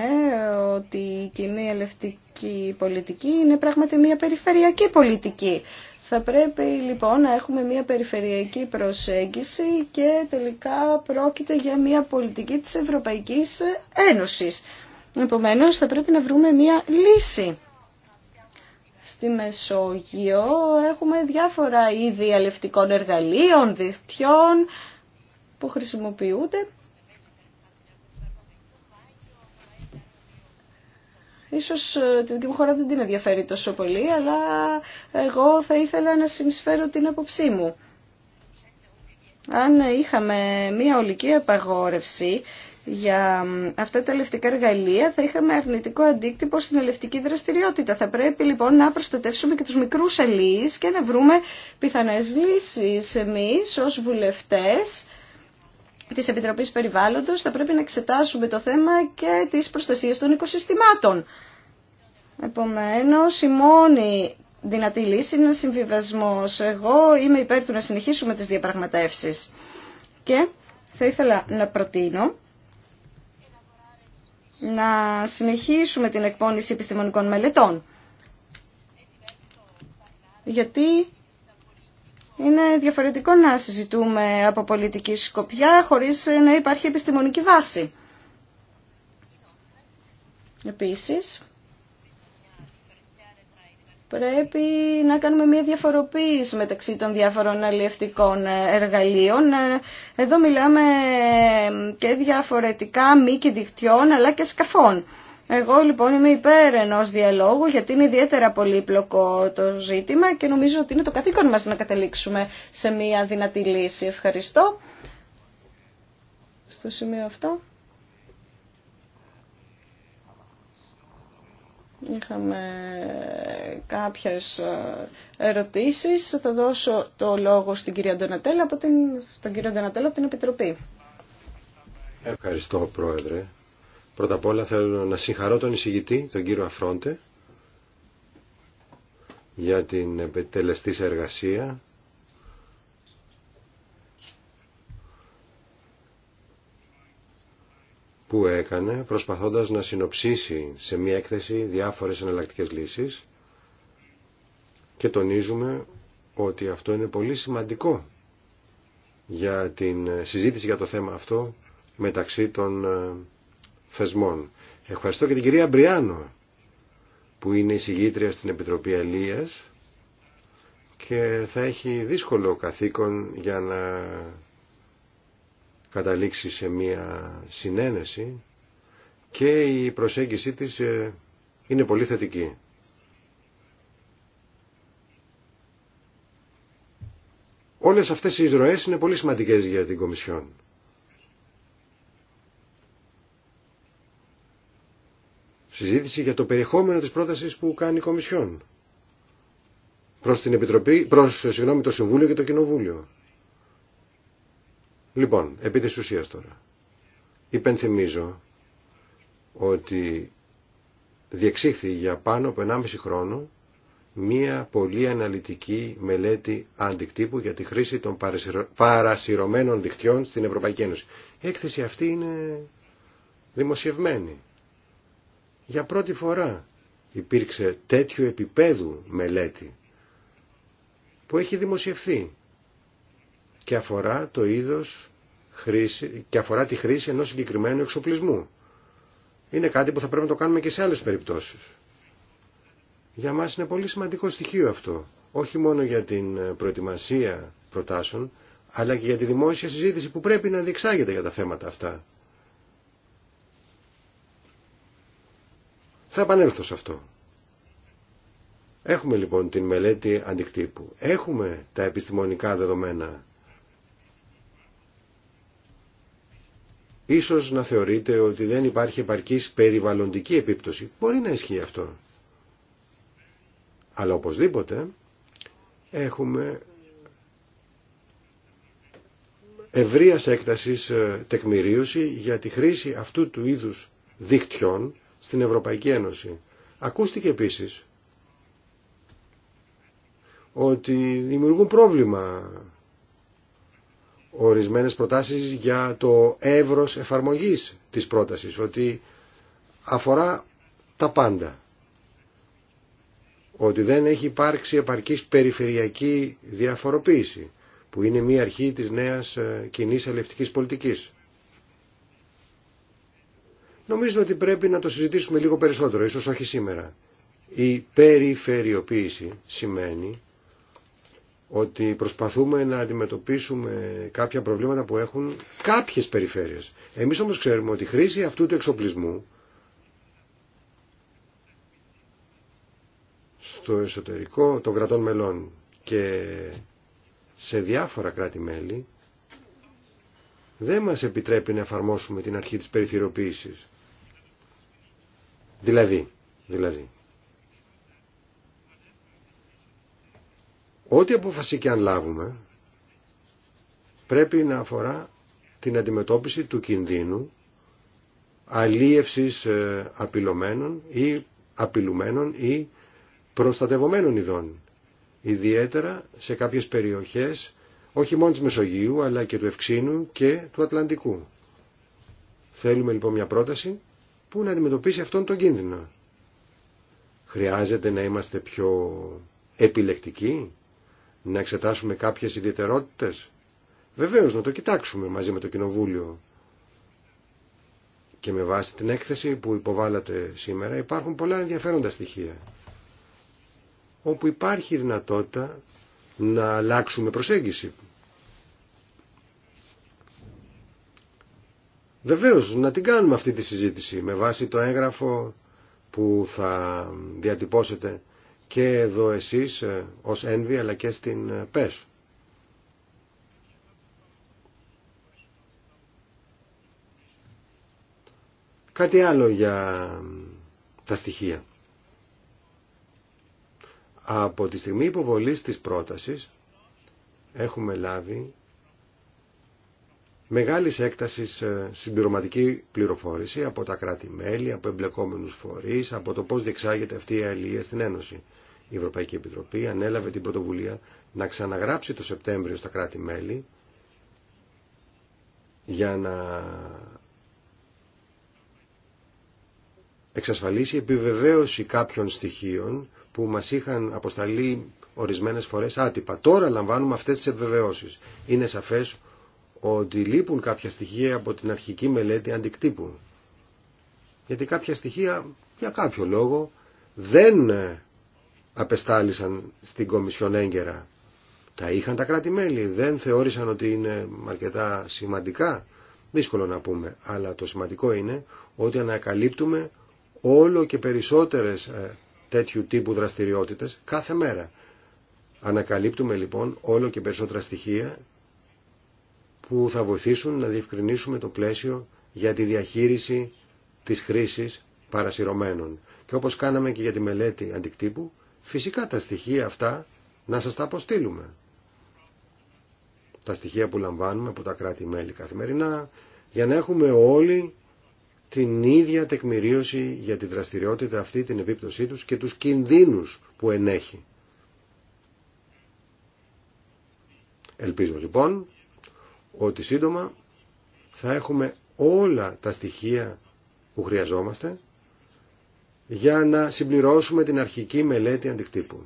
ότι η κοινή ελευτική πολιτική είναι πράγματι μια περιφερειακή πολιτική. Θα πρέπει λοιπόν να έχουμε μια περιφερειακή προσέγγιση και τελικά πρόκειται για μια πολιτική της Ευρωπαϊκής Ένωσης. Επομένως θα πρέπει να βρούμε μια λύση στη Μεσόγειο έχουμε διάφορα είδη αλευτικών εργαλείων, δικτυών που χρησιμοποιούνται. Ίσως ε, τη δική μου χώρα δεν την ενδιαφέρει τόσο πολύ, αλλά εγώ θα ήθελα να συνεισφέρω την άποψή μου. Αν είχαμε μία ολική απαγόρευση για αυτά τα ελευτικά εργαλεία θα είχαμε αρνητικό αντίκτυπο στην ελευτική δραστηριότητα. Θα πρέπει λοιπόν να προστατεύσουμε και τους μικρούς αλείς και να βρούμε πιθανές λύσεις. Εμείς ως βουλευτές της Επιτροπής Περιβάλλοντος θα πρέπει να εξετάσουμε το θέμα και της προστασίας των οικοσυστημάτων. Επομένως, η μόνη δυνατή λύση είναι συμβιβασμός. Εγώ είμαι υπέρ του να συνεχίσουμε τις διαπραγματεύσεις. Και θα ήθελα να προτείνω να συνεχίσουμε την εκπόνηση επιστημονικών μελετών. Γιατί είναι διαφορετικό να συζητούμε από πολιτική σκοπιά χωρίς να υπάρχει επιστημονική βάση. Επίσης, πρέπει να κάνουμε μια διαφοροποίηση μεταξύ των διάφορων αλλιευτικών εργαλείων. Εδώ μιλάμε και διαφορετικά μη δικτυών αλλά και σκαφών. Εγώ λοιπόν είμαι υπέρ ενό διαλόγου γιατί είναι ιδιαίτερα πολύπλοκο το ζήτημα και νομίζω ότι είναι το καθήκον μας να καταλήξουμε σε μια δυνατή λύση. Ευχαριστώ. Στο σημείο αυτό. Είχαμε κάποιες ε, ερωτήσεις. Θα δώσω το λόγο στην κυρία από την, στον κύριο Ντονατέλα από την Επιτροπή. Ευχαριστώ Πρόεδρε. Πρώτα απ' όλα θέλω να συγχαρώ τον εισηγητή, τον κύριο Αφρόντε, για την επιτελεστή εργασία που έκανε προσπαθώντας να συνοψίσει σε μία έκθεση διάφορες εναλλακτικές λύσεις και τονίζουμε ότι αυτό είναι πολύ σημαντικό για την συζήτηση για το θέμα αυτό μεταξύ των ε, θεσμών. Ευχαριστώ και την κυρία Μπριάνο που είναι συγγήτρια στην Επιτροπή Ελίας και θα έχει δύσκολο καθήκον για να καταλήξει σε μια συνένεση και η προσέγγιση της ε, είναι πολύ θετική. Όλες αυτές οι ροές είναι πολύ σημαντικές για την Κομισιόν. Συζήτηση για το περιεχόμενο της πρότασης που κάνει η Κομισιόν προς, την Επιτροπή, προς το Συμβούλιο και το Κοινοβούλιο. Λοιπόν, επί της ουσίας τώρα. Υπενθυμίζω ότι διεξήχθη για πάνω από 1,5 χρόνο μία πολύ αναλυτική μελέτη αντικτύπου για τη χρήση των παρασυρωμένων δικτυών στην Ευρωπαϊκή Ένωση. Η έκθεση αυτή είναι δημοσιευμένη. Για πρώτη φορά υπήρξε τέτοιο επίπεδου μελέτη που έχει δημοσιευθεί και αφορά το είδος και αφορά τη χρήση ενός συγκεκριμένου εξοπλισμού. Είναι κάτι που θα πρέπει να το κάνουμε και σε άλλες περιπτώσεις. Για μας είναι πολύ σημαντικό στοιχείο αυτό, όχι μόνο για την ε, προετοιμασία προτάσεων, αλλά και για τη δημόσια συζήτηση που πρέπει να διεξάγεται για τα θέματα αυτά. Θα επανέλθω σε αυτό. Έχουμε λοιπόν την μελέτη αντικτύπου. Έχουμε τα επιστημονικά δεδομένα. Ίσως να θεωρείτε ότι δεν υπάρχει επαρκής περιβαλλοντική επίπτωση. Μπορεί να ισχύει αυτό. Αλλά οπωσδήποτε έχουμε ευρεία έκταση ε, τεκμηρίωση για τη χρήση αυτού του είδους δίκτυων στην Ευρωπαϊκή Ένωση. Ακούστηκε επίσης ότι δημιουργούν πρόβλημα ορισμένες προτάσεις για το εύρος εφαρμογής της πρότασης, ότι αφορά τα πάντα. Ότι δεν έχει υπάρξει επαρκής περιφερειακή διαφοροποίηση, που είναι μία αρχή της νέας ε, κοινή ελευτικής πολιτικής. Νομίζω ότι πρέπει να το συζητήσουμε λίγο περισσότερο, ίσως όχι σήμερα. Η περιφερειοποίηση σημαίνει ότι προσπαθούμε να αντιμετωπίσουμε κάποια προβλήματα που έχουν κάποιες περιφέρειες. Εμείς όμως ξέρουμε ότι η χρήση αυτού του εξοπλισμού στο εσωτερικό των κρατών μελών και σε διάφορα κράτη-μέλη δεν μας επιτρέπει να εφαρμόσουμε την αρχή της περιθυροποίησης. Δηλαδή, δηλαδή, Ό,τι αποφασί και αν λάβουμε πρέπει να αφορά την αντιμετώπιση του κινδύνου αλίευσης ε, απειλωμένων ή απειλουμένων ή προστατευομένων ειδών. Ιδιαίτερα σε κάποιες περιοχές όχι μόνο της Μεσογείου αλλά και του Ευξήνου και του Ατλαντικού. Θέλουμε λοιπόν μια πρόταση που να αντιμετωπίσει αυτόν τον κίνδυνο. Χρειάζεται να είμαστε πιο επιλεκτικοί να εξετάσουμε κάποιες ιδιαιτερότητες. Βεβαίως, να το κοιτάξουμε μαζί με το Κοινοβούλιο. Και με βάση την έκθεση που υποβάλλατε σήμερα υπάρχουν πολλά ενδιαφέροντα στοιχεία. Όπου υπάρχει δυνατότητα να αλλάξουμε προσέγγιση. Βεβαίως, να την κάνουμε αυτή τη συζήτηση με βάση το έγγραφο που θα διατυπώσετε και εδώ εσείς ε, ως ένβη αλλά και στην ΠΕΣ. E Κάτι άλλο για τα στοιχεία. Από τη στιγμή υποβολής της πρότασης έχουμε λάβει μεγάλης έκτασης ε, συμπληρωματική πληροφόρηση από τα κράτη-μέλη, από εμπλεκόμενους φορείς, από το πώς διεξάγεται αυτή η αλληλεία στην Ένωση. Η Ευρωπαϊκή Επιτροπή ανέλαβε την πρωτοβουλία να ξαναγράψει το Σεπτέμβριο στα κράτη-μέλη για να εξασφαλίσει επιβεβαίωση κάποιων στοιχείων που μας είχαν αποσταλεί ορισμένες φορές άτυπα. Τώρα λαμβάνουμε αυτές τις επιβεβαιώσεις. Είναι σαφές ότι λείπουν κάποια στοιχεία από την αρχική μελέτη αντικτύπου. Γιατί κάποια στοιχεία για κάποιο λόγο δεν απεστάλησαν στην Κομισιόν έγκαιρα. Τα είχαν τα κράτη-μέλη, δεν θεώρησαν ότι είναι αρκετά σημαντικά, δύσκολο να πούμε, αλλά το σημαντικό είναι ότι ανακαλύπτουμε όλο και περισσότερες ε, τέτοιου τύπου δραστηριότητες κάθε μέρα. Ανακαλύπτουμε λοιπόν όλο και περισσότερα στοιχεία που θα βοηθήσουν να διευκρινίσουμε το πλαίσιο για τη διαχείριση της χρήσης παρασυρωμένων. Και όπως κάναμε και για τη μελέτη αντικτύπου, Φυσικά τα στοιχεία αυτά να σας τα αποστείλουμε. Τα στοιχεία που λαμβάνουμε από τα κράτη-μέλη καθημερινά, για να έχουμε όλοι την ίδια τεκμηρίωση για τη δραστηριότητα αυτή, την επίπτωσή τους και τους κινδύνους που ενέχει. Ελπίζω λοιπόν ότι σύντομα θα έχουμε όλα τα στοιχεία που χρειαζόμαστε για να συμπληρώσουμε την αρχική μελέτη αντικτύπου.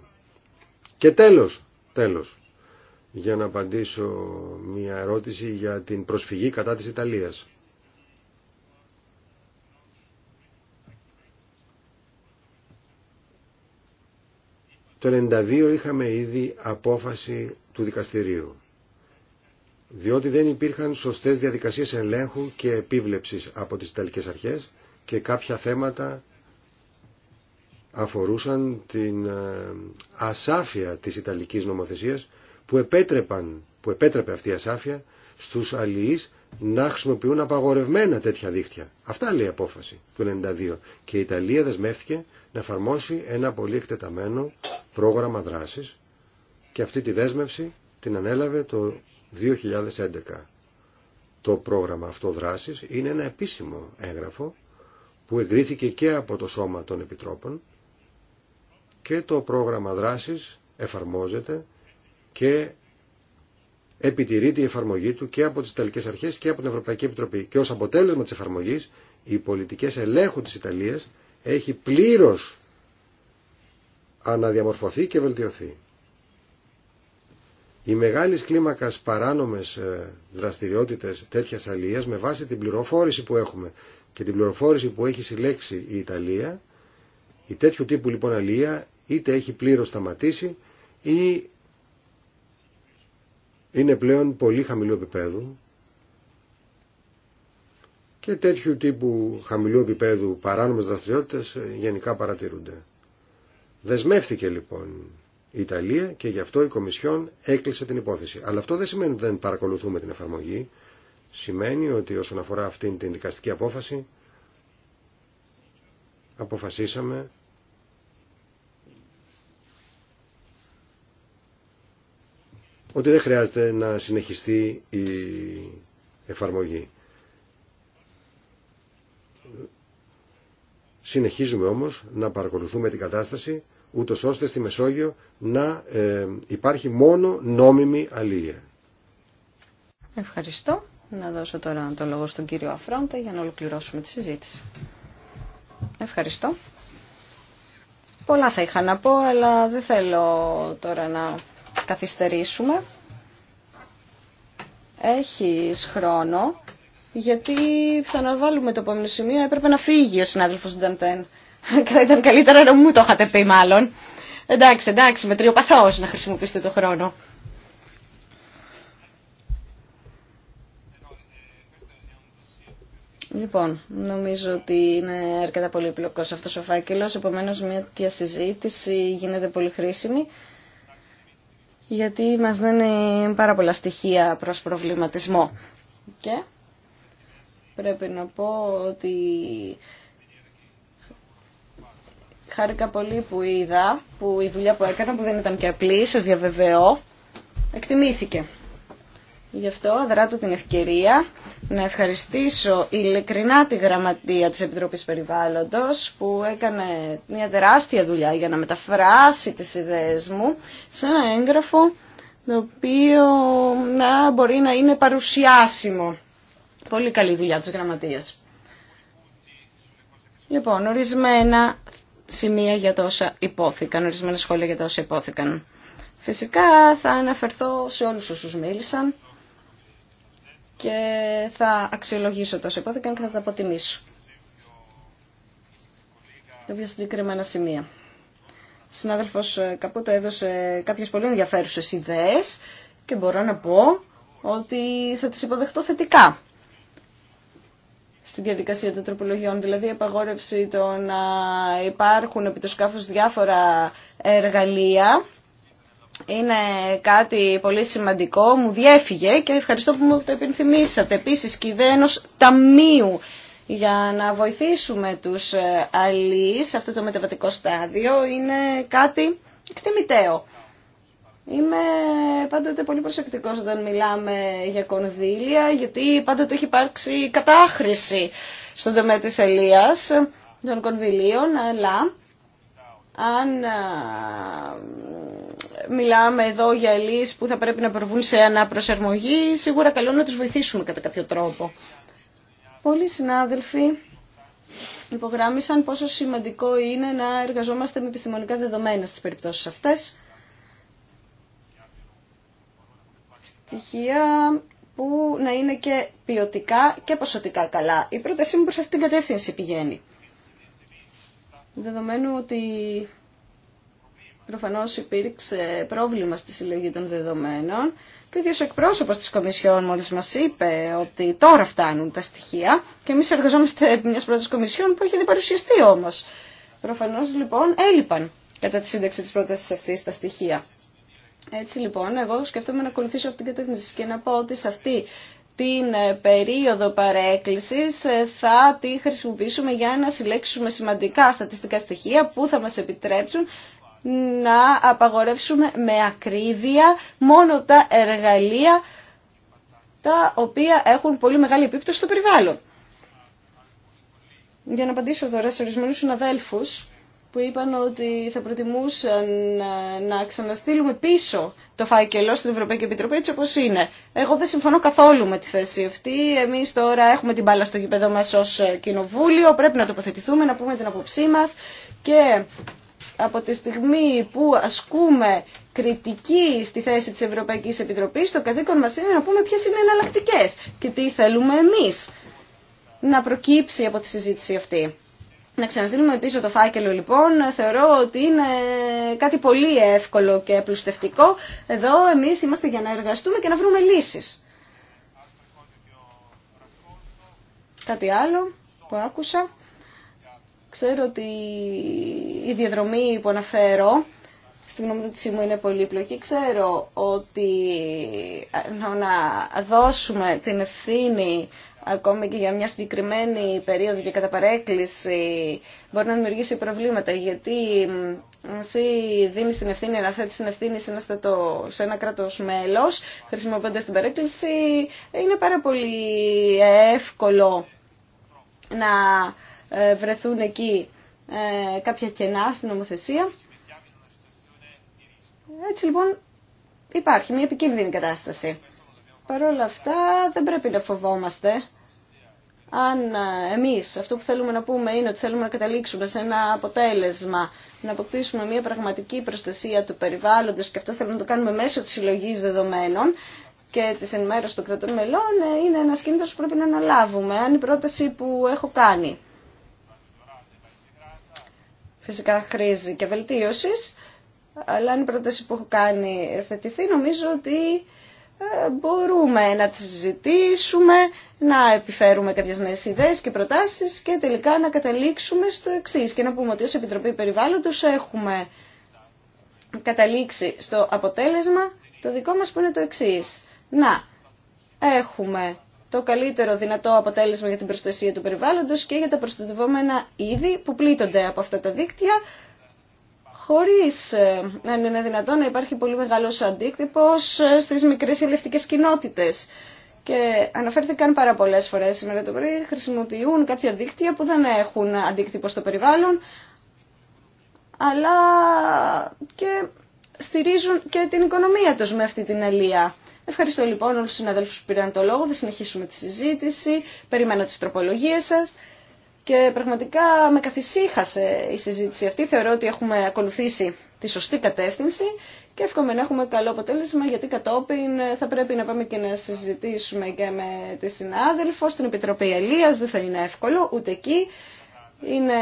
Και τέλος, τέλος, για να απαντήσω μια ερώτηση για την προσφυγή κατά της Ιταλίας. Το 1992 είχαμε ήδη απόφαση του δικαστηρίου, διότι δεν υπήρχαν σωστές διαδικασίες ελέγχου και επίβλεψης από τις Ιταλικές αρχές και κάποια θέματα αφορούσαν την ε, ασάφεια της Ιταλικής νομοθεσίας που, επέτρεπαν, που επέτρεπε αυτή η ασάφεια στους αλληλείς να χρησιμοποιούν απαγορευμένα τέτοια δίκτυα. Αυτά λέει η απόφαση του 1992. και η Ιταλία δεσμεύτηκε να εφαρμόσει ένα πολύ εκτεταμένο πρόγραμμα δράσης και αυτή τη δέσμευση την ανέλαβε το 2011. Το πρόγραμμα αυτό δράσης είναι ένα επίσημο έγγραφο που εγκρίθηκε και από το Σώμα των Επιτρόπων και το πρόγραμμα δράσης εφαρμόζεται και επιτηρείται η εφαρμογή του και από τις Ιταλικές Αρχές και από την Ευρωπαϊκή Επιτροπή. Και ως αποτέλεσμα της εφαρμογής, οι πολιτικές ελέγχου της Ιταλίας έχει πλήρως αναδιαμορφωθεί και βελτιωθεί. Οι μεγάλες κλίμακες παράνομες ε, δραστηριότητες τέτοιας αλίας με βάση την πληροφόρηση που έχουμε και την πληροφόρηση που έχει συλλέξει η Ιταλία, η τέτοιου τύπου λοιπόν αλία είτε έχει πλήρως σταματήσει ή είναι πλέον πολύ χαμηλού επίπεδου και τέτοιου τύπου χαμηλού επίπεδου παράνομες δραστηριότητες ε, γενικά παρατηρούνται. Δεσμεύθηκε λοιπόν η ειναι πλεον πολυ χαμηλου επιπεδου και τετοιου τυπου χαμηλου επιπεδου παρανομες δραστηριοτητες γενικα παρατηρουνται δεσμευτηκε λοιπον η ιταλια και γι' αυτό η Κομισιόν έκλεισε την υπόθεση. Αλλά αυτό δεν σημαίνει ότι δεν παρακολουθούμε την εφαρμογή. Σημαίνει ότι όσον αφορά αυτήν την δικαστική απόφαση αποφασίσαμε ότι δεν χρειάζεται να συνεχιστεί η εφαρμογή. Συνεχίζουμε όμως να παρακολουθούμε την κατάσταση ούτω ώστε στη Μεσόγειο να ε, υπάρχει μόνο νόμιμη αλήθεια. Ευχαριστώ. Να δώσω τώρα το λόγο στον κύριο Αφρόντα για να ολοκληρώσουμε τη συζήτηση. Ευχαριστώ. Πολλά θα είχα να πω, αλλά δεν θέλω τώρα να καθυστερήσουμε. έχει χρόνο, γιατί θα αναβάλουμε το επόμενο σημείο. Έπρεπε να φύγει ο συνάδελφος Νταντέν. Θα ήταν καλύτερα να μου το είχατε πει μάλλον. Εντάξει, εντάξει, με τριοπαθώς να χρησιμοποιήσετε το χρόνο. Λοιπόν, νομίζω ότι είναι αρκετά πολύπλοκος αυτός ο φάκελος, επομένως μια τέτοια συζήτηση γίνεται πολύ χρήσιμη γιατί μας δίνει πάρα πολλά στοιχεία προς προβληματισμό. Και πρέπει να πω ότι χάρηκα πολύ που είδα, που η δουλειά που έκανα, που δεν ήταν και απλή, σας διαβεβαιώ, εκτιμήθηκε. Γι' αυτό δράτω την ευκαιρία να ευχαριστήσω ειλικρινά τη γραμματεία της Επιτροπής Περιβάλλοντος που έκανε μια τεράστια δουλειά για να μεταφράσει τις ιδέες μου σε ένα έγγραφο το οποίο να μπορεί να είναι παρουσιάσιμο. Πολύ καλή δουλειά της γραμματείας. Λοιπόν, ορισμένα σημεία για τα όσα υπόθηκαν, ορισμένα σχόλια για τα όσα υπόθηκαν. Φυσικά θα αναφερθώ σε όλους όσους μίλησαν και θα αξιολογήσω τόσο υπόθηκαν και θα τα αποτιμήσω. Κάποια συγκεκριμένα σημεία. συνάδελφος Καπούτα έδωσε κάποιες πολύ ενδιαφέρουσες ιδέες και μπορώ να πω ότι θα τις υποδεχτώ θετικά στη διαδικασία των τροπολογιών, δηλαδή η απαγόρευση το να υπάρχουν επί το σκάφος διάφορα εργαλεία είναι κάτι πολύ σημαντικό, μου διέφυγε και ευχαριστώ που μου το επιθυμήσατε. Επίσης και ταμείου για να βοηθήσουμε τους ε, αλλοί σε αυτό το μεταβατικό στάδιο είναι κάτι εκτιμητέο. Είμαι πάντοτε πολύ προσεκτικός όταν μιλάμε για κονδύλια, γιατί πάντοτε έχει υπάρξει κατάχρηση στον τομέα της ελίας των κονδυλίων, αλλά αν μιλάμε εδώ για λύσεις που θα πρέπει να προβούν σε αναπροσαρμογή, σίγουρα καλό να τους βοηθήσουμε κατά κάποιο τρόπο. Πολλοί συνάδελφοι υπογράμμισαν πόσο σημαντικό είναι να εργαζόμαστε με επιστημονικά δεδομένα στις περιπτώσεις αυτές. Στοιχεία που να είναι και ποιοτικά και ποσοτικά καλά. Η πρότασή μου προς αυτήν την κατεύθυνση πηγαίνει. Δεδομένου ότι προφανώς υπήρξε πρόβλημα στη συλλογή των δεδομένων και ο ίδιος εκπρόσωπος της Κομισιόν μόλις μας είπε ότι τώρα φτάνουν τα στοιχεία και εμείς εργαζόμαστε επί μιας πρώτης Κομισιόν που έχει παρουσιαστεί όμως. Προφανώς λοιπόν έλειπαν κατά τη σύνταξη της πρότασης αυτής τα στοιχεία. Έτσι λοιπόν, εγώ σκέφτομαι να ακολουθήσω αυτή την κατεύθυνση και να πω ότι σε αυτή την ε, περίοδο παρέκκλησης ε, θα τη χρησιμοποιήσουμε για να συλλέξουμε σημαντικά στατιστικά στοιχεία που θα μας επιτρέψουν να απαγορεύσουμε με ακρίβεια μόνο τα εργαλεία τα οποία έχουν πολύ μεγάλη επίπτωση στο περιβάλλον. Για να απαντήσω τώρα σε ορισμένους συναδέλφους που είπαν ότι θα προτιμούσαν ε, να ξαναστείλουμε πίσω το φάκελο στην Ευρωπαϊκή Επιτροπή έτσι όπως είναι. Εγώ δεν συμφωνώ καθόλου με τη θέση αυτή. Εμείς τώρα έχουμε την μπάλα στο γήπεδο μας ως ε, κοινοβούλιο, πρέπει να τοποθετηθούμε, να πούμε την απόψή μας και από τη στιγμή που ασκούμε κριτική στη θέση της Ευρωπαϊκής Επιτροπής, το καθήκον μας είναι να πούμε ποιες είναι εναλλακτικέ και τι θέλουμε εμείς να προκύψει από τη συζήτηση αυτή. Να ξαναστείλουμε πίσω το φάκελο λοιπόν, θεωρώ ότι είναι κάτι πολύ εύκολο και πλουστευτικό. Εδώ εμείς είμαστε για να εργαστούμε και να βρούμε λύσεις. Κάτι άλλο που άκουσα. Ξέρω ότι η διαδρομή που αναφέρω στην γνωμοδότησή μου είναι πολύπλοκη. Ξέρω ότι ε, να δώσουμε την ευθύνη ακόμη και για μια συγκεκριμένη περίοδο και κατά παρέκκληση μπορεί να δημιουργήσει προβλήματα γιατί εσύ δίνεις την ευθύνη, αναθέτεις την ευθύνη σε ένα, στατό, σε ένα κράτος μέλος χρησιμοποιώντας την παρέκκληση είναι πάρα πολύ εύκολο να ε, βρεθούν εκεί ε, κάποια κενά στην νομοθεσία. Έτσι λοιπόν υπάρχει μια επικίνδυνη κατάσταση. Παρ' όλα αυτά δεν πρέπει να φοβόμαστε αν ε, εμείς αυτό που θέλουμε να πούμε είναι ότι θέλουμε να καταλήξουμε σε ένα αποτέλεσμα, να αποκτήσουμε μια πραγματική προστασία του περιβάλλοντος και αυτό θέλουμε να το κάνουμε μέσω της συλλογή δεδομένων και της ενημέρωσης των κρατών μελών, ε, είναι ένα κίνητος που πρέπει να αναλάβουμε, αν η πρόταση που έχω κάνει φυσικά χρήζει και βελτίωσης, αλλά αν η πρόταση που έχω κάνει θετηθεί, νομίζω ότι ε, μπορούμε να τη συζητήσουμε, να επιφέρουμε κάποιες νέες ιδέες και προτάσεις και τελικά να καταλήξουμε στο εξή και να πούμε ότι ως Επιτροπή Περιβάλλοντος έχουμε καταλήξει στο αποτέλεσμα το δικό μας που είναι το εξή. Να έχουμε το καλύτερο δυνατό αποτέλεσμα για την προστασία του περιβάλλοντος και για τα προστατευόμενα είδη που πλήττονται από αυτά τα δίκτυα χωρίς ε, να είναι δυνατόν να υπάρχει πολύ μεγάλος αντίκτυπος ε, στις μικρές ελευτικές κοινότητες. Και αναφέρθηκαν πάρα πολλέ φορέ σήμερα το πρωί, χρησιμοποιούν κάποια δίκτυα που δεν έχουν αντίκτυπο στο περιβάλλον, αλλά και στηρίζουν και την οικονομία τους με αυτή την αλία. Ευχαριστώ λοιπόν όλους τους συναδέλφους που πήραν το λόγο. Θα συνεχίσουμε τη συζήτηση. Περιμένω τις τροπολογίες σας. Και πραγματικά με καθησύχασε η συζήτηση αυτή. Θεωρώ ότι έχουμε ακολουθήσει τη σωστή κατεύθυνση και εύχομαι να έχουμε καλό αποτέλεσμα γιατί κατόπιν ε, θα πρέπει να πάμε και να συζητήσουμε και με τη συνάδελφο στην Επιτροπή Ελίας. Δεν θα είναι εύκολο ούτε εκεί. Είναι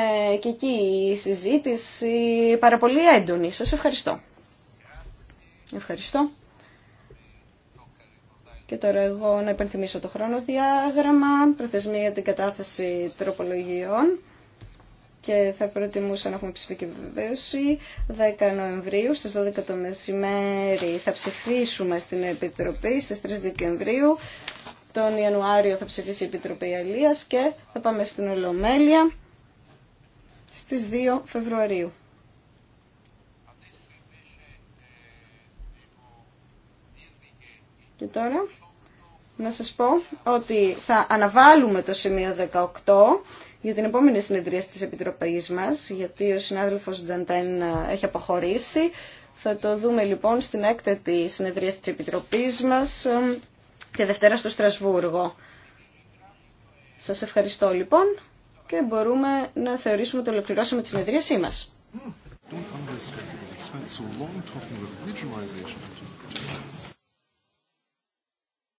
και εκεί η συζήτηση πάρα πολύ έντονη. Σας ευχαριστώ. Ευχαριστώ. Και τώρα εγώ να υπενθυμίσω το χρονοδιάγραμμα, προθεσμία για την κατάθεση τροπολογιών και θα προτιμούσα να έχουμε ψηφική βεβαίωση 10 Νοεμβρίου στις 12 το μεσημέρι θα ψηφίσουμε στην Επιτροπή στις 3 Δεκεμβρίου τον Ιανουάριο θα ψηφίσει η Επιτροπή Αλίας και θα πάμε στην Ολομέλεια στις 2 Φεβρουαρίου. Και τώρα να σας πω ότι θα αναβάλουμε το σημείο 18 για την επόμενη συνεδρία της Επιτροπής μας, γιατί ο συνάδελφος Νταντέν ε, έχει αποχωρήσει. Θα το δούμε λοιπόν στην έκτατη συνεδρία της Επιτροπής μας και ε, Δευτέρα στο Στρασβούργο. Σας ευχαριστώ λοιπόν και μπορούμε να θεωρήσουμε ότι ολοκληρώσαμε τη συνεδρίασή μας.